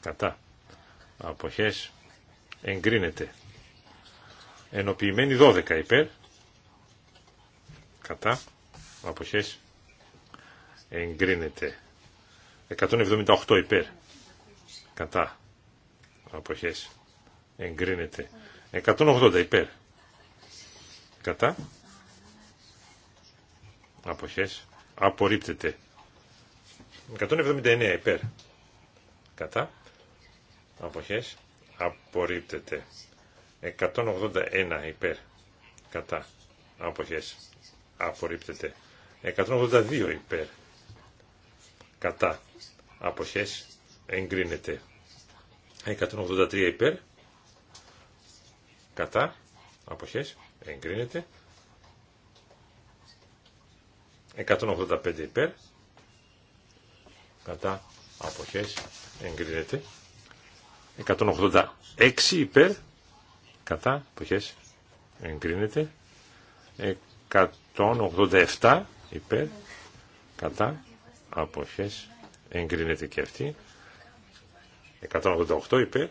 κατά, αποχές, εγκρίνεται. Ενοποιημένη 12 υπέρ, κατά, αποχές, εγκρίνεται. 178 υπέρ, κατά, αποχές, εγκρίνεται. 180 υπέρ. Κατά. Αποχές. Απορρίπτεται. 179 υπέρ. Κατά. Αποχές. Απορρίπτεται. 181 υπέρ. Κατά. Αποχές. Απορρίπτεται. 182 υπέρ. Κατά. Αποχές. Εγκρίνεται. 183 υπέρ κατά, αποχές, εγκρίνεται. 185 υπέρ, κατά, αποχές, εγκρίνεται. 186 υπέρ, κατά, αποχές, εγκρίνεται. 187 υπέρ, κατά, αποχές, εγκρίνεται και αυτή. 188 υπέρ,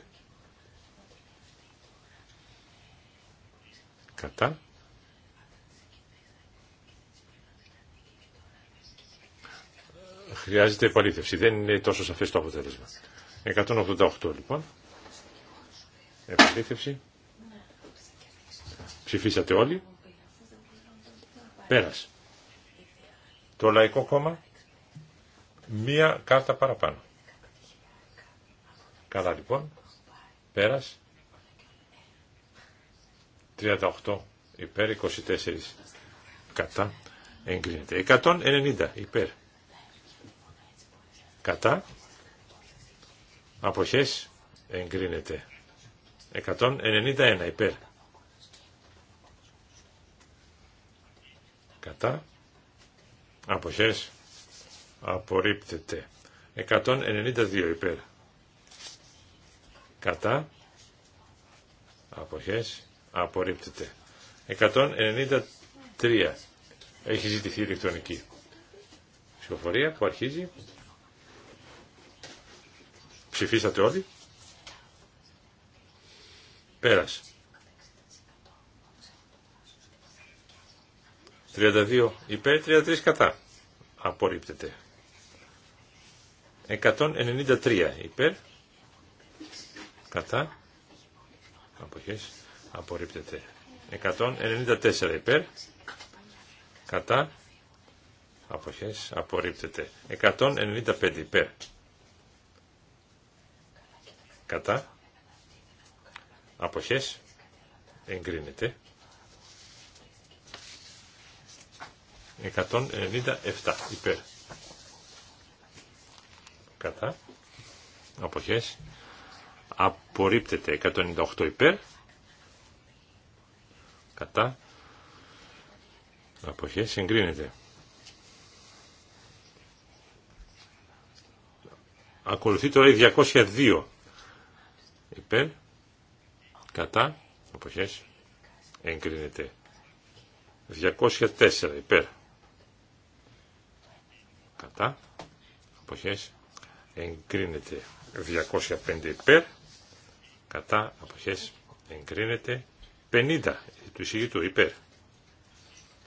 Κατά. Χρειάζεται επαλήθευση. Δεν είναι τόσο σαφέ το αποτέλεσμα. 188 λοιπόν. Επαλήθευση. Ψηφίσατε όλοι. Πέρασε. Το Λαϊκό Κόμμα. Μία κάρτα παραπάνω. Καλά λοιπόν. Πέρασε. 38 υπέρ 24 κατά εγκρίνεται 190 υπέρ κατά αποχές εγκρίνεται 191 υπέρ κατά αποχές απορρίπτεται 192 υπέρ κατά αποχές απορρίπτεται. 193 έχει ζητηθεί ηλεκτρονική ψηφοφορία που αρχίζει. Ψηφίσατε όλοι. Πέρασε. 32 υπέρ, 33 κατά. Απορρίπτεται. 193 υπέρ, κατά, αποχές, απορρίπτεται. 194 υπέρ, κατά, αποχές, απορρίπτεται. 195 υπέρ, κατά, αποχές, εγκρίνεται. 197 υπέρ, κατά, αποχές, απορρίπτεται. 198 υπέρ, κατά αποχέ εγκρίνεται. Ακολουθεί τώρα η 202 υπέρ κατά αποχέ. εγκρίνεται. 204 υπέρ κατά αποχέ. εγκρίνεται. 205 υπέρ κατά αποχές εγκρίνεται. 50 του εισηγητού υπέρ.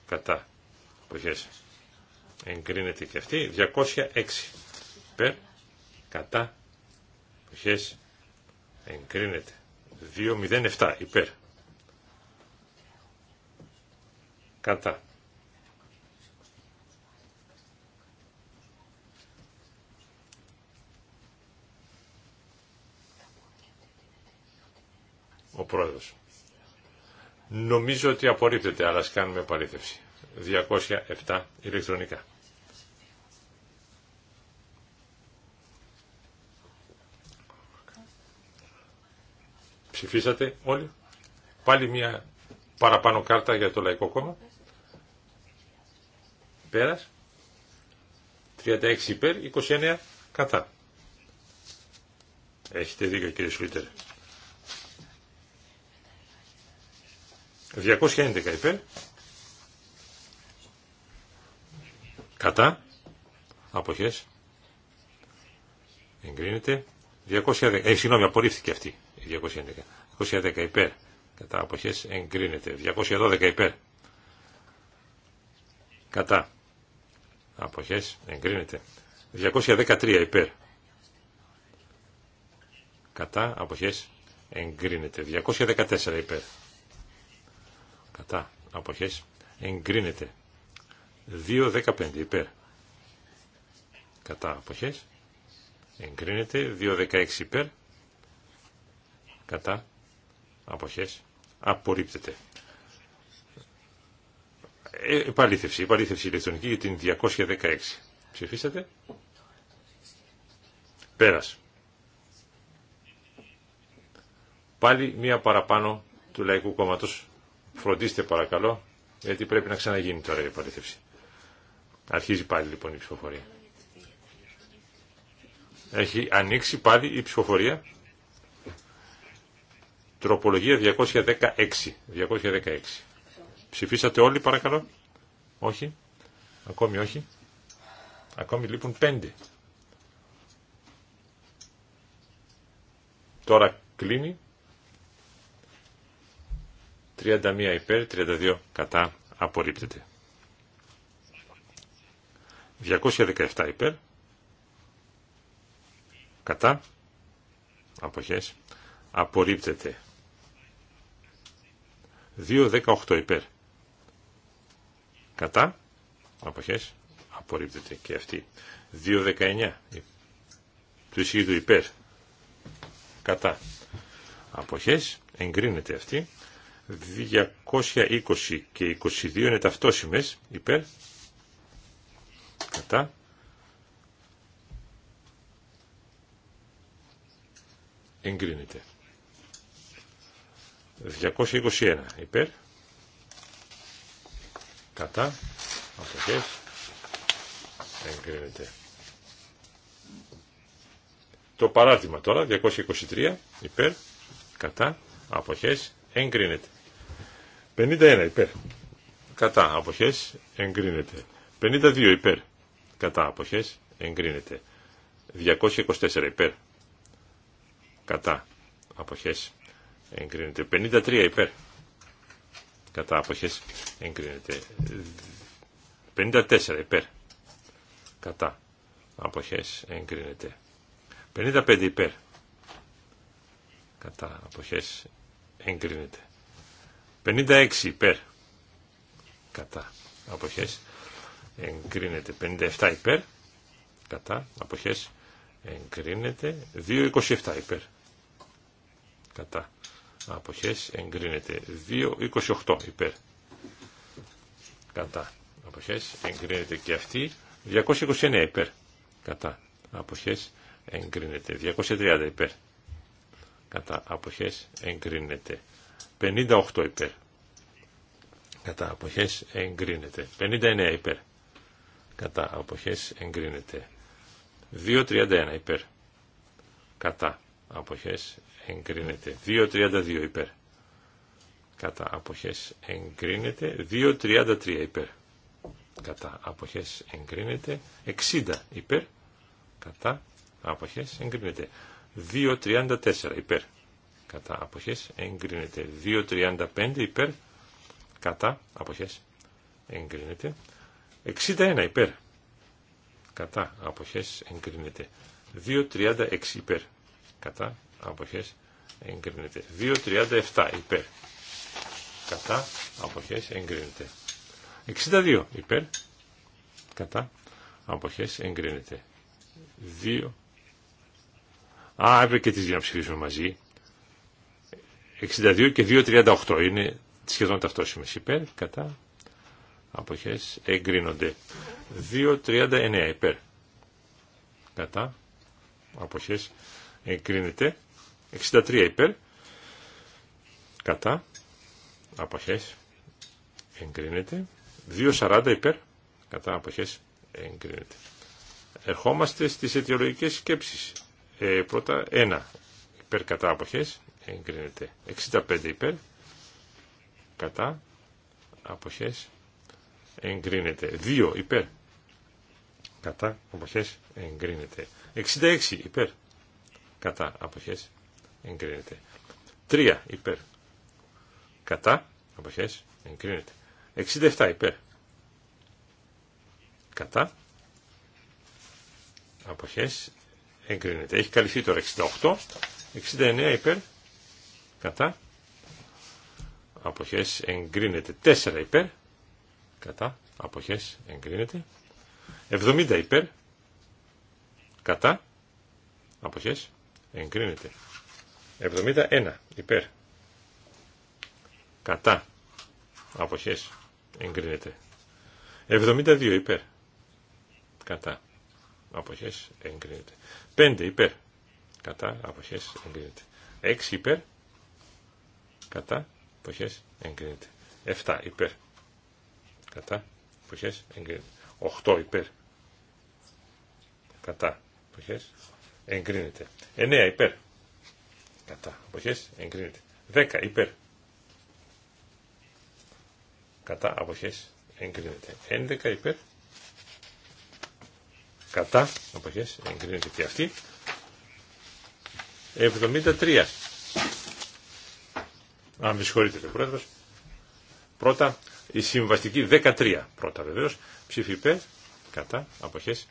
Κατά. εποχές Εγκρίνεται και αυτή. 206 υπέρ. Κατά. εποχές Εγκρίνεται. 207 υπέρ. Κατά. Ο πρόεδρος. Νομίζω ότι απορρίπτεται, αλλά ας κάνουμε παρήθευση. 207 ηλεκτρονικά. Ψηφίσατε όλοι. Πάλι μια παραπάνω κάρτα για το Λαϊκό Κόμμα. Πέρας. 36 υπέρ, 29 κατά. Έχετε δίκιο κύριε Σουλίτερ. 211 υπέρ. Κατά. Αποχές. Εγκρίνεται. 210. Ε, συγγνώμη, απορρίφθηκε αυτή η 211. 210 υπέρ. Κατά αποχές εγκρίνεται. 212 υπέρ. Κατά. Αποχές εγκρίνεται. 213 υπέρ. Κατά αποχές εγκρίνεται. 214 υπέρ κατά αποχές εγκρίνεται 2.15 υπέρ κατά αποχές εγκρίνεται 2.16 υπέρ κατά αποχές απορρίπτεται ε, επαλήθευση, επαλήθευση ηλεκτρονική για την 216 ψηφίσατε πέρας πάλι μία παραπάνω του Λαϊκού Κόμματος Φροντίστε παρακαλώ, γιατί πρέπει να ξαναγίνει τώρα η επαλήθευση. Αρχίζει πάλι λοιπόν η ψηφοφορία. Έχει ανοίξει πάλι η ψηφοφορία. Τροπολογία 216. 216. Ψηφίσατε όλοι παρακαλώ. Όχι. Ακόμη όχι. Ακόμη λείπουν πέντε. Τώρα κλείνει. 31 υπέρ, 32 κατά, απορρίπτεται. 217 υπέρ, κατά, αποχές, απορρίπτεται. 218 υπέρ, κατά, αποχές, απορρίπτεται και αυτή. 219 του ισχύδου υπέρ, κατά, αποχές, εγκρίνεται αυτή. 220 και 22 είναι ταυτόσιμες υπέρ κατά εγκρίνεται 221 υπέρ κατά αποχές εγκρίνεται το παράδειγμα τώρα 223 υπέρ κατά αποχές εγκρίνεται 51 υπέρ. Κατά αποχές εγκρίνεται. 52 υπέρ. Κατά αποχές εγκρίνεται. 224 υπέρ. Κατά αποχές εγκρίνεται. 53 υπέρ. Κατά αποχές εγκρίνεται. 54 υπέρ. Κατά αποχές εγκρίνεται. 55 υπέρ. Κατά αποχές εγκρίνεται. 56 υπέρ κατά αποχές εγκρίνεται 57 υπέρ κατά αποχές εγκρίνεται 2.27 υπέρ κατά αποχές εγκρίνεται 2.28 υπέρ κατά αποχές εγκρίνεται και αυτή 229 υπέρ κατά αποχές εγκρίνεται 230 υπέρ κατά αποχές εγκρίνεται 58 υπέρ. Κατά αποχές εγκρίνεται. 59 υπέρ. Κατά αποχές εγκρίνεται. 2.31 υπέρ. Κατά αποχές εγκρίνεται. 2.32 υπέρ. Κατά αποχές εγκρίνεται. 2.33 υπέρ. Κατά αποχές εγκρίνεται. 60 υπέρ. Κατά αποχές εγκρίνεται. 2.34 υπέρ κατά αποχές εγκρίνεται 2.35 υπέρ κατά αποχές εγκρίνεται 61 υπέρ κατά αποχές εγκρίνεται 2.36 υπέρ κατά αποχές εγκρίνεται 2.37 υπέρ κατά αποχές εγκρίνεται 62 υπέρ κατά αποχές εγκρίνεται 2 Α, έπρεπε και τις δύο να ψηφίσουμε μαζί. 62 και 2.38 είναι σχεδόν ταυτόσιμες υπέρ, κατά, αποχές, εγκρίνονται. 2.39 υπέρ, κατά, αποχές, εγκρίνεται. 63 υπέρ, κατά, αποχές, εγκρίνεται. 2.40 υπέρ, κατά, αποχές, εγκρίνεται. Ερχόμαστε στις αιτιολογικές σκέψεις. Ε, πρώτα ένα υπέρ κατά αποχές εγκρίνεται. 65 υπέρ, κατά, αποχές, εγκρίνεται. 2 υπέρ, κατά, αποχές, εγκρίνεται. 66 υπέρ, κατά, αποχές, εγκρίνεται. 3 υπέρ, κατά, αποχές, εγκρίνεται. 67 υπέρ, κατά, αποχές, εγκρίνεται. Έχει καλυφθεί τώρα 68, 69 υπέρ, κατά αποχές εγκρίνεται 4 υπέρ κατά αποχές εγκρίνεται 70 υπέρ κατά αποχές εγκρίνεται 71 υπέρ κατά αποχές εγκρίνεται 72 υπέρ κατά αποχές εγκρίνεται 5 υπέρ κατά αποχές εγκρίνεται 6 υπέρ κατά, εποχέ, εγκρίνεται. 7 υπέρ, κατά, εποχέ, εγκρίνεται. 8 υπέρ, κατά, εποχέ, εγκρίνεται. 9 υπέρ, κατά, εποχέ εγκρίνεται. 10 υπέρ, κατά, εποχέ εγκρίνεται. 11 υπέρ, κατά, εποχέ εγκρίνεται και αυτή. 73 Α, με συγχωρείτε, Πρώτα, η συμβαστική 13. Πρώτα βεβαίω, Ψήφι υπέρ, κατά, αποχές,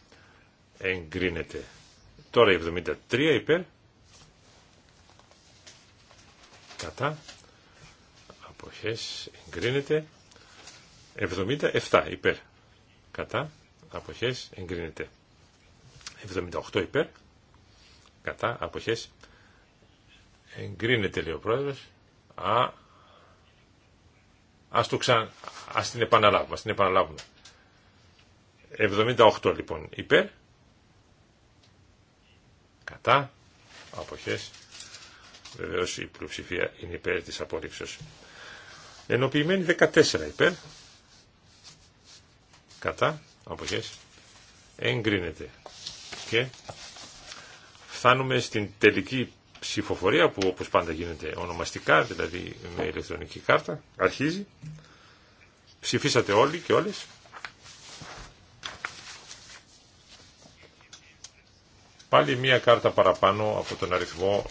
εγκρίνεται. Τώρα η 73 υπέρ, κατά, αποχές, εγκρίνεται. 77 υπέρ, κατά, αποχές, εγκρίνεται. 78 υπέρ, κατά, αποχές, εγκρίνεται λέει ο πρόεδρος. Α, ας, ας την επαναλάβουμε, ας την επαναλάβουμε. 78 λοιπόν υπέρ, κατά, αποχές, βεβαίως η πλειοψηφία είναι υπέρ της απορρίψεως. Ενοποιημένη 14 υπέρ, κατά, αποχές, εγκρίνεται. Και φτάνουμε στην τελική ψηφοφορία που όπως πάντα γίνεται ονομαστικά, δηλαδή με ηλεκτρονική κάρτα, αρχίζει. Ψηφίσατε όλοι και όλες. Πάλι μία κάρτα παραπάνω από τον αριθμό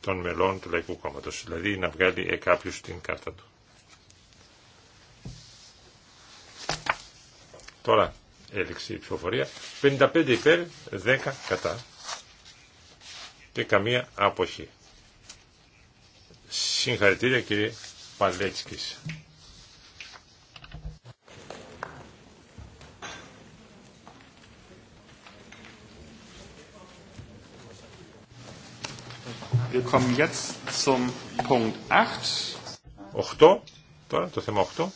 των μελών του Λαϊκού Κόμματος, δηλαδή να βγάλει ε, κάποιος την κάρτα του. Τώρα έλεξε η ψηφοφορία. 55 υπέρ, 10 κατά και καμία άποχη. Συγχαρητήρια κύριε Παλέτσκης. Wir kommen jetzt zum Punkt 8. 8. Τώρα το θέμα 8.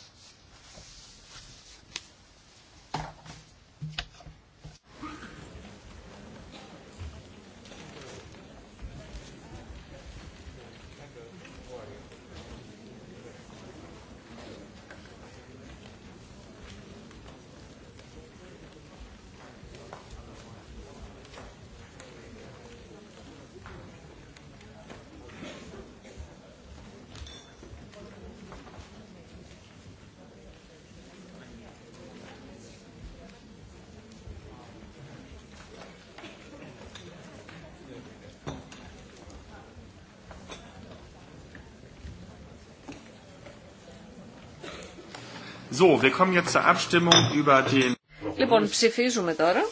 Λοιπόν, ψηφίζουμε τώρα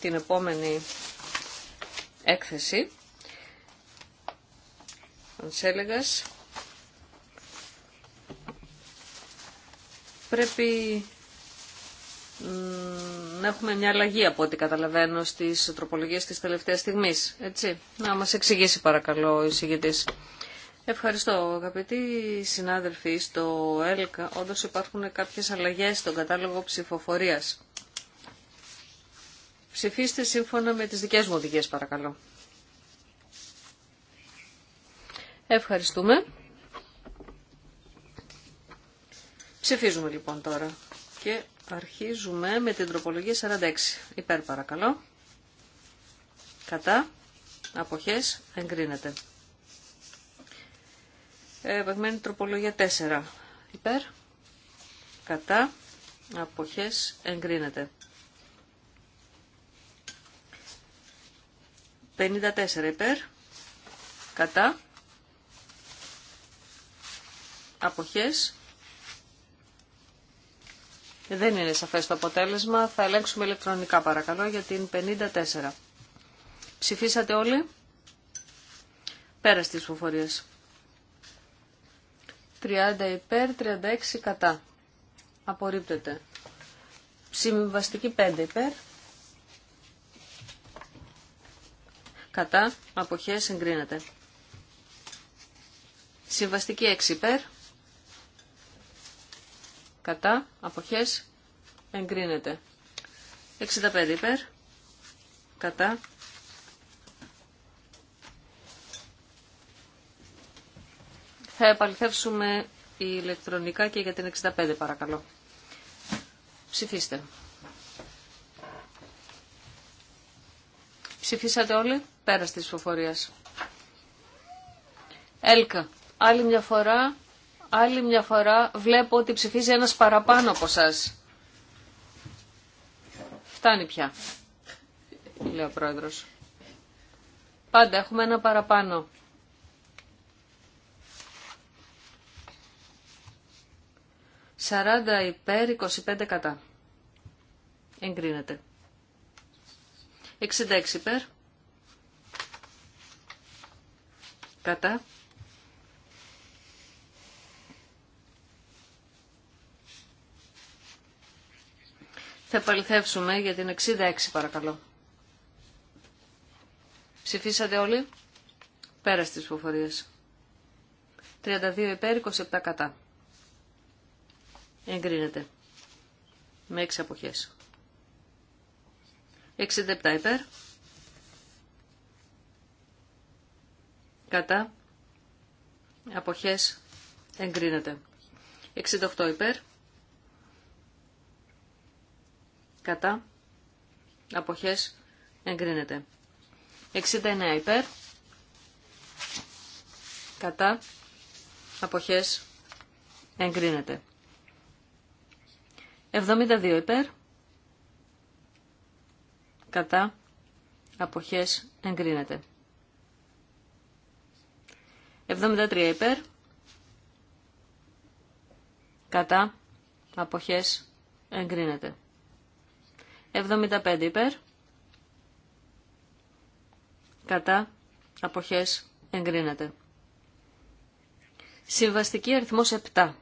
την επόμενη έκθεση. Πρέπει να έχουμε μια αλλαγή από ό,τι καταλαβαίνω στις τροπολογίες της τελευταίας στιγμής, έτσι. Να μας εξηγήσει παρακαλώ ο εισηγητής. Ευχαριστώ αγαπητοί συνάδελφοι. Στο ΕΛΚΑ όντω υπάρχουν κάποιες αλλαγές στον κατάλογο ψηφοφορίας. Ψηφίστε σύμφωνα με τις δικές μου οδηγίε παρακαλώ. Ευχαριστούμε. Ψηφίζουμε λοιπόν τώρα και αρχίζουμε με την τροπολογία 46. Υπέρ παρακαλώ. Κατά. Αποχές. Εγκρίνεται. Επαγμένη τροπολογία 4. Υπέρ. Κατά. Αποχές. Εγκρίνεται. 54 υπέρ. Κατά. Αποχές. Δεν είναι σαφές το αποτέλεσμα. Θα ελέγξουμε ηλεκτρονικά παρακαλώ για την 54. Ψηφίσατε όλοι. Πέρα στις φοφορίες. 30 υπέρ, 36 κατά. Απορρίπτεται. Συμβαστική 5 υπέρ. Κατά. απόχέ, συγκρίνεται. Συμβαστική 6 υπέρ. Κατά. απόχέ, εγκρίνεται. 65 υπέρ. Κατά. Θα επαληθεύσουμε ηλεκτρονικά και για την 65 παρακαλώ. Ψηφίστε. Ψηφίσατε όλοι πέρα της ψηφοφορίας. Έλκα, άλλη μια φορά, άλλη μια φορά βλέπω ότι ψηφίζει ένας παραπάνω από σας. Φτάνει πια, λέει ο πρόεδρος. Πάντα έχουμε ένα παραπάνω. 40 υπέρ, 25 κατά. Εγκρίνεται. 66 υπέρ. Κατά. Θα επαληθεύσουμε για την 66 παρακαλώ. Ψηφίσατε όλοι. Πέρα τις ψηφοφορίες. 32 υπέρ, 27 κατά. Εγκρίνεται. Με 6 αποχές. 67 υπέρ. Κατά. Αποχές. Εγκρίνεται. 68 υπέρ. Κατά. Αποχές. Εγκρίνεται. 69 υπέρ. Κατά. Αποχές. Εγκρίνεται. 72 υπέρ. Κατά. Αποχές εγκρίνεται. 73 υπέρ. Κατά. Αποχές εγκρίνεται. 75 υπέρ. Κατά. Αποχές εγκρίνεται. Συμβαστική αριθμός 7.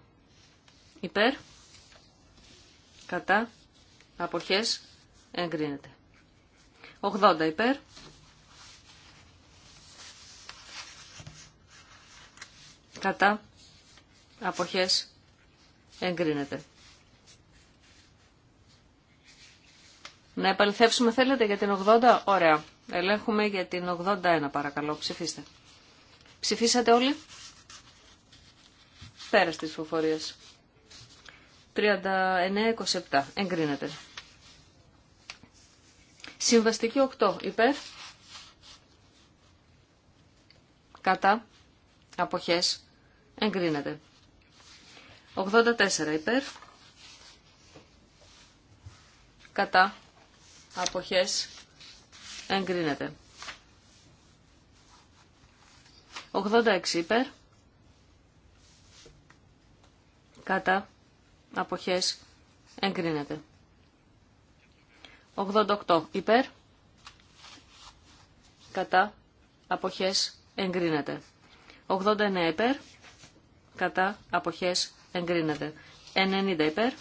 Υπέρ κατά, αποχές, εγκρίνεται. 80 υπέρ, κατά, αποχές, εγκρίνεται. Να επαληθεύσουμε θέλετε για την 80, ωραία. Ελέγχουμε για την 81 παρακαλώ, ψηφίστε. Ψηφίσατε όλοι. Πέρα τη φοφορία. 39-27. Εγκρίνεται. Συμβαστική 8. Υπέρ. Κατά. Αποχές. Εγκρίνεται. 84. Υπέρ. Κατά. Αποχές. Εγκρίνεται. 86 υπέρ. Κατά αποχές εγκρίνεται. 88 υπέρ, κατά, αποχές εγκρίνεται. 89 υπέρ, κατά, αποχές εγκρίνεται. 90 υπέρ,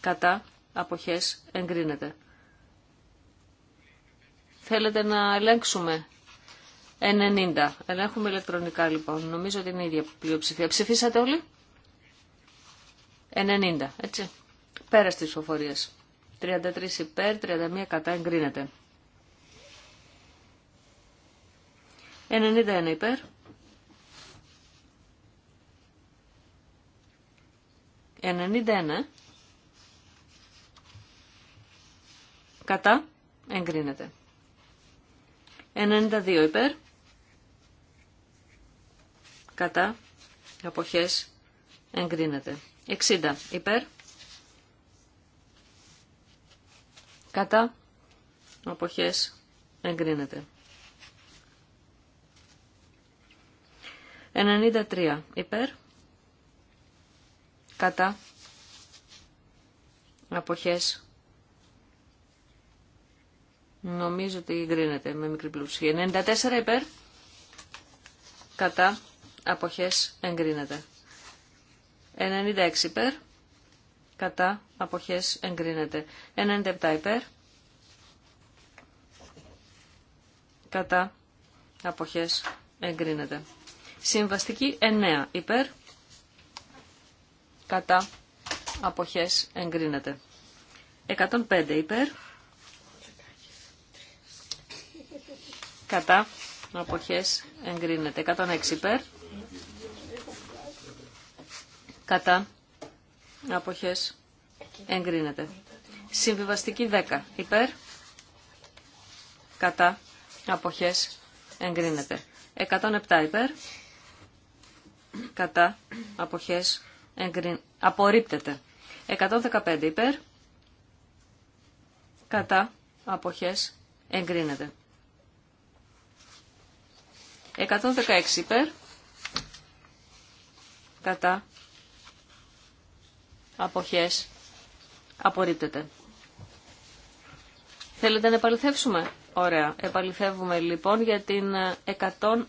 κατά, αποχές εγκρίνεται. Θέλετε να ελέγξουμε 90. Ελέγχουμε ηλεκτρονικά λοιπόν. Νομίζω ότι είναι η ίδια πλειοψηφία. Ψηφίσατε όλοι. 90, έτσι. Πέρα στις ψηφοφορίες. 33 υπέρ, 31 κατά εγκρίνεται. 91 υπέρ. 91 κατά εγκρίνεται. 92 υπέρ. Κατά αποχές εγκρίνεται. 60 υπέρ. Κατά αποχές εγκρίνεται. 93 υπέρ. Κατά αποχές Νομίζω ότι εγκρίνεται με μικρή πλουσία. 94 υπέρ. Κατά αποχές εγκρίνεται. 96 υπέρ, κατά αποχές εγκρίνεται. 97 υπέρ, κατά αποχές εγκρίνεται. Συμβαστική 9 υπέρ, κατά αποχές εγκρίνεται. 105 υπέρ, κατά αποχές εγκρίνεται. 106 υπέρ, κατά αποχές εγκρίνεται. Συμβιβαστική 10 υπέρ κατά αποχές εγκρίνεται. 107 υπέρ κατά αποχές εγκρίνεται. Απορρίπτεται. 115 υπέρ κατά αποχές εγκρίνεται. 116 υπέρ κατά αποχές απορρίπτεται. Θέλετε να επαληθεύσουμε. Ωραία. Επαληθεύουμε λοιπόν για την 116.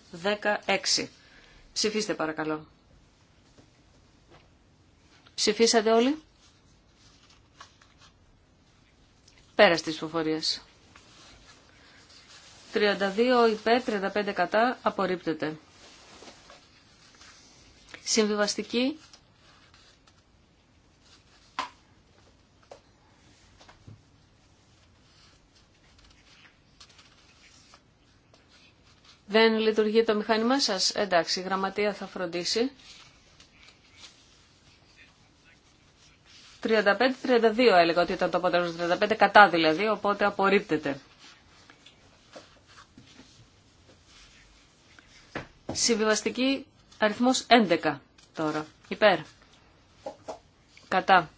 Ε, Ψηφίστε παρακαλώ. Ψηφίσατε όλοι. Πέρα στις ψηφοφορίες. 32 υπέρ, 35 κατά, απορρίπτεται. Συμβιβαστική Δεν λειτουργεί το μηχάνημά σας. Εντάξει, η γραμματεία θα φροντίσει. 35-32 έλεγα ότι ήταν το αποτέλεσμα. 35 κατά δηλαδή, οπότε απορρίπτεται. Συμβιβαστική αριθμός 11 τώρα. Υπέρ. Κατά.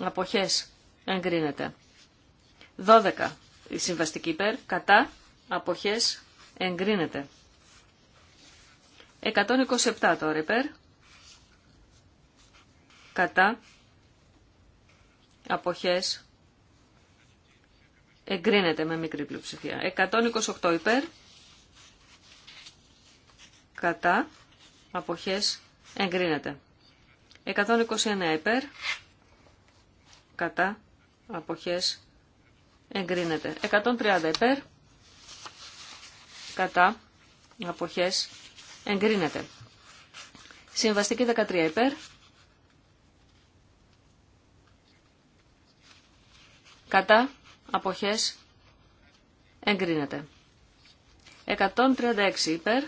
Αποχές. Εγκρίνεται. 12. Η συμβαστική υπέρ. Κατά. Αποχές. Εγκρίνεται. 127 τώρα υπέρ. Κατά. Αποχές. Εγκρίνεται με μικρή πλειοψηφία. 128 υπέρ. Κατά. Αποχές. Εγκρίνεται. 129 υπέρ. Κατά. Αποχές. Εγκρίνεται. 130 υπέρ κατά αποχές εγκρίνεται. Συμβαστική 13 υπέρ. Κατά αποχές εγκρίνεται. 136 υπέρ.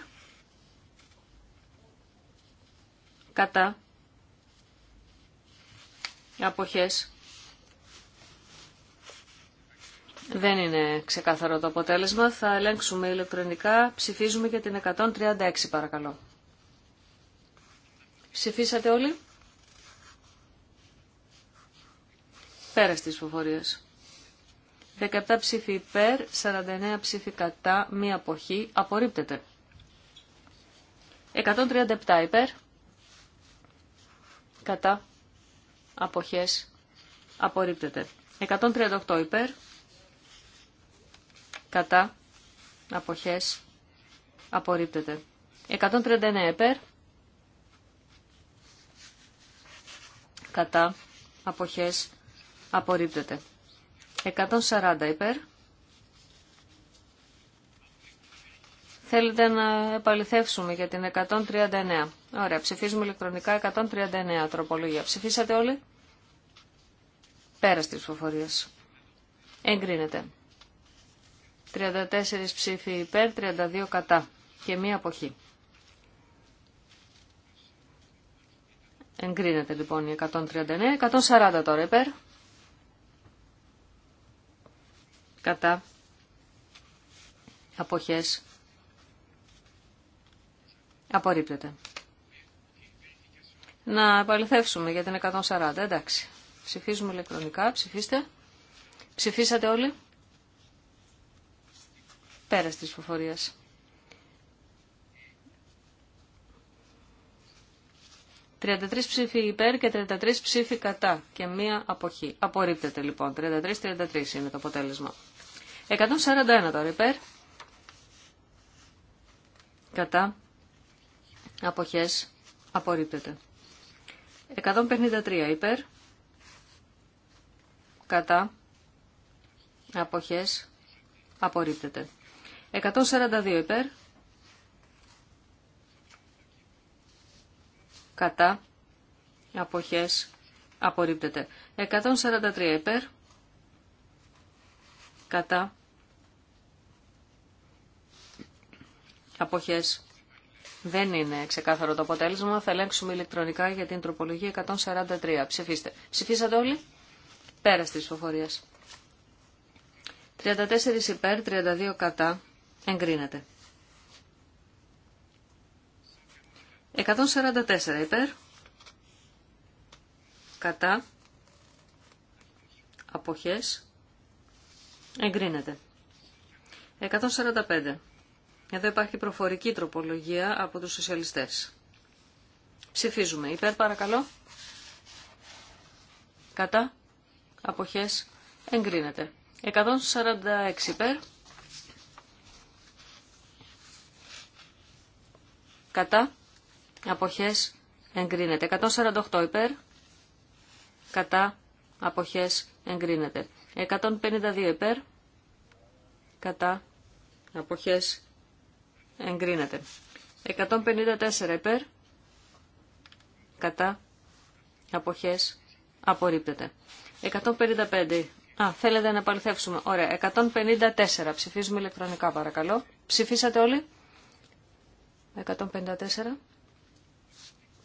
Κατά αποχές Δεν είναι ξεκάθαρο το αποτέλεσμα. Θα ελέγξουμε ηλεκτρονικά. Ψηφίζουμε για την 136 παρακαλώ. Ψηφίσατε όλοι. Πέρα στις ψηφοφορίες. 17 ψήφοι υπέρ, 49 ψηφί κατά, μία αποχή. Απορρίπτεται. 137 υπέρ. Κατά. Αποχές. Απορρίπτεται. 138 υπέρ κατά, αποχές, απορρίπτεται. 139 υπέρ, κατά, αποχές, απορρίπτεται. 140 υπέρ. Θέλετε να επαληθεύσουμε για την 139. Ωραία, ψηφίζουμε ηλεκτρονικά 139 τροπολογία. Ψηφίσατε όλοι. Πέρα τη ψηφοφορία. Εγκρίνεται. 34 ψήφοι υπέρ, 32 κατά και μία αποχή. Εγκρίνεται λοιπόν η 139, 140 τώρα υπέρ. Κατά. Αποχές. Απορρίπτεται. Να επαληθεύσουμε για την 140, εντάξει. Ψηφίζουμε ηλεκτρονικά, ψηφίστε. Ψηφίσατε όλοι. Πέρας της υποφορία. «33 ψήφοι υπέρ και 33 ψήφοι κατά και μία αποχή». Απορρίπτεται λοιπόν. 33-33 είναι το αποτέλεσμα. 141 τώρα υπέρ. Κατά. Αποχές. Απορρίπτεται. 153 υπέρ. Κατά. Αποχές. Απορρίπτεται. 142 υπέρ. Κατά. Αποχές. Απορρίπτεται. 143 υπέρ. Κατά. Αποχές. Δεν είναι ξεκάθαρο το αποτέλεσμα. Θα ελέγξουμε ηλεκτρονικά για την τροπολογία 143. Ψηφίστε. Ψηφίσατε όλοι. Πέρα τη ψηφοφορία. 34 υπέρ, 32 κατά. Εγκρίνεται. 144 υπέρ. Κατά. Αποχές. Εγκρίνεται. 145. Εδώ υπάρχει προφορική τροπολογία από τους σοσιαλιστές. Ψηφίζουμε. Υπέρ παρακαλώ. Κατά. Αποχές. Εγκρίνεται. 146 υπέρ. κατά, αποχές, εγκρίνεται. 148 υπέρ, κατά, αποχές, εγκρίνεται. 152 υπέρ, κατά, αποχές, εγκρίνεται. 154 υπέρ, κατά, αποχές, απορρίπτεται. 155. Α, θέλετε να παληθεύσουμε. Ωραία. 154. Ψηφίζουμε ηλεκτρονικά παρακαλώ. Ψηφίσατε όλοι. 154.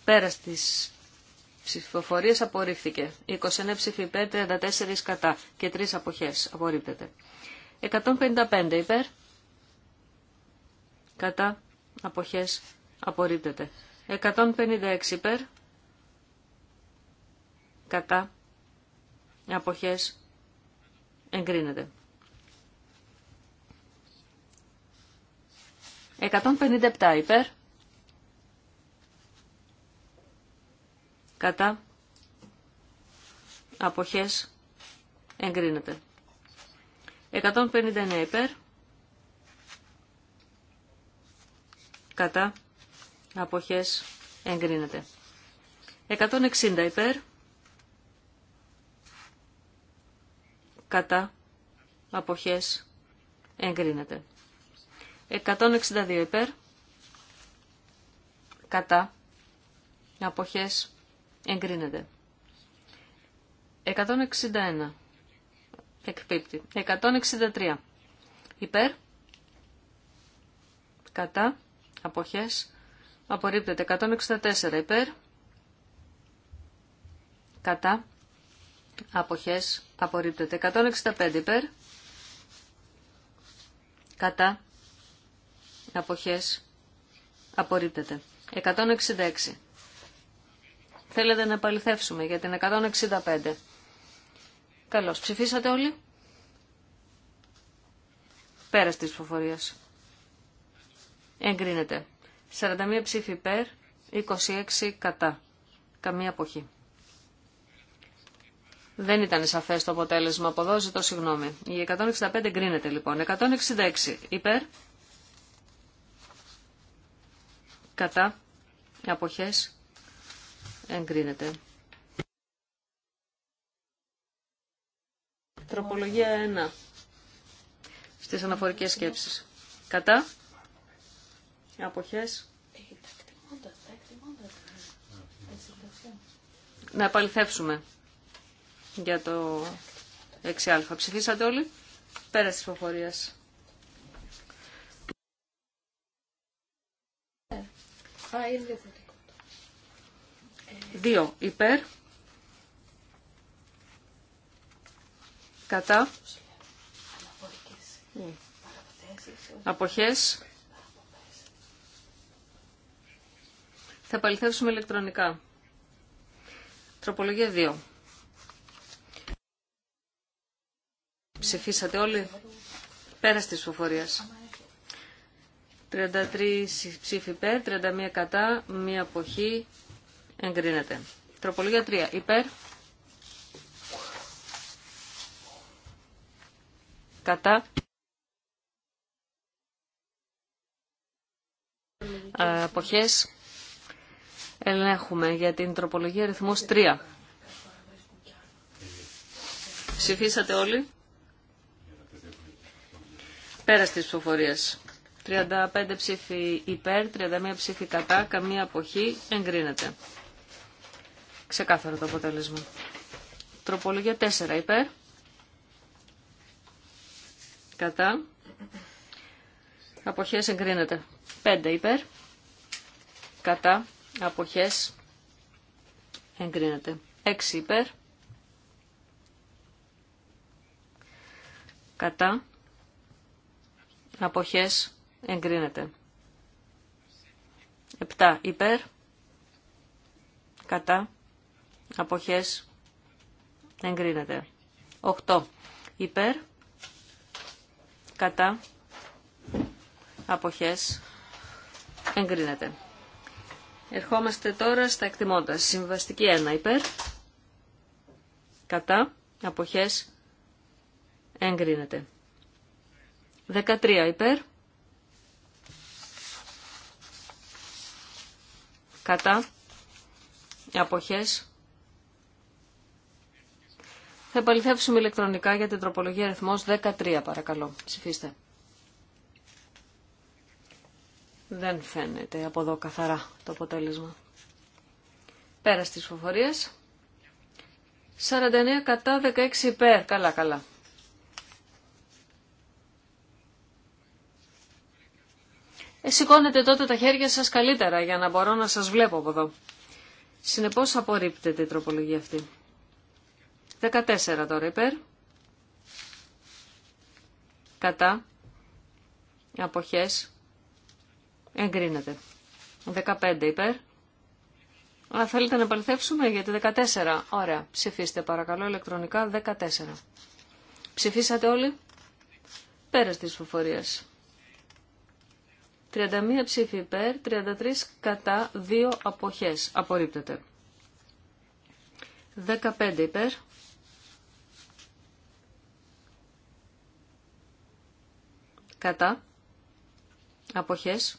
Πέρα στις ψηφοφορίες απορρίφθηκε. 21 ψήφοι υπέρ, 34 κατά και 3 αποχές. Απορρίπτεται. 155 υπέρ. Κατά. Αποχές. Απορρίπτεται. 156 υπέρ. Κατά. Αποχές. Εγκρίνεται. 157 υπέρ. Κατά. Αποχές. Εγκρίνεται. 159 υπέρ. Κατά. Αποχές. Εγκρίνεται. 160 υπέρ. Κατά. Αποχές. Εγκρίνεται. 162 υπέρ. Κατά. Αποχές εγκρίνεται. 161. Εκπίπτει. 163. Υπέρ. Κατά. Αποχές. Απορρίπτεται. 164. Υπέρ. Κατά. Αποχές. Απορρίπτεται. 165. Υπέρ. Κατά αποχές απορρίπτεται. 166. Θέλετε να επαληθεύσουμε για την 165. Καλώς. Ψηφίσατε όλοι. Πέρας της ψηφοφορίας. Εγκρίνεται. 41 ψήφοι υπέρ, 26 κατά. Καμία αποχή. Δεν ήταν σαφές το αποτέλεσμα από το ζητώ συγγνώμη. Η 165 εγκρίνεται λοιπόν. 166 υπέρ, κατά, αποχές, εγκρίνεται. Τροπολογία 1. Στις αναφορικές σκέψεις. Κατά, αποχές, να επαληθεύσουμε για το 6α. Ψηφίσατε όλοι. Πέρα τη ψηφοφορία. Δύο υπέρ. Κατά. Αποχές. Θα παληθεύσουμε ηλεκτρονικά. Τροπολογία 2. Ψηφίσατε όλοι πέρα τη ψηφοφορία. 33 ψήφοι υπέρ, 31 κατά, μία αποχή εγκρίνεται. Τροπολογία 3 υπέρ, κατά, ε, αποχές ελέγχουμε για την τροπολογία ρυθμός 3. Ψηφίσατε όλοι. Πέρα της ψηφοφορίας. 35 ψήφοι υπέρ, 31 ψήφοι κατά, καμία αποχή, εγκρίνεται. Ξεκάθαρο το αποτέλεσμα. Τροπολογία 4 υπέρ. Κατά. Αποχές εγκρίνεται. 5 υπέρ. Κατά. Αποχές εγκρίνεται. 6 υπέρ. Κατά. Αποχές Εγκρίνεται. 7. Υπέρ. Κατά. Αποχές. Εγκρίνεται. 8. Υπέρ. Κατά. Αποχές. Εγκρίνεται. Ερχόμαστε τώρα στα εκτιμώντα. Συμβαστική 1. Υπέρ. Κατά. Αποχές. Εγκρίνεται. 13. Υπέρ κατά, αποχές. Θα επαληθεύσουμε ηλεκτρονικά για την τροπολογία αριθμός 13 παρακαλώ. Ψηφίστε. Δεν φαίνεται από εδώ καθαρά το αποτέλεσμα. Πέρα στις φοφορίες. 49 κατά 16 υπέρ. Καλά, καλά. Ε, σηκώνετε τότε τα χέρια σας καλύτερα για να μπορώ να σας βλέπω από εδώ. Συνεπώς απορρίπτεται η τροπολογία αυτή. 14 τώρα υπέρ. Κατά. Αποχές. Εγκρίνεται. 15 υπέρ. Αλλά θέλετε να επαληθεύσουμε γιατί 14. Ωραία. Ψηφίστε παρακαλώ ηλεκτρονικά 14. Ψηφίσατε όλοι. πέρα της ψηφοφορίας. 31 ψήφοι υπέρ, 33 κατά, 2 αποχές. Απορρίπτεται. 15 υπέρ. Κατά. Αποχές.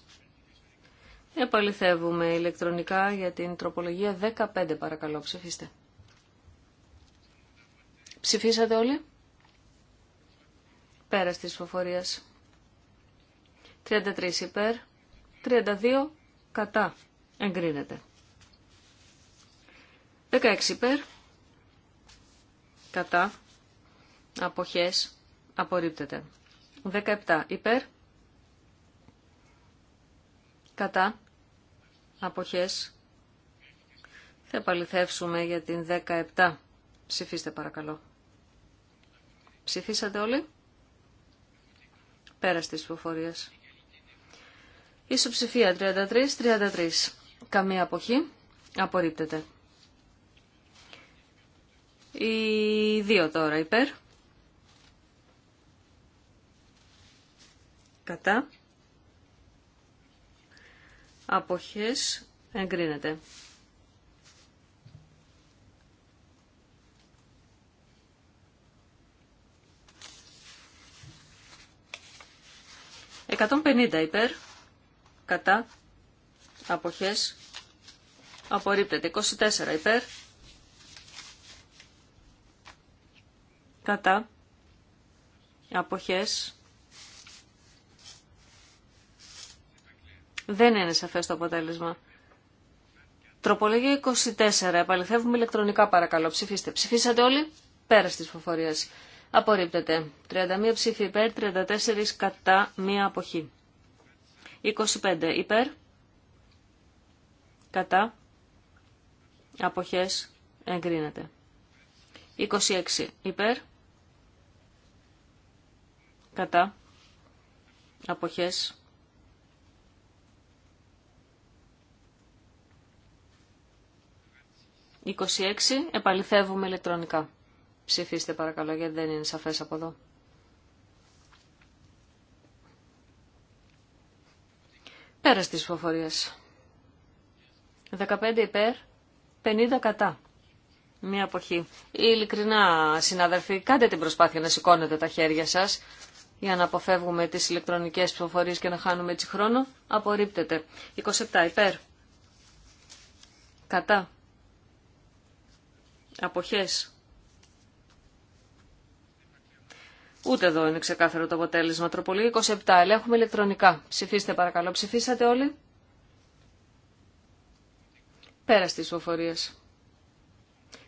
Επαληθεύουμε ηλεκτρονικά για την τροπολογία 15 παρακαλώ ψηφίστε. Ψηφίσατε όλοι. Πέρα της ψηφοφορίας. 33 υπέρ, 32 κατά. Εγκρίνεται. 16 υπέρ, κατά, αποχές, απορρίπτεται. 17 υπέρ, κατά, αποχές, θα επαληθεύσουμε για την 17. Ψηφίστε παρακαλώ. Ψηφίσατε όλοι. Πέρας της ψηφοφορίας. Ισοψηφία 33-33. Καμία αποχή. Απορρίπτεται. Οι δύο τώρα υπέρ. Κατά. Αποχές εγκρίνεται. Εκατόν πενήντα υπέρ κατά, αποχές, απορρίπτεται. 24 υπέρ, κατά, αποχές, δεν είναι σαφές το αποτέλεσμα. Τροπολογία 24. Επαληθεύουμε ηλεκτρονικά παρακαλώ. Ψηφίστε. Ψηφίσατε όλοι. Πέρα τη φοφορία. Απορρίπτεται. 31 ψήφοι υπέρ, 34 κατά, μία αποχή. 25 υπέρ, κατά, αποχές, εγκρίνεται. 26 υπέρ, κατά, αποχές, «26. Επαληθεύουμε ηλεκτρονικά. Ψηφίστε παρακαλώ γιατί δεν είναι σαφές από εδώ. Πέρας τις ψηφοφορίας. 15 υπέρ, 50 κατά. Μία αποχή. Ειλικρινά, συναδελφοί, κάντε την προσπάθεια να σηκώνετε τα χέρια σας για να αποφεύγουμε τις ηλεκτρονικές ψηφοφορίες και να χάνουμε έτσι χρόνο. Απορρίπτεται. 27 υπέρ. Κατά. Αποχές. Ούτε εδώ είναι ξεκάθαρο το αποτέλεσμα. Τροπολίγη 27. Ελέγχουμε ηλεκτρονικά. Ψηφίστε παρακαλώ. Ψηφίσατε όλοι. Πέρα στις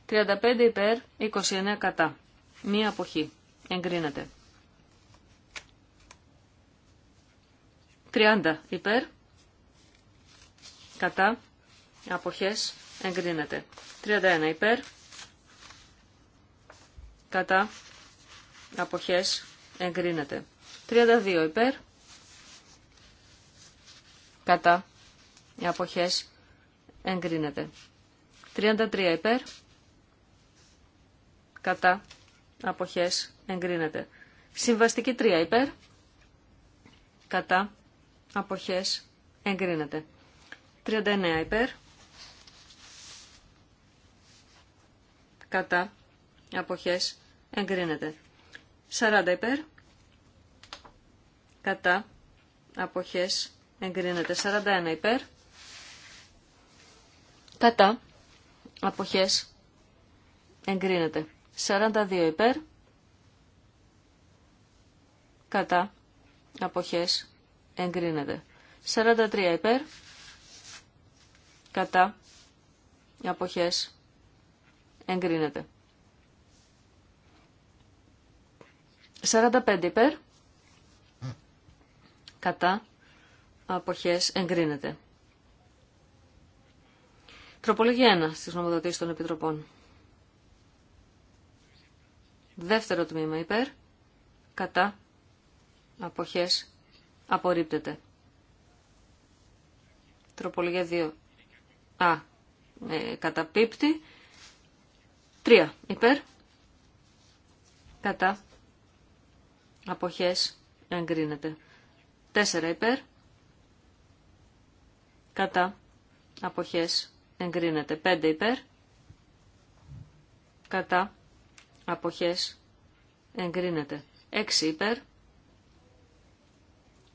35 υπέρ, 29 κατά. Μία αποχή. Εγκρίνεται. 30 υπέρ, κατά, αποχές, εγκρίνεται. 31 υπέρ, κατά, αποχές εγκρίνεται. 32 υπέρ, κατά, αποχές εγκρίνεται. 33 υπέρ, κατά, αποχές εγκρίνεται. Συμβαστική 3 υπέρ, κατά, αποχές εγκρίνεται. 39 υπέρ, κατά, αποχές εγκρίνεται. 40 υπέρ. Κατά. Αποχές. Εγκρίνεται. 41 υπέρ. Κατά. Αποχές. Εγκρίνεται. 42 υπέρ. Κατά. Αποχές. Εγκρίνεται. 43 υπέρ. Κατά. Αποχές. Εγκρίνεται. 45 υπέρ. Κατά. Αποχές εγκρίνεται. Τροπολογία 1 στις νομοδοτήσεις των Επιτροπών. Δεύτερο τμήμα υπέρ. Κατά. Αποχές απορρίπτεται. Τροπολογία 2. Α. Ε, καταπίπτει. 3. Υπέρ. Κατά. Αποχές εγκρίνεται. 4 υπέρ. Κατά. Αποχές εγκρίνεται. 5 υπέρ. Κατά. Αποχές εγκρίνεται. 6 υπέρ.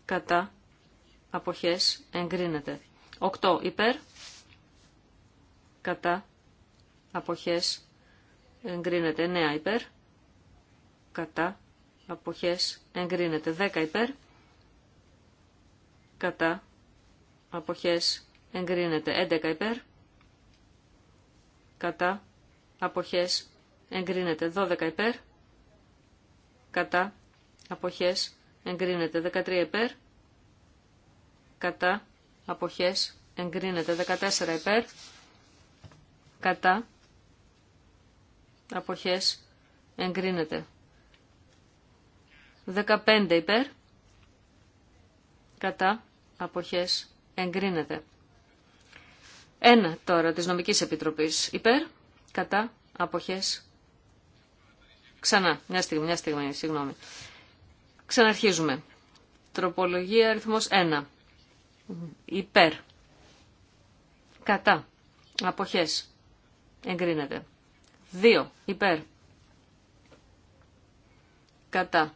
Κατά. Αποχές εγκρίνεται. 8 υπέρ. Κατά. Αποχές εγκρίνεται. 9 υπέρ. Κατά αποχές εγκρίνεται. 10 υπέρ, κατά, αποχές εγκρίνεται. 11 υπέρ, κατά, αποχές εγκρίνεται. 12 υπέρ, κατά, αποχές εγκρίνεται. 13 υπέρ, κατά, αποχές εγκρίνεται. 14 υπέρ, κατά, αποχές εγκρίνεται. 15 υπέρ, κατά αποχές εγκρίνεται. 1 τώρα της νομικής επιτροπής υπέρ, κατά αποχές Ξανά, μια στιγμή, μια στιγμή, συγγνώμη. Ξαναρχίζουμε. Τροπολογία αριθμός 1. Υπέρ. Κατά. Αποχές. Εγκρίνεται. 2. Υπέρ. Κατά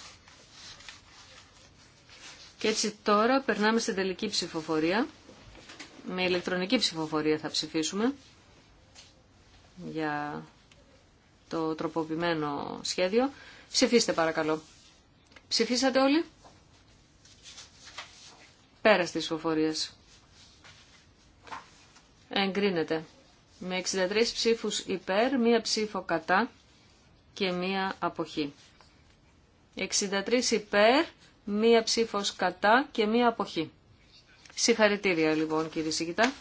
Και έτσι τώρα περνάμε στην τελική ψηφοφορία. Με ηλεκτρονική ψηφοφορία θα ψηφίσουμε για το τροποποιημένο σχέδιο. Ψηφίστε παρακαλώ. Ψηφίσατε όλοι. Πέρα της ψηφοφορίες. Εγκρίνεται. Με 63 ψήφους υπέρ, μία ψήφο κατά και μία αποχή. 63 υπέρ, μία ψήφος κατά και μία αποχή. Συγχαρητήρια λοιπόν κύριε Σιγητά.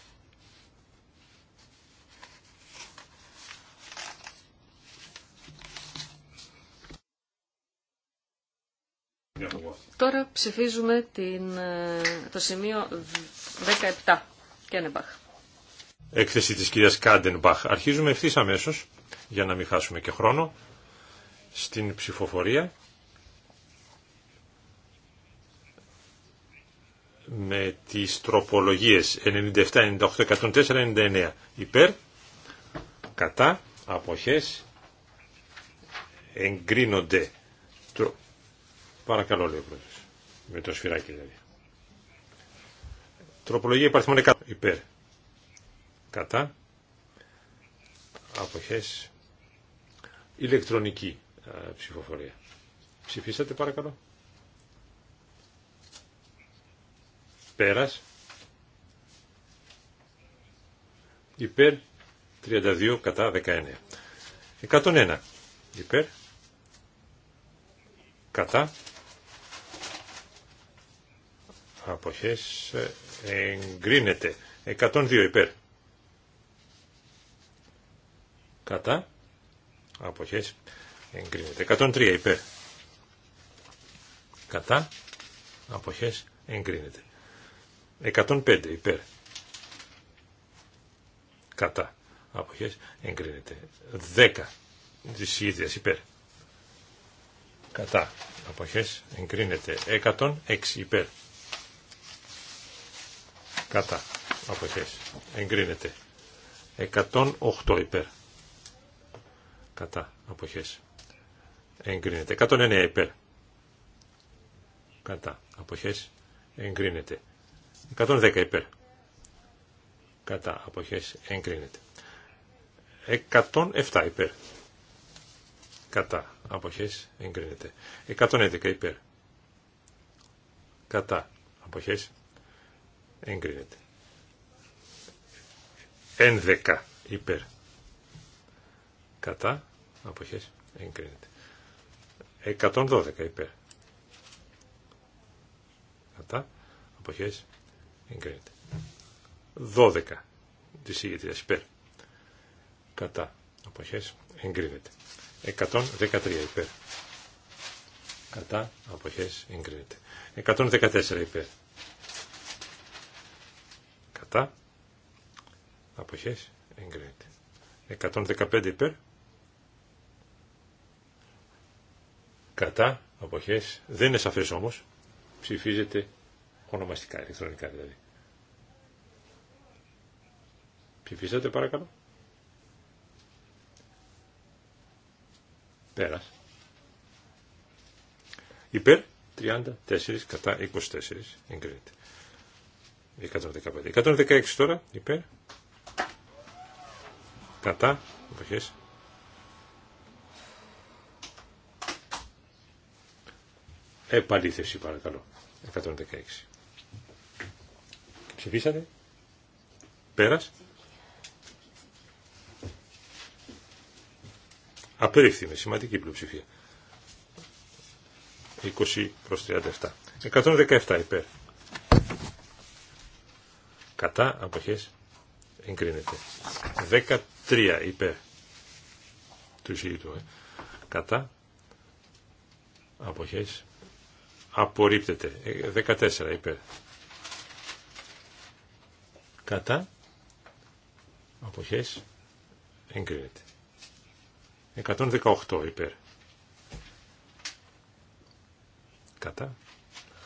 Τώρα ψηφίζουμε την, ε, το σημείο 17. Κένεμπαχ. Έκθεση της κυρίας Κάντενμπαχ. Αρχίζουμε ευθύ αμέσως, για να μην χάσουμε και χρόνο, στην ψηφοφορία. με τις τροπολογίες 97, 98, 104, 99 υπέρ, κατά, αποχές, εγκρίνονται. Τρο... Παρακαλώ λέει ο πρόεδρος, με το σφυράκι δηλαδή. Τροπολογία υπαρθμών 100 υπέρ, κατά, αποχές, ηλεκτρονική ψηφοφορία. Ψηφίσατε παρακαλώ. πέρας υπέρ 32 κατά 19 101 ε, υπέρ κατά αποχές εγκρίνεται 102 υπέρ κατά αποχές εγκρίνεται 103 υπέρ κατά αποχές εγκρίνεται 105 υπέρ. Κατά. Αποχές εγκρίνεται. 10 της ίδιας υπέρ. Κατά. Αποχές εγκρίνεται. 106 υπέρ. Κατά. Αποχές εγκρίνεται. 108 υπέρ. Κατά. Αποχές εγκρίνεται. 109 υπέρ. Κατά. Αποχές εγκρίνεται. 110 υπέρ. Κατά αποχές εγκρίνεται. 107 υπέρ. Κατά αποχές εγκρίνεται. 111 υπέρ. Κατά αποχές εγκρίνεται. 11 υπέρ. Κατά αποχές εγκρίνεται. 112 υπέρ. Κατά αποχές Εγκρίνεται. 12 της ηγετρίας υπέρ. Κατά. Αποχές. Εγκρίνεται. 113 υπέρ. Κατά. Αποχές. Εγκρίνεται. 114 υπέρ. Κατά. αποχέ Εγκρίνεται. 115 υπέρ. Κατά. αποχέ, Δεν είναι σαφέ, όμως. Ψηφίζεται Ονομαστικά, ηλεκτρονικά δηλαδή. Ψηφίσατε παρακαλώ. Πέρας. Υπέρ 34 κατά 24 εγκρίνεται. 115. 116 τώρα υπέρ. Κατά. Εποχές. Επαλήθευση παρακαλώ. 116. Ψηφίσατε. Πέρας. Απερίφθη με σημαντική πλειοψηφία. 20 προς 37. 117 υπέρ. Κατά αποχές εγκρίνεται. 13 υπέρ του εισηγητού. Ε. Κατά αποχές απορρίπτεται. 14 ε, υπέρ κατά αποχές εγκρίνεται 118 υπέρ κατά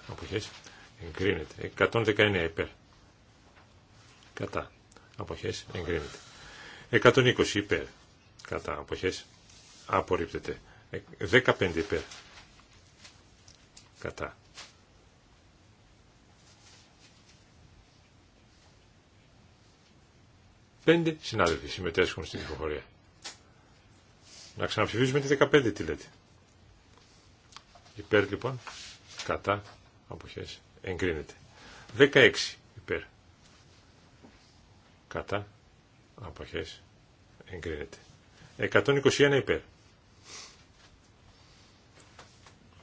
αποχές εγκρίνεται 119 υπέρ κατά αποχές εγκρίνεται 120 υπέρ κατά αποχές απορρίπτεται 15 υπέρ κατά Πέντε συνάδελφοι συμμετέσχουν στην ψηφοφορία. Να ξαναψηφίσουμε τη 15 τι λέτε. Υπέρ λοιπόν, κατά, αποχές, εγκρίνεται. 16 υπέρ, κατά, αποχές, εγκρίνεται. 121 υπέρ,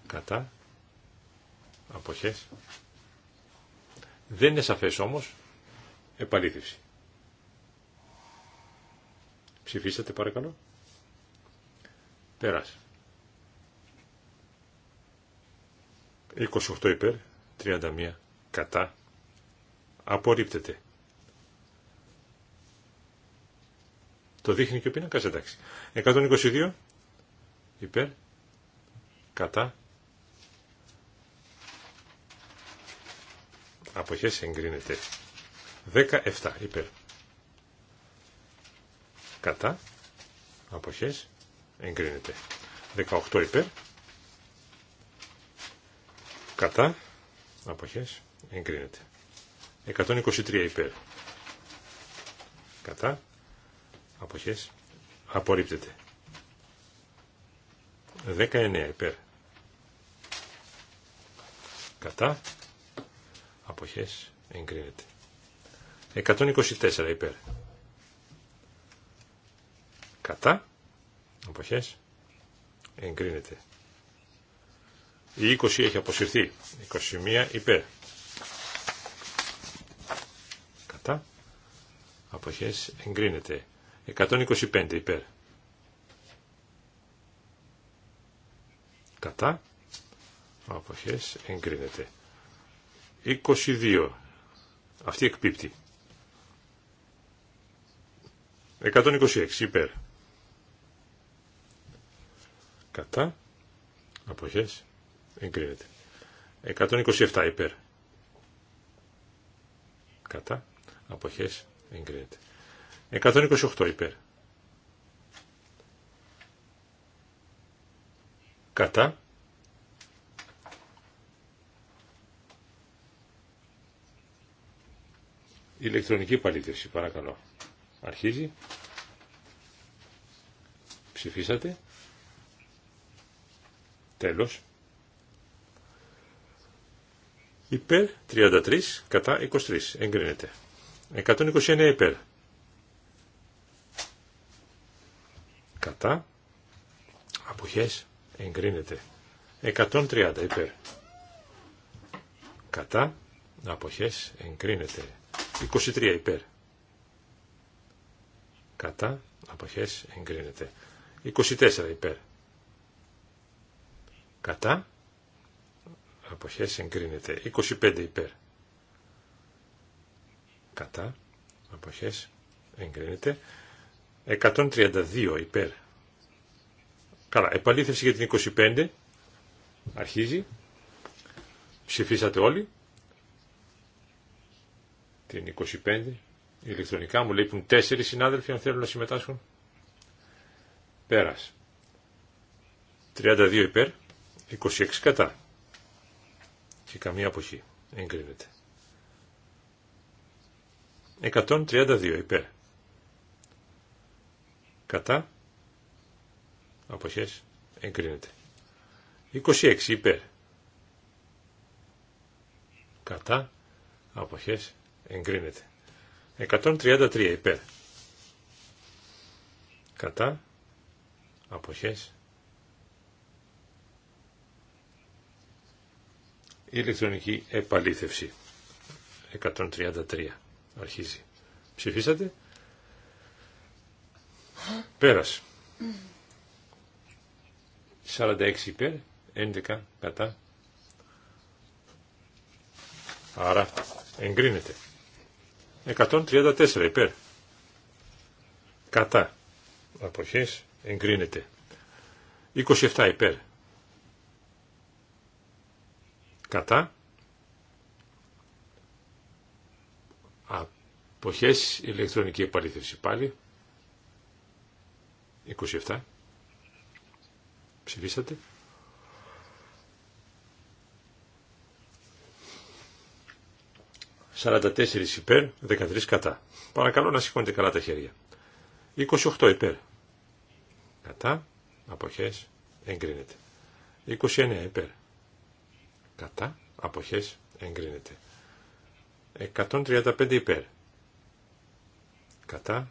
κατά, αποχές. Δεν είναι σαφές όμως, επαλήθευση. Ψηφίσατε παρακαλώ. Πέρασε. 28 υπέρ, 31 κατά. Απορρίπτεται. Το δείχνει και ο πίνακας, εντάξει. 122 υπέρ, κατά. Αποχές εγκρίνεται. 17 υπέρ κατά, αποχές, εγκρίνεται. 18 υπέρ, κατά, αποχές, εγκρίνεται. 123 υπέρ, κατά, αποχές, απορρίπτεται. 19 υπέρ, κατά, αποχές, εγκρίνεται. 124 υπέρ, Κατά. Αποχές. Εγκρίνεται. Η 20 έχει αποσυρθεί. 21 υπέρ. Κατά. Αποχές. Εγκρίνεται. 125 υπέρ. Κατά. Αποχές. Εγκρίνεται. 22. Αυτή εκπίπτει. 126 υπέρ κατά αποχές εγκρίνεται 127 υπέρ κατά αποχές εγκρίνεται 128 υπέρ κατά ηλεκτρονική παλήτευση, παρακαλώ αρχίζει ψηφίσατε Τέλος. Υπέρ 33 κατά 23. Εγκρίνεται. 129 υπέρ. Κατά. Αποχές. Εγκρίνεται. 130 υπέρ. Κατά. Αποχές. Εγκρίνεται. 23 υπέρ. Κατά. Αποχές. Εγκρίνεται. 24 υπέρ. Κατά. Αποχές εγκρίνεται. 25 υπέρ. Κατά. Αποχές εγκρίνεται. 132 υπέρ. Καλά. Επαλήθευση για την 25. Αρχίζει. Ψηφίσατε όλοι. Την 25. Ηλεκτρονικά μου λείπουν τέσσερις συνάδελφοι αν θέλουν να συμμετάσχουν. Πέρας. 32 υπέρ. 26 κατά. Και καμία αποχή. Εγκρίνεται. 132 υπέρ. Κατά. Αποχές. Εγκρίνεται. 26 υπέρ. Κατά. Αποχές. Εγκρίνεται. 133 υπέρ. Κατά. Αποχές. ηλεκτρονική επαλήθευση. 133 αρχίζει. Ψηφίσατε. Πέρας. 46 υπέρ, 11 κατά. Άρα εγκρίνεται. 134 υπέρ. Κατά. Αποχές εγκρίνεται. 27 υπέρ κατά αποχές ηλεκτρονική επαλήθευση πάλι 27 ψηφίσατε «44 υπέρ, 13 κατά». Παρακαλώ να σηκώνετε καλά τα χέρια. 28 υπέρ. Κατά, αποχές, εγκρίνεται. 29 υπέρ κατά αποχές εγκρίνεται 135 υπέρ κατά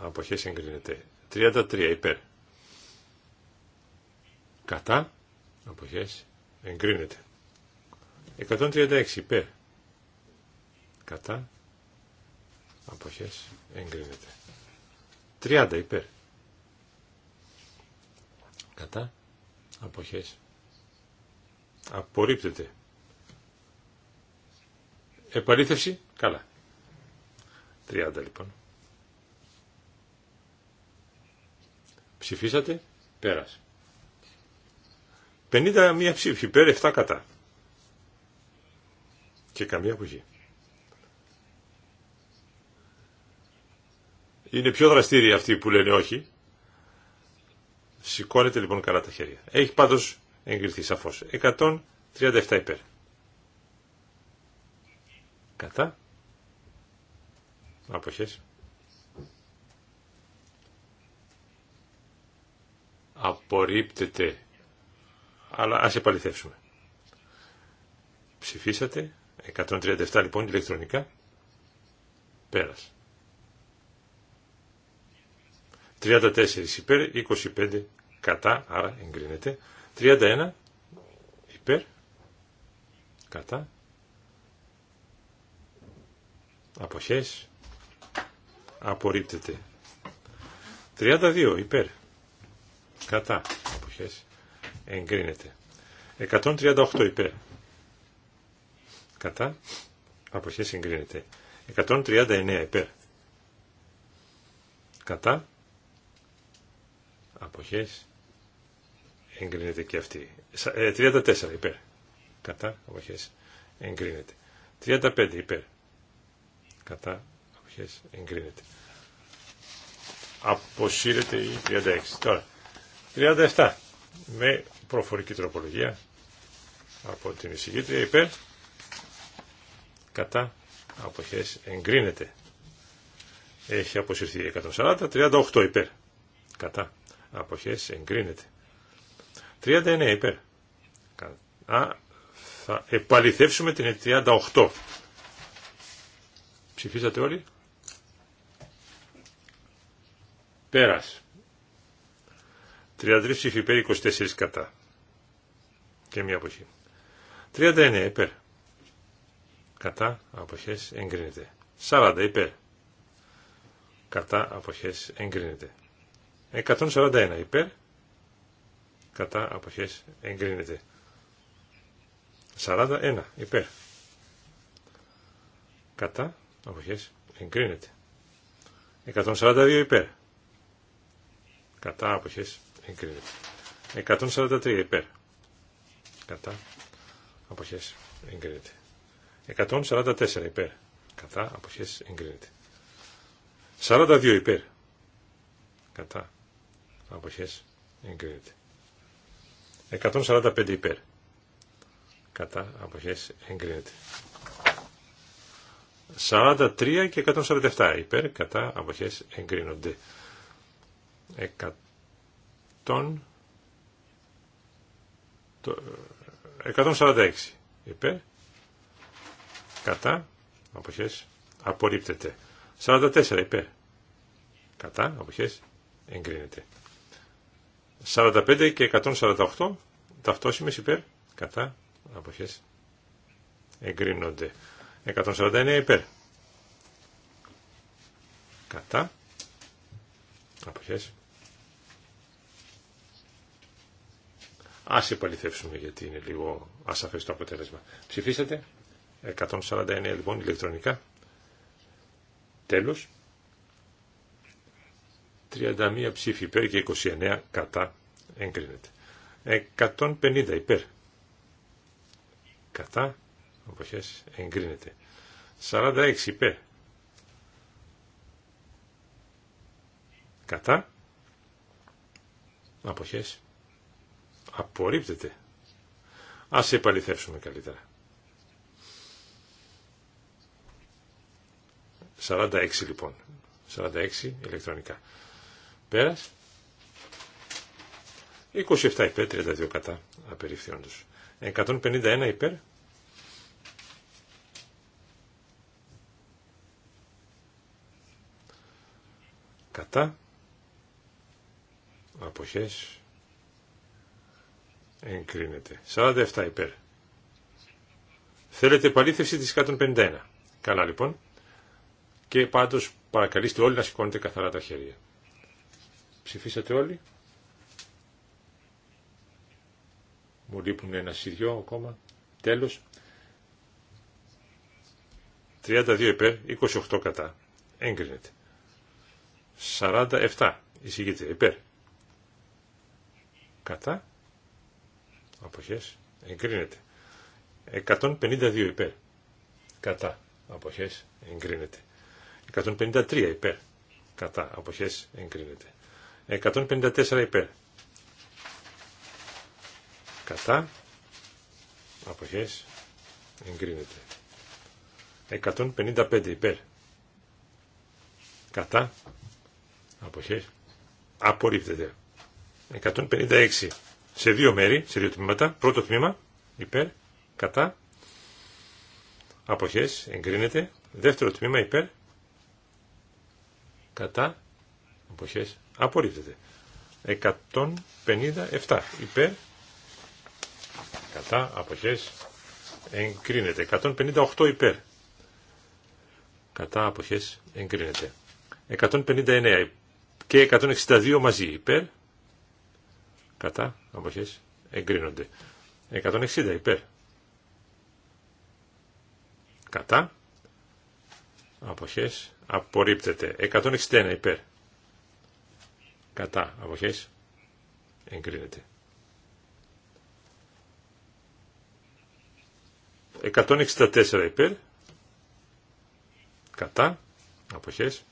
αποχές εγκρίνεται 33 υπέρ κατά αποχές εγκρίνεται 136 υπέρ κατά αποχές εγκρίνεται 30 υπέρ κατά αποχές Απορρίπτεται. Επαλήθευση. Καλά. 30 λοιπόν. Ψηφίσατε. Πέρασε. 50 51 ψήφοι. Πέρα 7 κατά. Και καμία αποχή. Είναι πιο δραστήριοι αυτοί που λένε όχι. Σηκώνεται λοιπόν καλά τα χέρια. Έχει πάντως Εγκριθεί σαφώ. 137 υπέρ. Κατά. Αποχέ. Απορρίπτεται. Αλλά ας επαληθεύσουμε. Ψηφίσατε. 137 λοιπόν ηλεκτρονικά. Πέρας. 34 υπέρ, 25 κατά, άρα εγκρίνεται. 31 υπέρ κατά αποχές απορρίπτεται 32 υπέρ κατά αποχές εγκρίνεται 138 υπέρ κατά αποχές εγκρίνεται 139 υπέρ κατά αποχές εγκρίνεται και αυτή. 34 ε, υπέρ. Κατά αποχές εγκρίνεται. 35 υπέρ. Κατά αποχές εγκρίνεται. Αποσύρεται η 36. Τώρα, 37 με προφορική τροπολογία από την εισηγήτρια υπέρ. Κατά αποχές εγκρίνεται. Έχει αποσυρθεί 140, 38 υπέρ. Κατά αποχές εγκρίνεται. 39 υπέρ. Α, θα επαληθεύσουμε την 38. Ψηφίσατε όλοι. Πέρας. 33 ψήφι υπέρ, 24 κατά. Και μία αποχή. 39 υπέρ. Κατά αποχές εγκρίνεται. 40 υπέρ. Κατά αποχές εγκρίνεται. 141 υπέρ κατά αποχές εγκρίνεται. 41 υπέρ κατά αποχές εγκρίνεται. 142 υπέρ κατά αποχές εγκρίνεται. 143 υπέρ κατά αποχές εγκρίνεται. 144 υπέρ κατά αποχές εγκρίνεται. 42 υπέρ κατά αποχές εγκρίνεται. 145 υπέρ. Κατά αποχές εγκρίνεται. 43 και 147 υπέρ. Κατά αποχές εγκρίνονται. 100... 146 υπέρ. Κατά αποχές απορρίπτεται. 44 υπέρ. Κατά αποχές εγκρίνεται. 45 και 148 ταυτόσιμες υπέρ, κατά, αποχές, εγκρίνονται. 149 υπέρ, κατά, αποχές. Ας υπαλληθεύσουμε γιατί είναι λίγο ασαφές το αποτέλεσμα. Ψηφίσατε, 149 λοιπόν ηλεκτρονικά, τέλος. 31 ψήφοι υπέρ και 29 κατά εγκρίνεται. 150 υπέρ. Κατά αποχές εγκρίνεται. 46 υπέρ. Κατά αποχές απορρίπτεται. Ας επαληθεύσουμε καλύτερα. 46 λοιπόν. 46 ηλεκτρονικά. Πέρας. 27 υπέρ, 32 κατά, απερίφθη 151 υπέρ. Κατά. Αποχές. Εγκρίνεται. 47 υπέρ. Θέλετε επαλήθευση της 151. Καλά λοιπόν. Και πάντως παρακαλείστε όλοι να σηκώνετε καθαρά τα χέρια. Ψηφίσατε όλοι. Μου λείπουν ένα ή δυο ακόμα. Τέλος. 32 υπέρ, 28 κατά. Έγκρινεται. 47 εισηγείται υπέρ. Κατά. Αποχές. Εγκρίνεται. 152 υπέρ. Κατά. Αποχές. Εγκρίνεται. 153 υπέρ. Κατά. Αποχές. Εγκρίνεται. 154 υπέρ. Κατά. Αποχές. Εγκρίνεται. 155 υπέρ. Κατά. Αποχές. Απορρίπτεται. 156 σε δύο μέρη, σε δύο τμήματα. Πρώτο τμήμα υπέρ. Κατά. Αποχές. Εγκρίνεται. Δεύτερο τμήμα υπέρ. Κατά. Αποχές Απορρίπτεται. 157 υπέρ. Κατά αποχές εγκρίνεται. 158 υπέρ. Κατά αποχές εγκρίνεται. 159 και 162 μαζί υπέρ. Κατά αποχές εγκρίνονται. 160 υπέρ. Κατά αποχές απορρίπτεται. 161 υπέρ κατά αποχές εγκρίνεται. 164 υπέρ κατά αποχές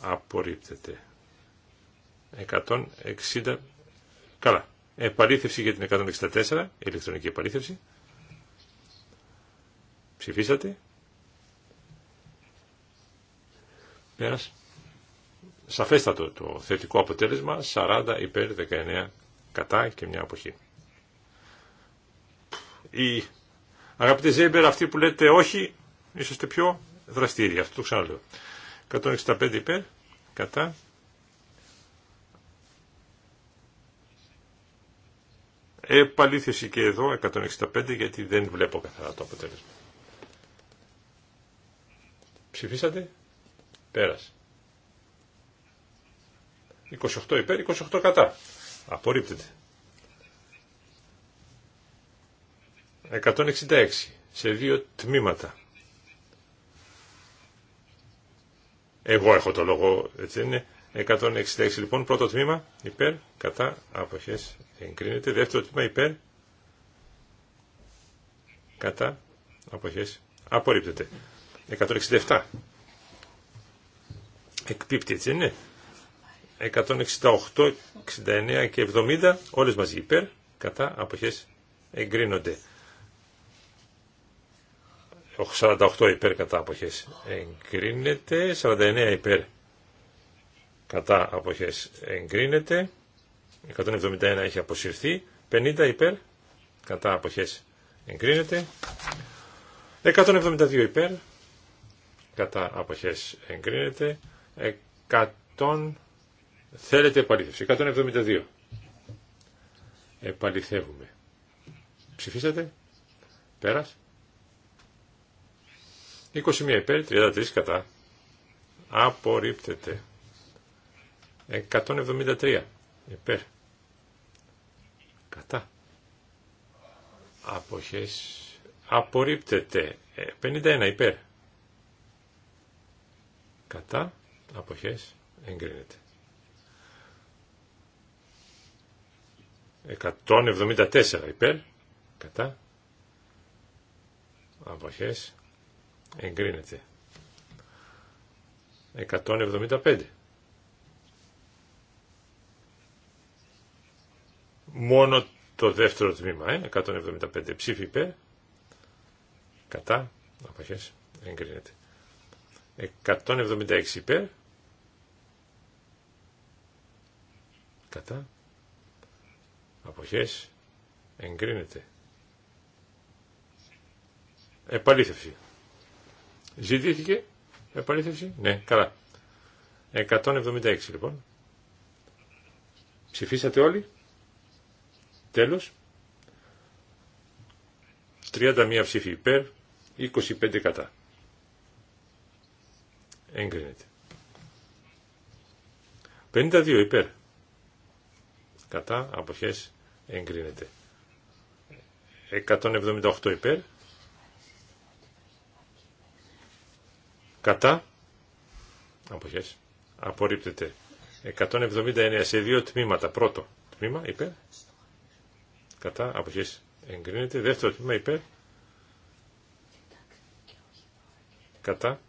απορρίπτεται. 160 καλά. Επαλήθευση για την 164, ηλεκτρονική επαλήθευση. Ψηφίσατε. Πέρασε. Σαφέστατο το θετικό αποτέλεσμα, 40 υπέρ 19 κατά και μια αποχή. Η... Αγαπητέ Ζέμπερ, αυτοί που λέτε όχι, είσαστε πιο δραστήριοι, αυτό το ξαναλέω. 165 υπέρ, κατά. Επαλήθευση και εδώ, 165, γιατί δεν βλέπω καθαρά το αποτέλεσμα. Ψηφίσατε, πέρασε. 28 υπέρ, 28 κατά. Απορρίπτεται. 166 σε δύο τμήματα. Εγώ έχω το λόγο, έτσι είναι. 166 λοιπόν, πρώτο τμήμα υπέρ, κατά, αποχές, εγκρίνεται. Δεύτερο τμήμα υπέρ, κατά, αποχές, απορρίπτεται. 167. Εκπίπτει έτσι είναι. 168, 69 και 70, όλες μαζί υπέρ, κατά αποχές εγκρίνονται. 48 υπέρ κατά αποχές εγκρίνεται, 49 υπέρ κατά αποχές εγκρίνεται, 171 έχει αποσυρθεί, 50 υπέρ κατά αποχές εγκρίνεται, 172 υπέρ κατά αποχές εγκρίνεται, 100 Θέλετε επαλήθευση. 172. Επαληθεύουμε. Ψηφίσατε. Πέρας. 21 υπέρ, 33 κατά. Απορρίπτεται. 173 υπέρ. Κατά. Αποχές. Απορρίπτεται. 51 ε, υπέρ. Κατά. Αποχές. Εγκρίνεται. 174 υπέρ, κατά, αποχές, εγκρίνεται. 175. Μόνο το δεύτερο τμήμα, ε, 175 ψήφι υπέρ, κατά, αποχές, εγκρίνεται. 176 υπέρ, κατά, Αποχές. Εγκρίνεται. Επαλήθευση. Ζητήθηκε επαλήθευση. Ναι, καλά. 176 λοιπόν. Ψηφίσατε όλοι. Τέλος. 31 ψήφοι υπέρ, 25 κατά. Εγκρίνεται. 52 υπέρ. Κατά, αποχές, εγκρίνεται. 178 υπέρ. Κατά. Αποχές. Απορρίπτεται. 179 σε δύο τμήματα. Πρώτο τμήμα υπέρ. Κατά. Αποχές. Εγκρίνεται. Δεύτερο τμήμα υπέρ. Κατά.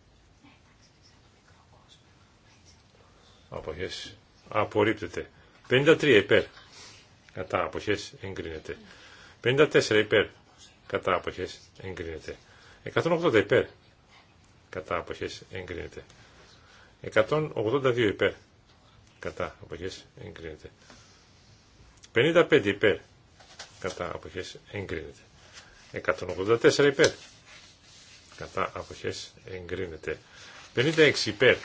Αποχές. Απορρίπτεται. 53 υπέρ κατά αποχές εγκρίνεται. 54 υπέρ, κατά αποχές εγκρίνεται. 180 υπέρ, κατά αποχές εγκρίνεται. 182 υπέρ, κατά αποχές εγκρίνεται. 55 υπέρ, κατά αποχές εγκρίνεται. 184 υπέρ, κατά αποχές εγκρίνεται. 56 υπέρ,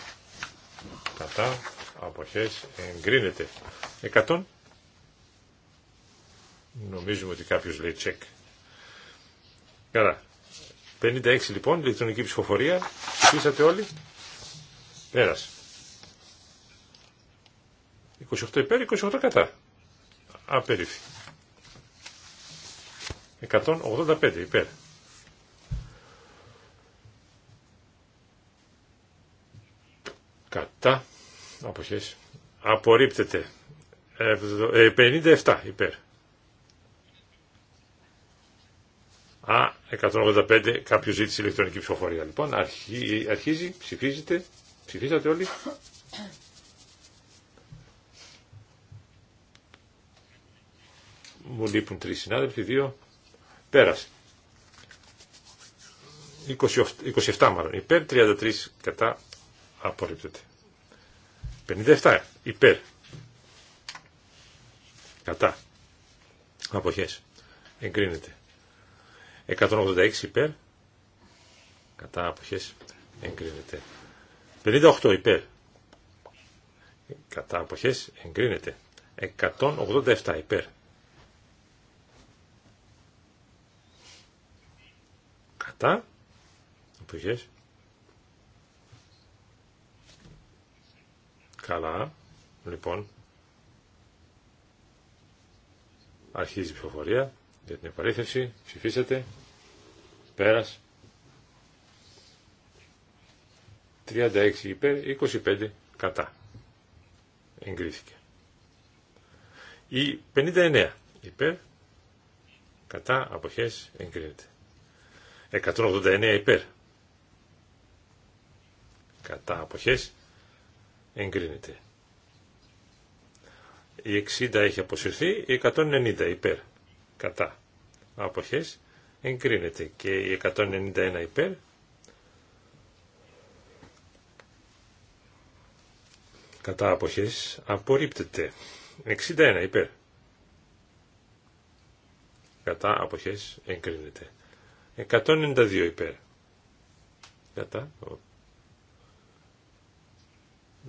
κατά αποχές εγκρίνεται. 100 Νομίζουμε ότι κάποιος λέει τσεκ. Καλά. 56 λοιπόν, ηλεκτρονική ψηφοφορία. Ψηφίσατε όλοι. Πέρασε. 28 υπέρ, 28 κατά. Απερίφη. 185 υπέρ. Κατά. Αποχές. Απορρίπτεται. 57 ε, υπέρ. Α, 185, κάποιος ζήτησε ηλεκτρονική ψηφοφορία. Λοιπόν, αρχίζει, ψηφίζετε, ψηφίσατε όλοι. Μου λείπουν τρεις συνάδελφοι, δύο. Πέρασε. 27 μάλλον υπέρ, 33 κατά απορρίπτεται. 57 υπέρ. Κατά. Αποχές. Εγκρίνεται. 186 υπέρ. Κατά αποχές εγκρίνεται. 58 υπέρ. Κατά αποχές εγκρίνεται. 187 υπέρ. Κατά αποχές. Καλά. Λοιπόν. Αρχίζει η ψηφοφορία για την επαλήθευση. Ψηφίσετε. Πέρας. 36 υπέρ, 25 κατά. Εγκρίθηκε. Η 59 υπέρ, κατά, αποχές, εγκρίνεται. 189 υπέρ. Κατά αποχές εγκρίνεται. Η 60 έχει αποσυρθεί, η 190 υπέρ. Κατά αποχές εγκρίνεται και η 191 υπέρ κατά αποχές απορρίπτεται 61 υπέρ κατά αποχές εγκρίνεται 192 υπέρ κατά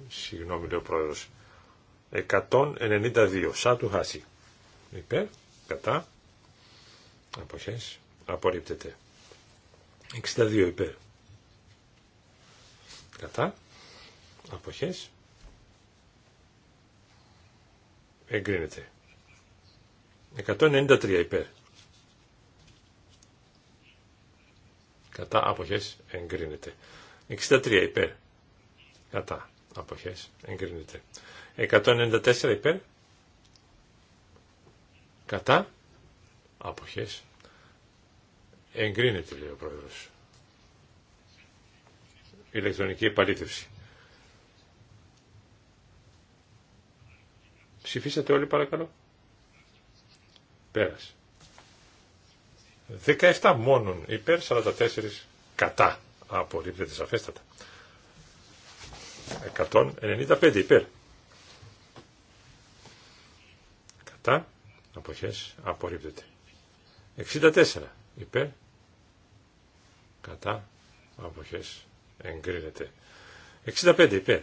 συγγνώμη λέει ο πρόεδρος 192 σαν του χάσει υπέρ κατά αποχές Απορρίπτεται. 62 υπέρ. Κατά. Αποχές. Εγκρίνεται. 193 υπέρ. Κατά αποχές εγκρίνεται. 63 υπέρ. Κατά αποχές εγκρίνεται. 194 υπέρ. Κατά αποχές Εγκρίνεται, λέει ο πρόεδρο. Ηλεκτρονική επαλήθευση. Ψηφίσατε όλοι παρακαλώ. Πέρασε. 17 μόνον υπέρ, 44 κατά. Απορρίπτεται σαφέστατα. 195 υπέρ. Κατά. Αποχές. Απορρίπτεται. 64 υπέρ κατά αποχές εγκρίνεται. 65 υπέρ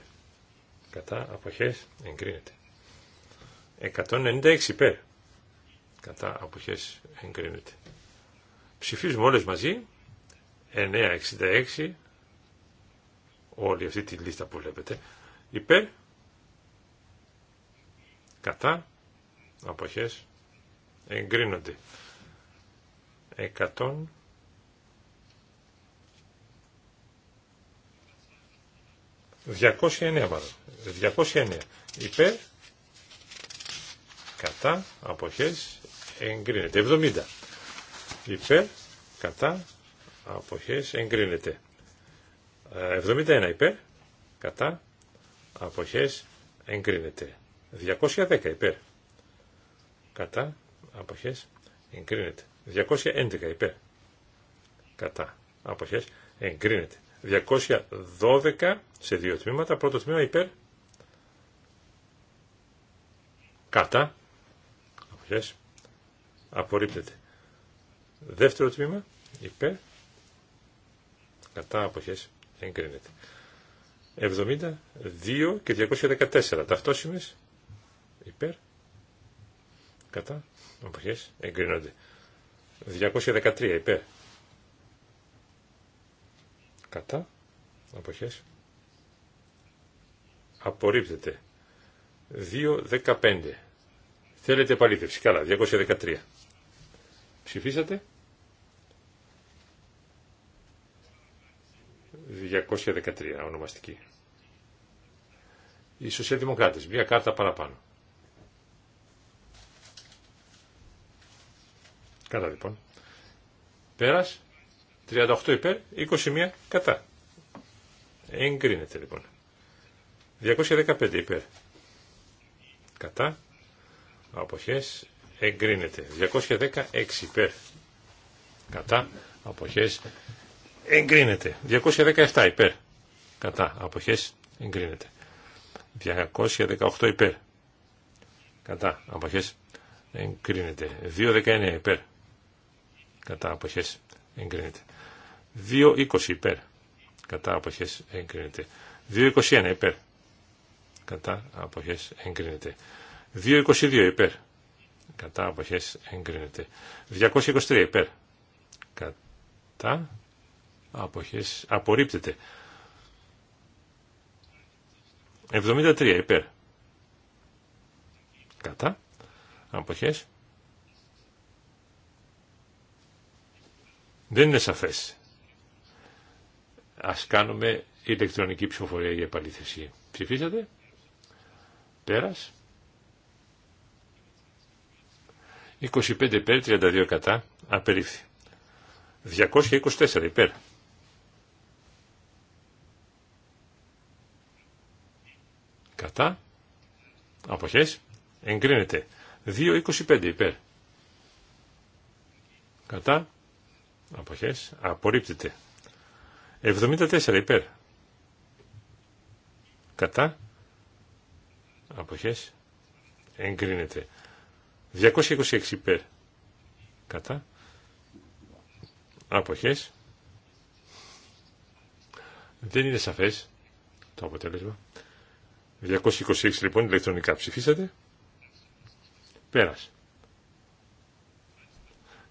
κατά αποχές εγκρίνεται. 196 υπέρ κατά αποχές εγκρίνεται. Ψηφίζουμε όλες μαζί 966 όλη αυτή τη λίστα που βλέπετε υπέρ κατά αποχές εγκρίνονται. 100 209 μάλλον. 209. Υπέρ. Κατά. Αποχές. Εγκρίνεται. 70. Υπέρ. Κατά. Αποχές. Εγκρίνεται. 71 ε, υπέρ. Κατά. Αποχές. Εγκρίνεται. 210 υπέρ. Κατά. Αποχές. Εγκρίνεται. 211 υπέρ. Κατά. Αποχές. Εγκρίνεται. 212 σε δύο τμήματα. Πρώτο τμήμα υπέρ. Κατά. Αποχές. Απορρίπτεται. Δεύτερο τμήμα υπέρ. Κατά αποχές. Εγκρίνεται. 72 και 214 ταυτόσημες υπέρ. Κατά αποχές. Εγκρίνονται. 213 υπέρ κατά, αποχές, απορρίπτεται. 2.15. Θέλετε επαλήθευση. Καλά, 213. Ψηφίσατε. 213, ονομαστική. Οι σοσιαλδημοκράτες, μία κάρτα παραπάνω. Καλά λοιπόν. Πέρας. 38 υπέρ, 21 κατά. Εγκρίνεται λοιπόν. 215 υπέρ. Κατά. Αποχές. Εγκρίνεται. 216 υπέρ. Κατά. Αποχές. Εγκρίνεται. 217 υπέρ. Κατά. Αποχές. Εγκρίνεται. 218 υπέρ. Κατά. Αποχές. Εγκρίνεται. 219 υπέρ. Κατά. Αποχές. Εγκρίνεται. 2.20 υπέρ. Κατά αποχές εγκρίνεται. 2.21 υπέρ. Κατά αποχές εγκρίνεται. 2.22 υπέρ. Κατά αποχές εγκρίνεται. 223 υπέρ. Κατά αποχές απορρίπτεται. 73 υπέρ. Κατά αποχές δεν είναι σαφές. Ας κάνουμε ηλεκτρονική ψηφοφορία για επαλήθευση. Ψηφίσατε. Πέρας. 25 υπέρ, 32 κατά, απερίφθη. 224 υπέρ. Κατά. Αποχές. Εγκρίνεται. 2.25 υπέρ. Κατά. Αποχές. Απορρίπτεται. 74 υπέρ. Κατά. Αποχές. Εγκρίνεται. 226 υπέρ. Κατά. Αποχές. Δεν είναι σαφές το αποτέλεσμα. 226 λοιπόν ηλεκτρονικά ψηφίσατε. Πέρασε.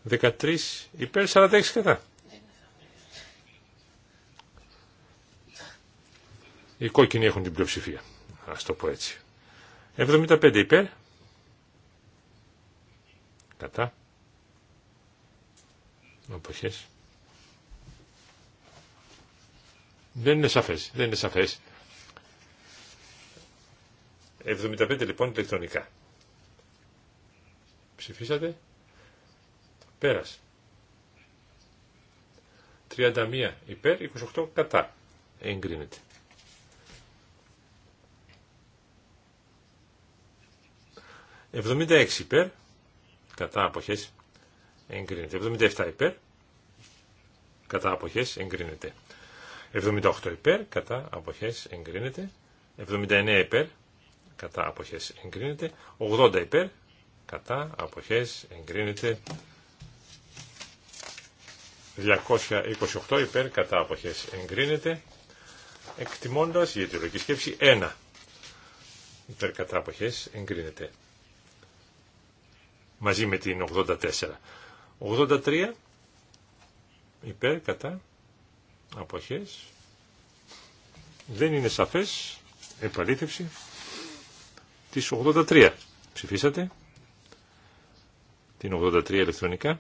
13 υπέρ 46 κατά. Οι κόκκινοι έχουν την πλειοψηφία. α το πω έτσι. 75 υπέρ. Κατά. Οποχές. Δεν είναι σαφές. Δεν είναι σαφές. 75 λοιπόν ηλεκτρονικά. Ψηφίσατε. Πέρας. 31 υπέρ, 28 κατά. Εγκρίνεται. 76 υπέρ, κατά αποχές εγκρίνεται. 77 υπέρ, κατά αποχές εγκρίνεται. 78 υπέρ, κατά αποχές εγκρίνεται. 79 υπέρ, κατά αποχές εγκρίνεται. 80 υπέρ, κατά αποχές εγκρίνεται. 228 υπέρ, κατά αποχές εγκρίνεται. Εκτιμώντας η αιτιολογική σκέψη 1. Υπέρ κατά αποχές εγκρίνεται μαζί με την 84. 83 υπέρ κατά αποχές δεν είναι σαφές επαλήθευση της 83 ψηφίσατε την 83 ηλεκτρονικά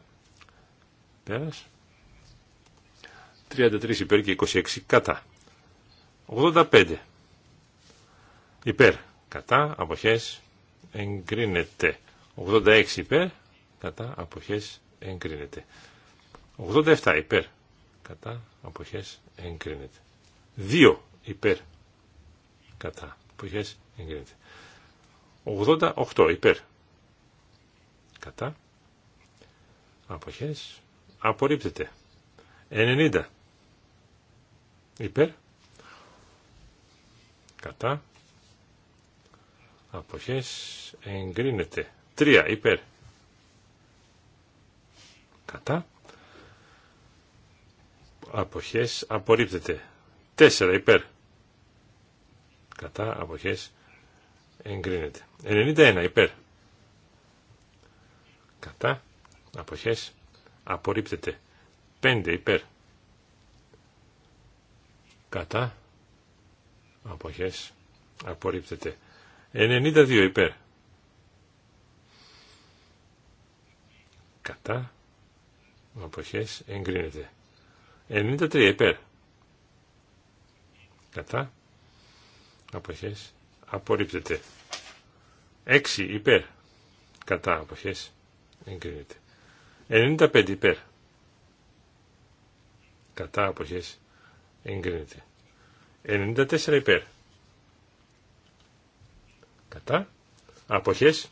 πέρας 33 υπέρ και 26 κατά 85 υπέρ κατά αποχές εγκρίνεται 86 υπέρ, κατά αποχές εγκρίνεται. 87 υπέρ, κατά αποχές εγκρίνεται. 2 υπέρ, κατά αποχές εγκρίνεται. 88 υπέρ, κατά αποχές απορρίπτεται. 90 υπέρ, κατά αποχές εγκρίνεται. 3 υπέρ. Κατά. Αποχές απορρίπτεται. 4 υπέρ. Κατά αποχές εγκρίνεται. 91 υπέρ. Κατά αποχές απορρίπτεται. 5 υπέρ. Κατά αποχές απορρίπτεται. 92 υπέρ. Κατά. Αποχές εγκρίνεται. 93 υπέρ. Κατά. Αποχές απορρίπτεται. 6 υπέρ. Κατά. Αποχές εγκρίνεται. 95 υπέρ. Κατά. Αποχές εγκρίνεται. 94 υπέρ. Κατά. Αποχές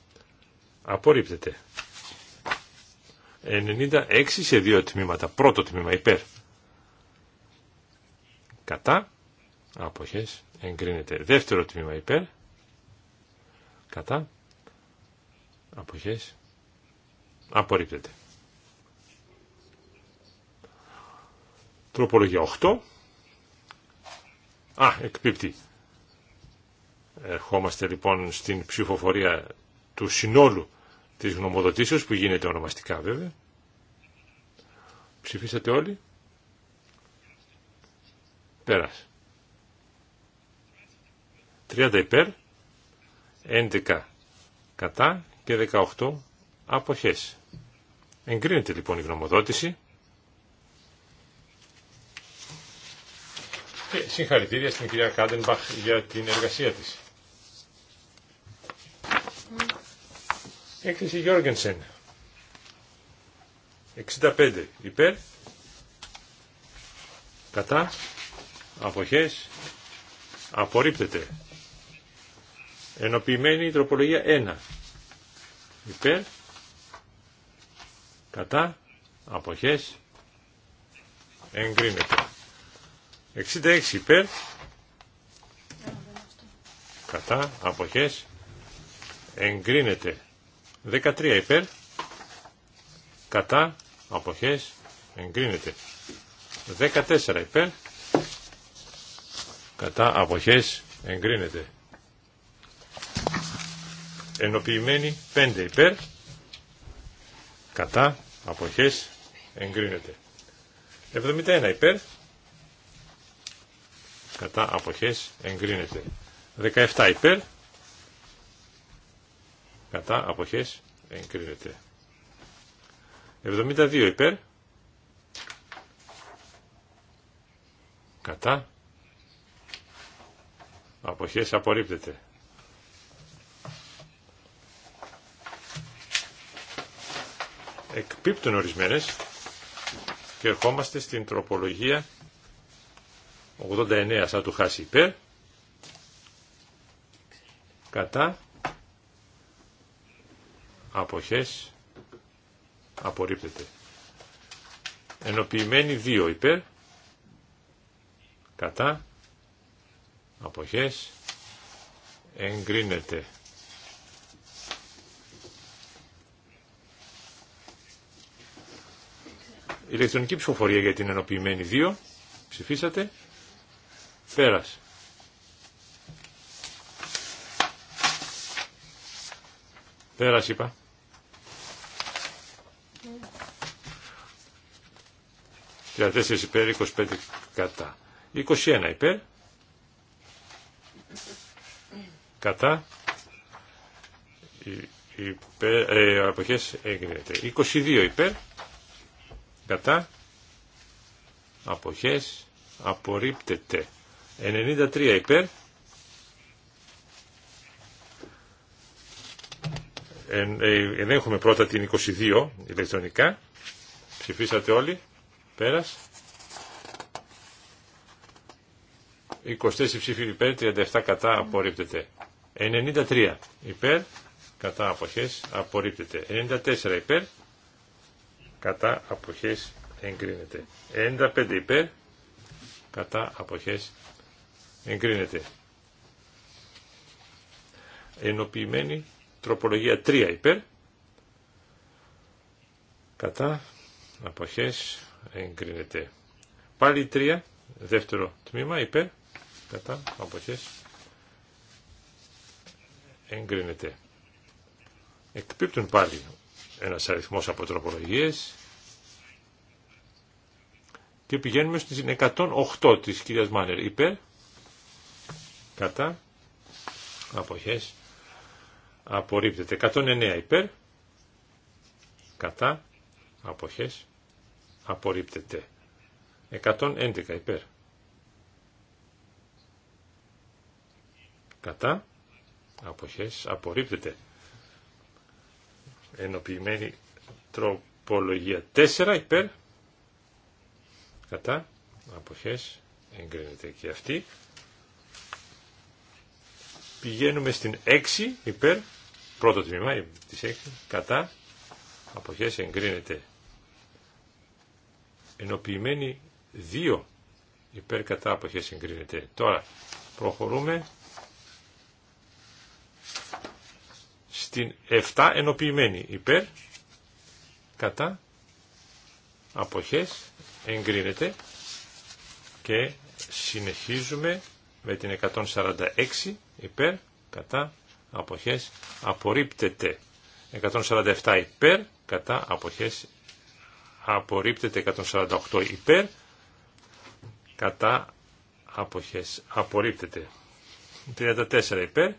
απορρίπτεται. 96 σε δύο τμήματα. Πρώτο τμήμα υπέρ. Κατά. Αποχές. Εγκρίνεται. Δεύτερο τμήμα υπέρ. Κατά. Αποχές. Απορρίπτεται. Τροπολογία 8. Α, εκπίπτει. Ερχόμαστε λοιπόν στην ψηφοφορία του συνόλου της γνωμοδοτήσεως που γίνεται ονομαστικά βέβαια. Ψηφίσατε όλοι. Πέρασε. 30 υπέρ, 11 κατά και 18 αποχές. Εγκρίνεται λοιπόν η γνωμοδότηση. Και συγχαρητήρια στην κυρία Κάντενμπαχ για την εργασία της. Έκθεση Γιώργενσεν. 65 υπέρ. Κατά. Αποχές. Απορρίπτεται. Ενοποιημένη τροπολογία 1. Υπέρ. Κατά. Αποχές. Εγκρίνεται. 66 υπέρ. Κατά. Αποχές. Εγκρίνεται. 13 υπέρ, κατά, αποχές, εγκρίνεται. 14 υπέρ, κατά, αποχές, εγκρίνεται. Ενοποιημένη 5 υπέρ, κατά, αποχές, εγκρίνεται. 71 υπέρ, κατά, αποχές, εγκρίνεται. 17 υπέρ, κατά αποχές εγκρίνεται 72 υπέρ κατά αποχές απορρίπτεται εκπίπτουν ορισμένες και ερχόμαστε στην τροπολογία 89 σαν του χάσει υπέρ κατά αποχές απορρίπτεται. Ενοποιημένη 2 υπέρ, κατά, αποχές, εγκρίνεται. Ηλεκτρονική ψηφοφορία για την ενοποιημένη 2, ψηφίσατε, Φέρας. Φέρας είπα. 34 υπέρ, 25 κατά. 21 υπέρ. Κατά. Ε, υπέρ, ε, αποχές έγκρινεται. 22 υπέρ. Κατά. Αποχές απορρίπτεται. 93 υπέρ. 9, ε, πρώτα την 22 ηλεκτρονικά. Ψηφίσατε όλοι. Πέρας. 24 ψήφοι υπέρ, 37 κατά απορρίπτεται. 93 υπέρ, κατά αποχές απορρίπτεται. 94 υπέρ, κατά αποχές εγκρίνεται. 95 υπέρ, κατά αποχές εγκρίνεται. Ενοποιημένη τροπολογία 3 υπέρ, κατά αποχές εγκρίνεται. Πάλι τρία δεύτερο τμήμα, υπέρ, κατά, αποχές, εγκρίνεται. Εκπίπτουν πάλι ένας αριθμός από τροπολογίες και πηγαίνουμε στις 108 της κυρίας Μάνερ, υπέρ, κατά, αποχές, απορρίπτεται. 109 υπέρ, κατά, αποχές, απορρίπτεται. 111 υπέρ. Κατά αποχές απορρίπτεται. Ενοποιημένη τροπολογία 4 υπέρ. Κατά αποχές εγκρίνεται και αυτή. Πηγαίνουμε στην 6 υπέρ. Πρώτο τμήμα της 6. Κατά αποχές εγκρίνεται ενοποιημένη 2 υπέρ κατά αποχές συγκρίνεται. Τώρα προχωρούμε στην 7 ενοποιημένη υπέρ κατά αποχές εγκρίνεται και συνεχίζουμε με την 146 υπέρ κατά αποχές απορρίπτεται 147 υπέρ κατά αποχές απορρίπτεται 148 υπέρ, κατά αποχές απορρίπτεται 34 υπέρ,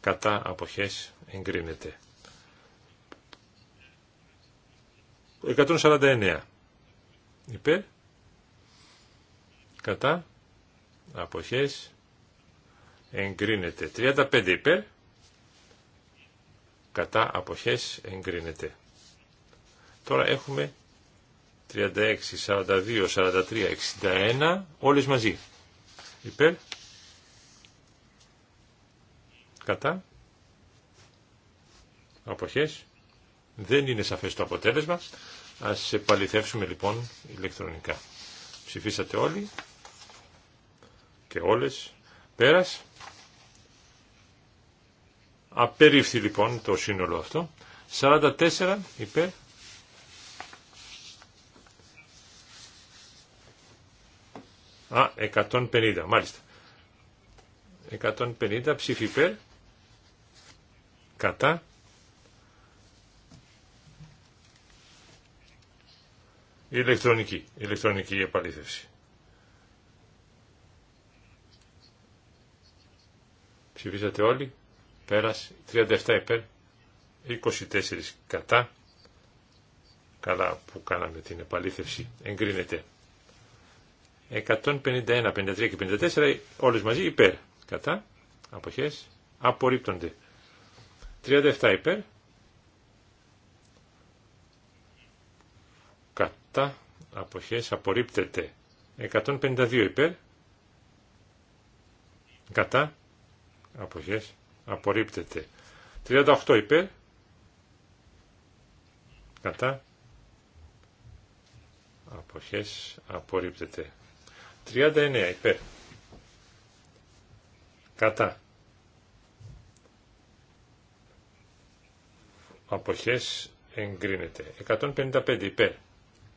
κατά αποχές εγκρίνεται. 149 υπέρ, κατά αποχές εγκρίνεται. 35 υπέρ, κατά αποχές εγκρίνεται. Τώρα έχουμε 36, 42, 43, 61, όλες μαζί. Υπέρ. Κατά. Αποχές. Δεν είναι σαφές το αποτέλεσμα. Ας επαληθεύσουμε λοιπόν ηλεκτρονικά. Ψηφίσατε όλοι και όλες. Πέρας. Απερίφθη λοιπόν το σύνολο αυτό. 44 υπέρ. Α, 150, μάλιστα. 150 ψήφι υπέρ, κατά. Ηλεκτρονική, ηλεκτρονική επαλήθευση. Ψηφίσατε όλοι, πέρας, 37 υπέρ, 24 κατά. Καλά που κάναμε την επαλήθευση, εγκρίνεται. 151, 53 και 54 όλες μαζί υπέρ. Κατά. Αποχές. Απορρίπτονται. 37 υπέρ. Κατά. Αποχές. Απορρίπτεται. 152 υπέρ. Κατά. Αποχές. Απορρίπτεται. 38 υπέρ. Κατά. Αποχές. Απορρίπτεται. 39 υπέρ. Κατά. Αποχές εγκρίνεται. 155 υπέρ.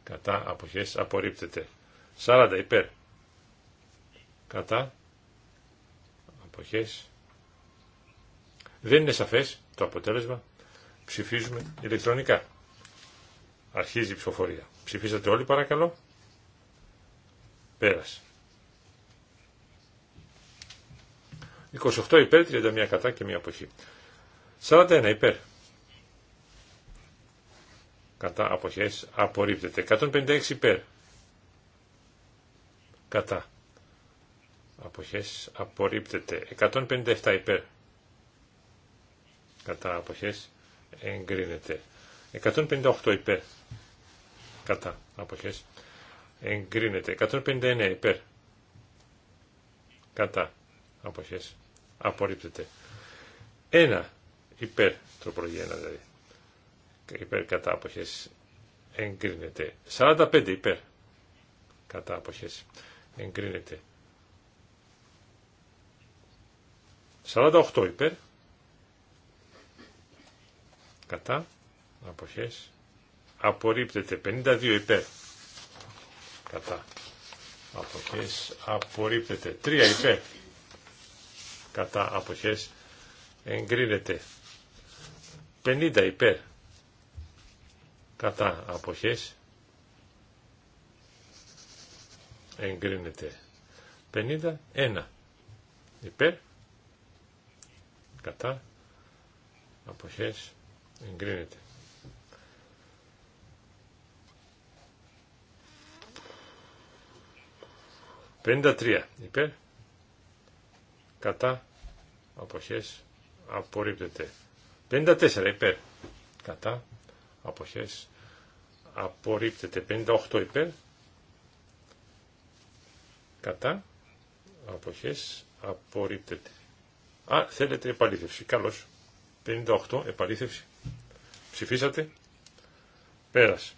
Κατά αποχές απορρίπτεται. 40 υπέρ. Κατά αποχές. Δεν είναι σαφές το αποτέλεσμα. Ψηφίζουμε ηλεκτρονικά. Αρχίζει η ψηφοφορία. Ψηφίσατε όλοι παρακαλώ. 28 υπέρ, 31 κατά και μία αποχή. 41 υπέρ. Κατά αποχές απορρίπτεται. 156 υπέρ. Κατά. Αποχές απορρίπτεται. 157 υπέρ. Κατά αποχές εγκρίνεται. 158 υπέρ. Κατά αποχές εγκρίνεται. 159 υπέρ. Κατά. Αποχές. Απορρίπτεται. Ένα υπέρ. Τροπολογία 1 δηλαδή. Υπέρ κατά αποχές. Εγκρίνεται. 45 υπέρ. Κατά αποχές. Εγκρίνεται. 48 υπέρ. Κατά. Αποχές. Απορρίπτεται. 52 υπέρ κατά αποχές απορρίπτεται 3 υπέρ κατά αποχές εγκρίνεται 50 υπέρ κατά αποχές εγκρίνεται 51 υπέρ κατά αποχές εγκρίνεται 53 υπέρ κατά αποχές απορρίπτεται 54 υπέρ κατά αποχές απορρίπτεται 58 υπέρ κατά αποχές απορρίπτεται Α, θέλετε επαλήθευση, καλώς 58 επαλήθευση ψηφίσατε πέρασε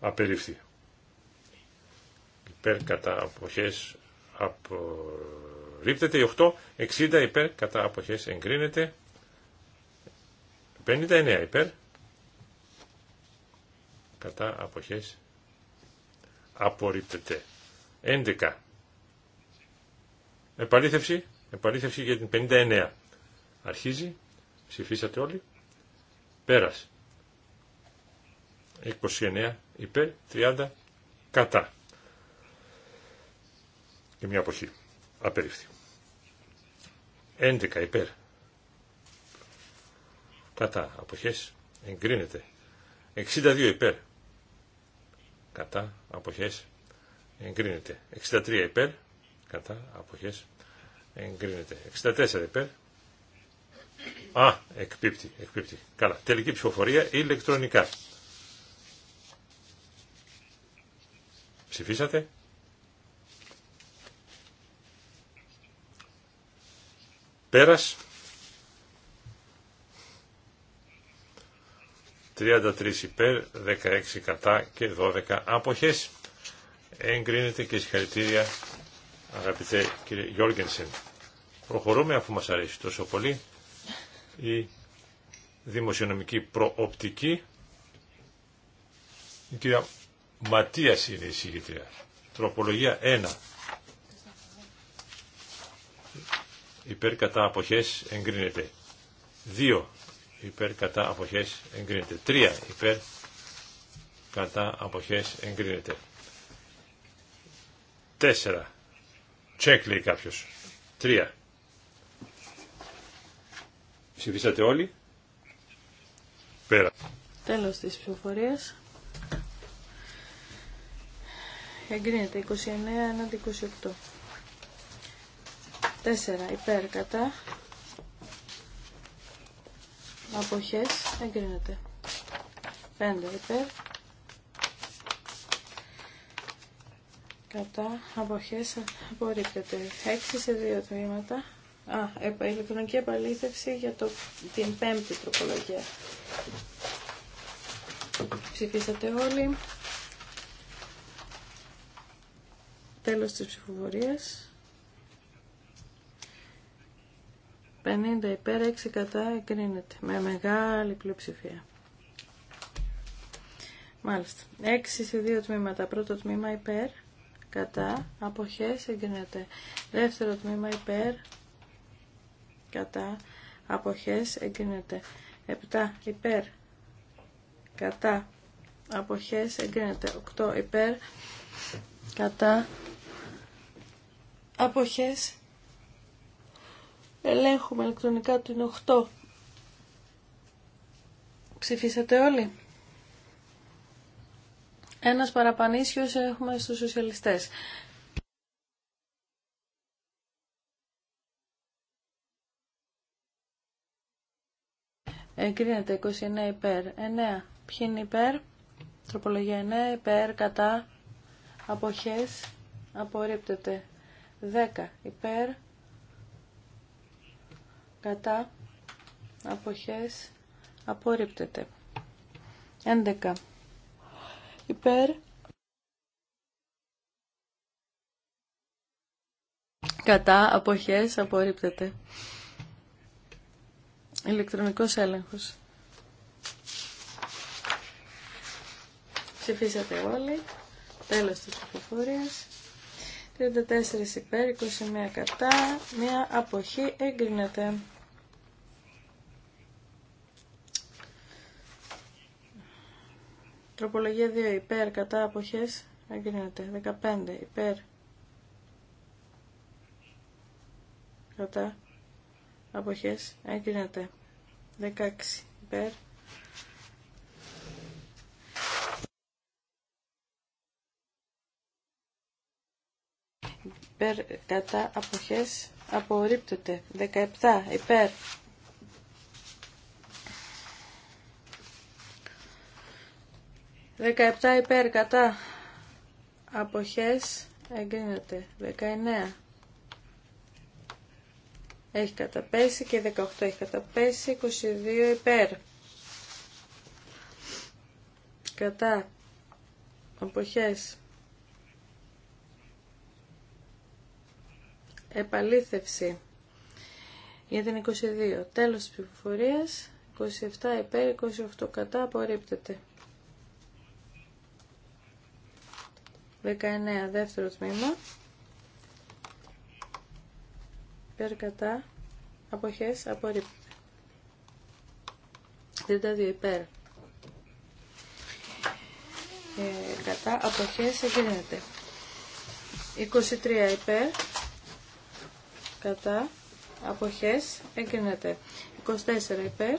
απερίφθη. Υπέρ κατά αποχές απορρίπτεται. Η 8, 60 υπέρ κατά αποχές εγκρίνεται. 59 υπέρ κατά αποχές απορρίπτεται. 11. Επαλήθευση. Επαλήθευση για την 59. Αρχίζει. Ψηφίσατε όλοι. Πέρας. 29 υπέρ 30 κατά. Και μια αποχή. Απερίφθη. 11 υπέρ. Κατά. Αποχές. Εγκρίνεται. 62 υπέρ. Κατά. Αποχές. Εγκρίνεται. 63 υπέρ. Κατά. Αποχές. Εγκρίνεται. 64 υπέρ. Α, εκπίπτει, εκπίπτει. Καλά. Τελική ψηφοφορία ηλεκτρονικά. Ψηφίσατε. Πέρας. 33 υπέρ, 16 κατά και 12 άποχες. Εγκρίνεται και συγχαρητήρια αγαπητέ κύριε Γιώργενσεν. Προχωρούμε αφού μας αρέσει τόσο πολύ η δημοσιονομική προοπτική. Η κυρία Ματίας είναι η συγγετρία. Τροπολογία 1. Υπέρ κατά αποχές εγκρίνεται. 2. Υπέρ κατά αποχές εγκρίνεται. 3. Υπέρ κατά αποχές εγκρίνεται. 4. Τσεκ λέει κάποιος. 3. Ψηφίσατε όλοι. Πέρα. Τέλος της ψηφοφορίας εγκρίνεται 29 έναντι 28. 4 υπέρ κατά αποχές εγκρίνεται. 5 υπέρ κατά αποχές απορρίπτεται. 6 σε 2 τμήματα. Α, ηλεκτρονική επαλήθευση για το, την πέμπτη τροπολογία. Ψηφίσατε όλοι. Τέλος της ψηφοφορίας. 50 υπέρ, 6 κατά εγκρίνεται. Με μεγάλη πλειοψηφία. Μάλιστα. 6 σε 2 τμήματα. Πρώτο τμήμα υπέρ, κατά, αποχές εγκρίνεται. Δεύτερο τμήμα υπέρ, κατά, αποχές εγκρίνεται. 7 υπέρ, κατά, αποχές εγκρίνεται. 8 υπέρ, κατά, αποχές ελέγχουμε ηλεκτρονικά του 8 ψηφίσατε όλοι ένας παραπανήσιος έχουμε στους σοσιαλιστές Εγκρίνεται 29 υπέρ. 9. Ποιοι είναι υπέρ. Τροπολογία 9 υπέρ κατά αποχές απορρίπτεται. 10 υπέρ κατά αποχές απορρίπτεται 11 υπέρ κατά αποχές απορρίπτεται ηλεκτρονικός έλεγχος ψηφίσατε όλοι τέλος της ψηφοφορίας 34 υπέρ, 21 κατά, μία αποχή εγκρίνεται. Τροπολογία 2 υπέρ, κατά, αποχές εγκρίνεται. 15 υπέρ, κατά, αποχές εγκρίνεται. 16 υπέρ, υπέρ κατά αποχές 17 υπέρ κατά αποχές εγκρίνεται. 19 έχει καταπέσει και 18 έχει καταπέσει. 22 υπέρ κατά αποχές επαλήθευση για την 22. Τέλος της ψηφοφορίας. 27 υπέρ, 28 κατά, απορρίπτεται. 19 δεύτερο τμήμα. Υπέρ, κατά, αποχές, απορρίπτεται. 32 υπέρ. Ε, κατά, αποχές, εγκρίνεται. 23 υπέρ κατά, αποχές, εγκρίνεται. 24 υπέρ,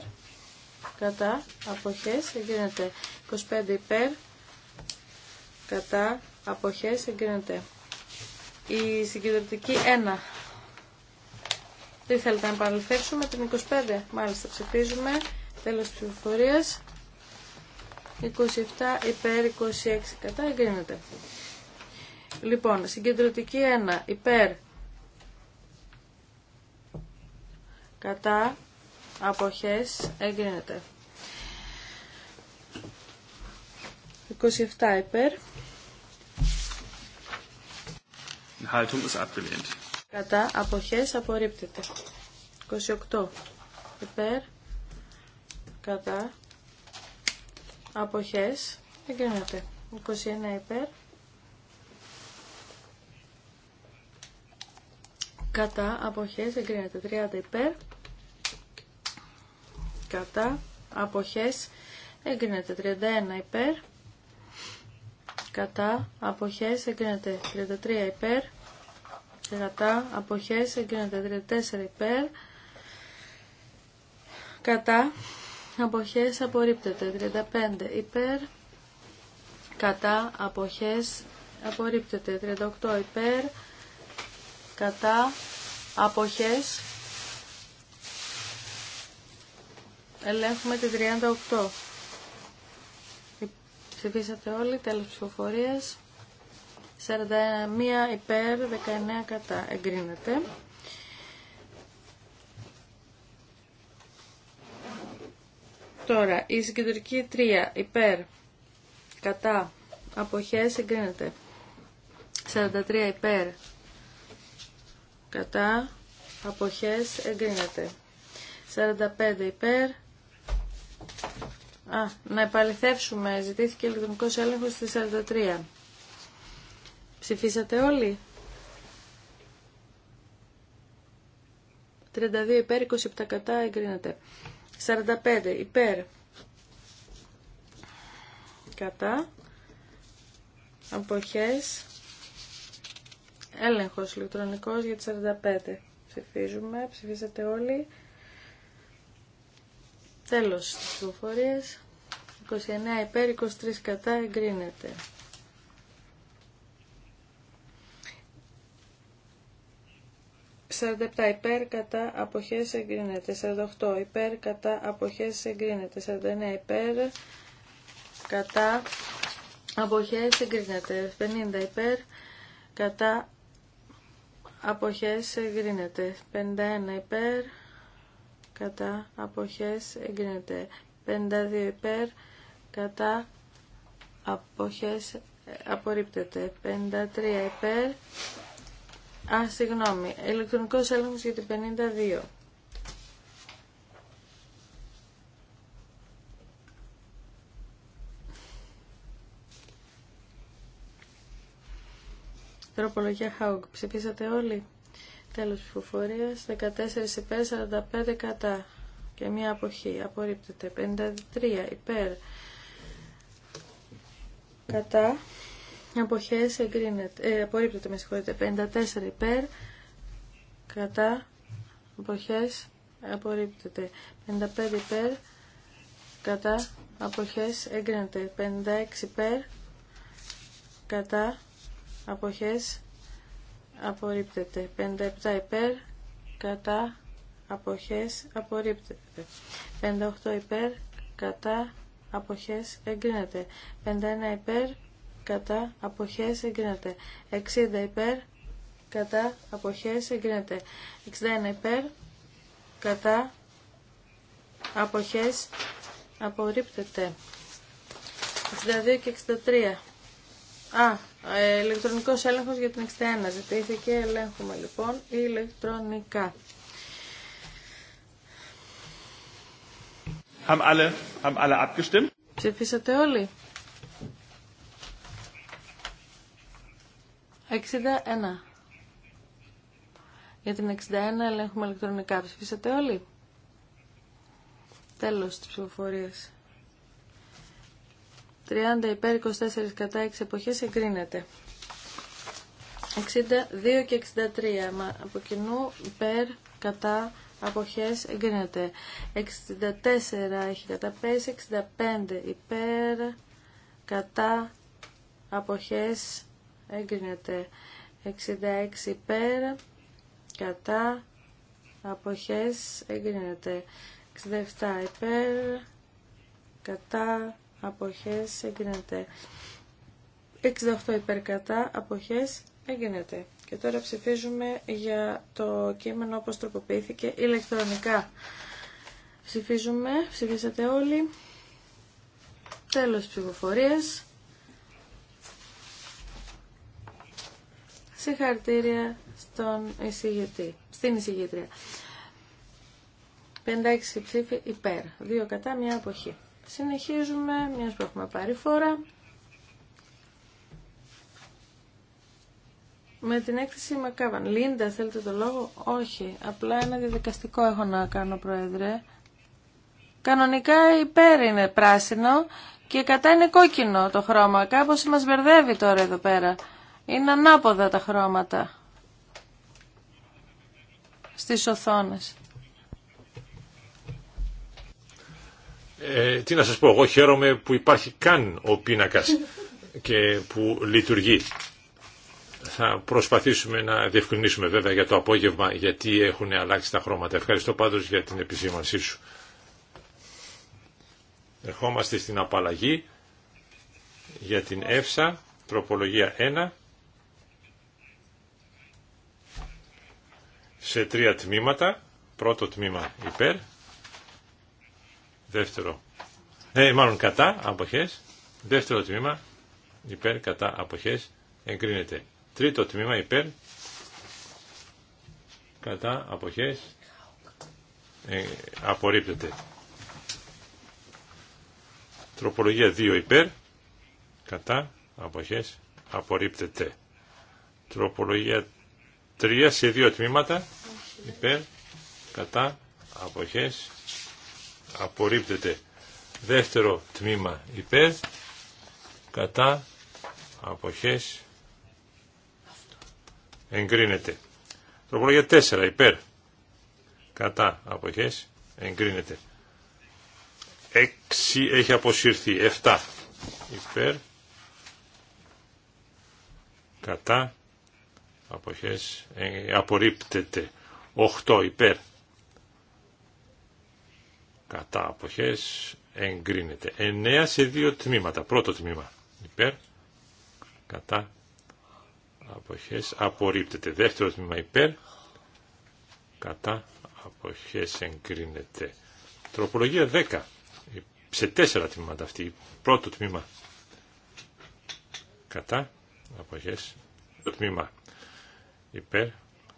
κατά, αποχές, εγκρίνεται. 25 υπέρ, κατά, αποχές, εγκρίνεται. Η συγκεντρωτική 1. Τι θέλετε να επαναληφθήσουμε την 25. Μάλιστα ψηφίζουμε. Τέλος της ψηφοφορίας. 27 υπέρ 26 κατά εγκρίνεται. Λοιπόν, συγκεντρωτική 1 υπέρ κατά αποχές εγκρίνεται. 27 υπέρ. ist abgelehnt. Κατά αποχές απορρίπτεται. 28 υπέρ. Κατά αποχές εγκρίνεται. 29 υπέρ. Κατά αποχές εγκρίνεται. 30 υπέρ κατά αποχές εγκρίνεται 31 υπέρ κατά αποχές εγκρίνεται 33 υπέρ κατά αποχές εγκρίνεται 34 υπέρ κατά αποχές απορρίπτεται 35 υπέρ κατά αποχές απορρίπτεται 38 υπέρ κατά αποχές Ελέγχουμε τη 38. Ψηφίσατε όλοι, τέλος ψηφοφορίας. 41 υπέρ, 19 κατά. Εγκρίνεται. Τώρα, η συγκεντρική 3 υπέρ, κατά, αποχές εγκρίνεται. 43 υπέρ, κατά, αποχές εγκρίνεται. 45 υπέρ, Α, να επαληθεύσουμε. Ζητήθηκε ηλεκτρονικός έλεγχος στη 43. Ψηφίσατε όλοι. 32 υπέρ, 27 κατά, εγκρίνεται. 45 υπέρ. Κατά. Αποχές. Έλεγχος ηλεκτρονικός για τις 45. Ψηφίζουμε, ψηφίσατε όλοι. Τέλος της ψηφοφορίας. 29 υπέρ, 23 κατά, εγκρίνεται. «47 υπέρ κατά αποχές εγκρίνεται, 48 υπέρ κατά αποχές εγκρίνεται, 49 υπέρ κατά αποχές εγκρίνεται, 50 υπέρ κατά αποχές εγκρίνεται, 51 υπέρ κατά αποχές εγκρίνεται 52 υπέρ κατά αποχές ε, απορρίπτεται 53 υπέρ α συγγνώμη ηλεκτρονικός έλεγχος για την 52 Τροπολογία Χαουγκ. Ψηφίσατε όλοι. Τέλος ψηφοφορίας. 14 υπέρ, 45 κατά. Και μία αποχή. Απορρίπτεται. 53 υπέρ. Κατά. Αποχές εγκρίνεται. Ε, απορρίπτεται, με συγχωρείτε. 54 υπέρ. Κατά. Αποχές απορρίπτεται. 55 υπέρ. Κατά. Αποχές εγκρίνεται. 56 υπέρ. Κατά. Αποχές απορρίπτεται. 57 υπέρ, κατά, αποχές, απορρίπτεται. 58 υπέρ, κατά, αποχές, εγκρίνεται. 51 υπέρ, κατά, αποχές, εγκρίνεται. 60 υπέρ, κατά, αποχές, εγκρίνεται. 61 υπέρ, κατά, αποχές, απορρίπτεται. 62 και 63 Α, ηλεκτρονικός έλεγχος για την 61 ζητήθηκε. Ελέγχουμε λοιπόν ηλεκτρονικά. Ψηφίσατε όλοι. 61. Για την 61 ελέγχουμε ηλεκτρονικά. Ψηφίσατε όλοι. Τέλος της ψηφοφορίας. 30 υπέρ 24 κατά 6 εποχές εγκρίνεται. 62 και 63 μα από κοινού υπέρ κατά αποχές εγκρίνεται. 64 έχει καταπέσει, 65 υπέρ κατά αποχές εγκρίνεται. 66 υπέρ κατά αποχές εγκρίνεται. 67 υπέρ κατά αποχές εγκρίνεται. 68 υπερκατά αποχές εγκρίνεται. Και τώρα ψηφίζουμε για το κείμενο όπως τροποποιήθηκε ηλεκτρονικά. Ψηφίζουμε, ψηφίσατε όλοι. Τέλος ψηφοφορίας. Συγχαρητήρια στον εισηγητή, στην εισηγήτρια. 56 ψήφοι υπέρ, 2 κατά, μια αποχή. Συνεχίζουμε, μιας που έχουμε πάρει φορά. Με την έκθεση Μακάβαν. Λίντα, θέλετε το λόγο. Όχι, απλά ένα διαδικαστικό έχω να κάνω, Πρόεδρε. Κανονικά υπέρ είναι πράσινο και κατά είναι κόκκινο το χρώμα. Κάπως μας μπερδεύει τώρα εδώ πέρα. Είναι ανάποδα τα χρώματα στις οθόνες. Ε, τι να σας πω, εγώ χαίρομαι που υπάρχει καν ο πίνακας και που λειτουργεί. Θα προσπαθήσουμε να διευκρινίσουμε βέβαια για το απόγευμα γιατί έχουν αλλάξει τα χρώματα. Ευχαριστώ πάντως για την επισήμανσή σου. Ερχόμαστε στην απαλλαγή για την ΕΦΣΑ, τροπολογία 1, σε τρία τμήματα. Πρώτο τμήμα υπέρ, Δεύτερο. Ε, μάλλον κατά αποχές. Δεύτερο τμήμα υπέρ κατά αποχές εγκρίνεται. Τρίτο τμήμα υπέρ κατά αποχές ε, απορρίπτεται. Τροπολογία 2 υπέρ κατά αποχές απορρίπτεται. Τροπολογία 3 σε δύο τμήματα υπέρ κατά αποχές απορρίπτεται. Δεύτερο τμήμα υπέρ, κατά, αποχές, εγκρίνεται. Τροπολογία 4 υπέρ, κατά, αποχές, εγκρίνεται. 6 έχει αποσυρθεί, 7 υπέρ, κατά, αποχές, ε, απορρίπτεται. 8 υπέρ, κατά αποχές εγκρίνεται. 9 σε 2 τμήματα. Πρώτο τμήμα υπέρ, κατά αποχές απορρίπτεται. Δεύτερο τμήμα υπέρ, κατά αποχές εγκρίνεται. Τροπολογία 10 σε τέσσερα τμήματα αυτή. Πρώτο τμήμα κατά αποχές το τμήμα υπέρ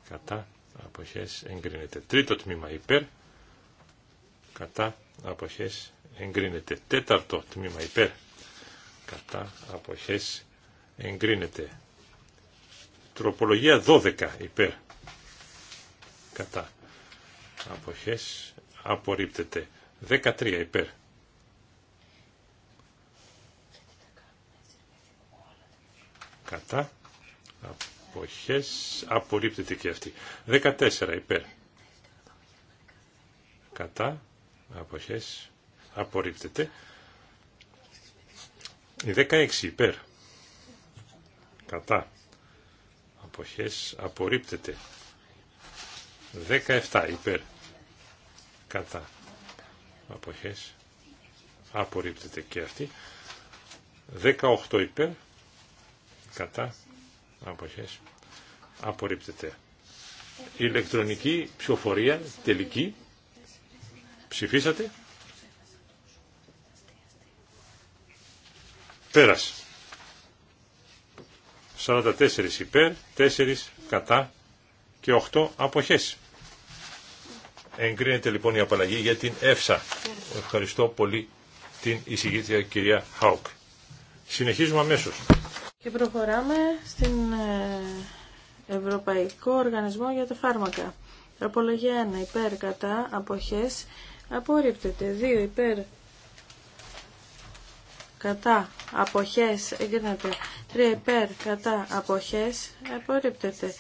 κατά αποχές εγκρίνεται. Τρίτο τμήμα υπέρ κατά αποχές εγκρίνεται. Τέταρτο τμήμα υπέρ κατά αποχές εγκρίνεται. Τροπολογία 12 υπέρ κατά αποχές απορρίπτεται. 13 υπέρ. Κατά αποχές απορρίπτεται και αυτή. 14 υπέρ. Κατά αποχές απορρίπτεται. 16 υπέρ κατά αποχές απορρίπτεται. 17 υπέρ κατά αποχές απορρίπτεται και αυτή. 18 υπέρ κατά αποχές απορρίπτεται. Η ηλεκτρονική ψηφοφορία τελική Ψηφίσατε. Πέρασε. 44 υπέρ, 4 κατά και 8 αποχές. Εγκρίνεται λοιπόν η απαλλαγή για την ΕΦΣΑ. Ευχαριστώ πολύ την εισηγήτρια κυρία Χάουκ. Συνεχίζουμε αμέσως. Και προχωράμε στην ε, Ευρωπαϊκό Οργανισμό για τα Φάρμακα. Απολογία 1. Υπέρ κατά αποχές απορρίπτεται Δύο υπέρ κατά αποχές εγκρίνεται Τρία υπέρ κατά αποχές απορρίπτεται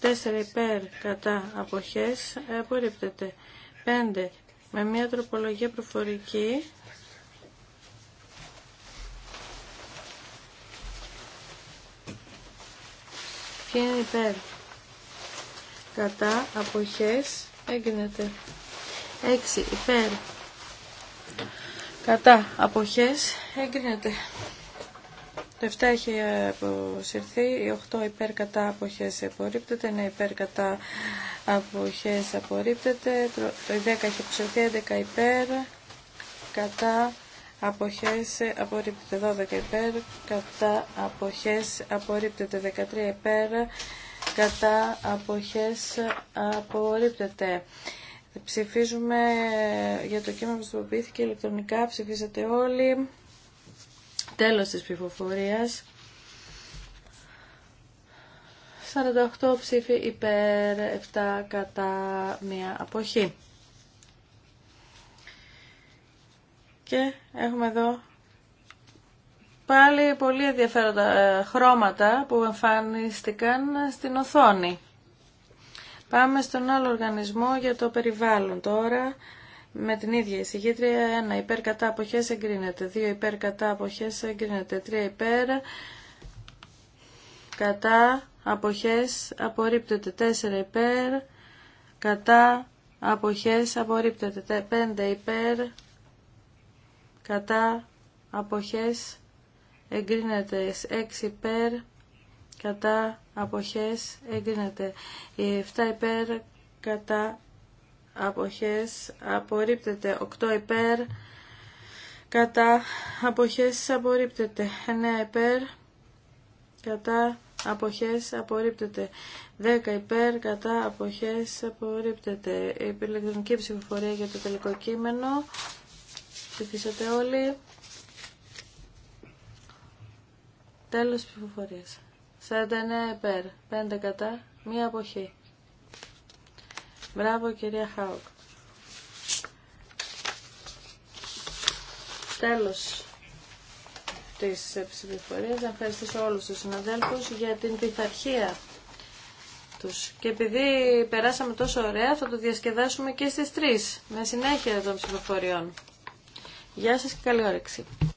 Τέσσερα υπέρ κατά αποχές απορρίπτεται Πέντε. με μια τροπολογία προφορική Ποιοι είναι υπέρ κατά αποχές εγκρίνεται 6 υπέρ κατά αποχές εγκρίνεται. Το 7 έχει ε, αποσυρθεί, 8 υπέρ κατά αποχές απορρίπτεται, 9 υπέρ κατά αποχές απορρίπτεται, το 10 έχει αποσυρθεί, 11 υπέρ κατά αποχές απορρίπτεται, 12 υπέρ κατά αποχές απορρίπτεται, 13 υπέρ κατά αποχές απορρίπτεται. Ψηφίζουμε για το κείμενο που χρησιμοποιήθηκε ηλεκτρονικά. Ψηφίσατε όλοι. Τέλος της ψηφοφορίας. 48 ψηφί υπέρ 7 κατά μία αποχή. Και έχουμε εδώ πάλι πολύ ενδιαφέροντα ε, χρώματα που εμφανίστηκαν στην οθόνη. Πάμε στον άλλο οργανισμό για το περιβάλλον τώρα. Με την ίδια εισηγήτρια 1 υπέρ κατά αποχές εγκρίνεται, 2 υπέρ κατά αποχές εγκρίνεται, 3 υπέρ κατά αποχές απορρίπτεται, 4 υπέρ κατά αποχές απορρίπτεται, 5 υπέρ κατά αποχές εγκρίνεται, 6 υπέρ κατά αποχές εγκρίνεται. Η 7 υπέρ κατά αποχές απορρίπτεται. 8 υπέρ κατά αποχές απορρίπτεται. 9 υπέρ κατά αποχές απορρίπτεται. 10 υπέρ κατά αποχές απορρίπτεται. Η επιλεκτρονική ψηφοφορία για το τελικό κείμενο. Ψηφίσατε όλοι. Τέλος ψηφοφορίας. 49 υπέρ, 5 κατά, μία αποχή. Μπράβο κυρία Χάουκ. Τέλος της ψηφοφορίας. Να ευχαριστήσω όλους τους συναδέλφους για την πειθαρχία τους. Και επειδή περάσαμε τόσο ωραία θα το διασκεδάσουμε και στις 3 με συνέχεια των ψηφοφοριών. Γεια σας και καλή όρεξη.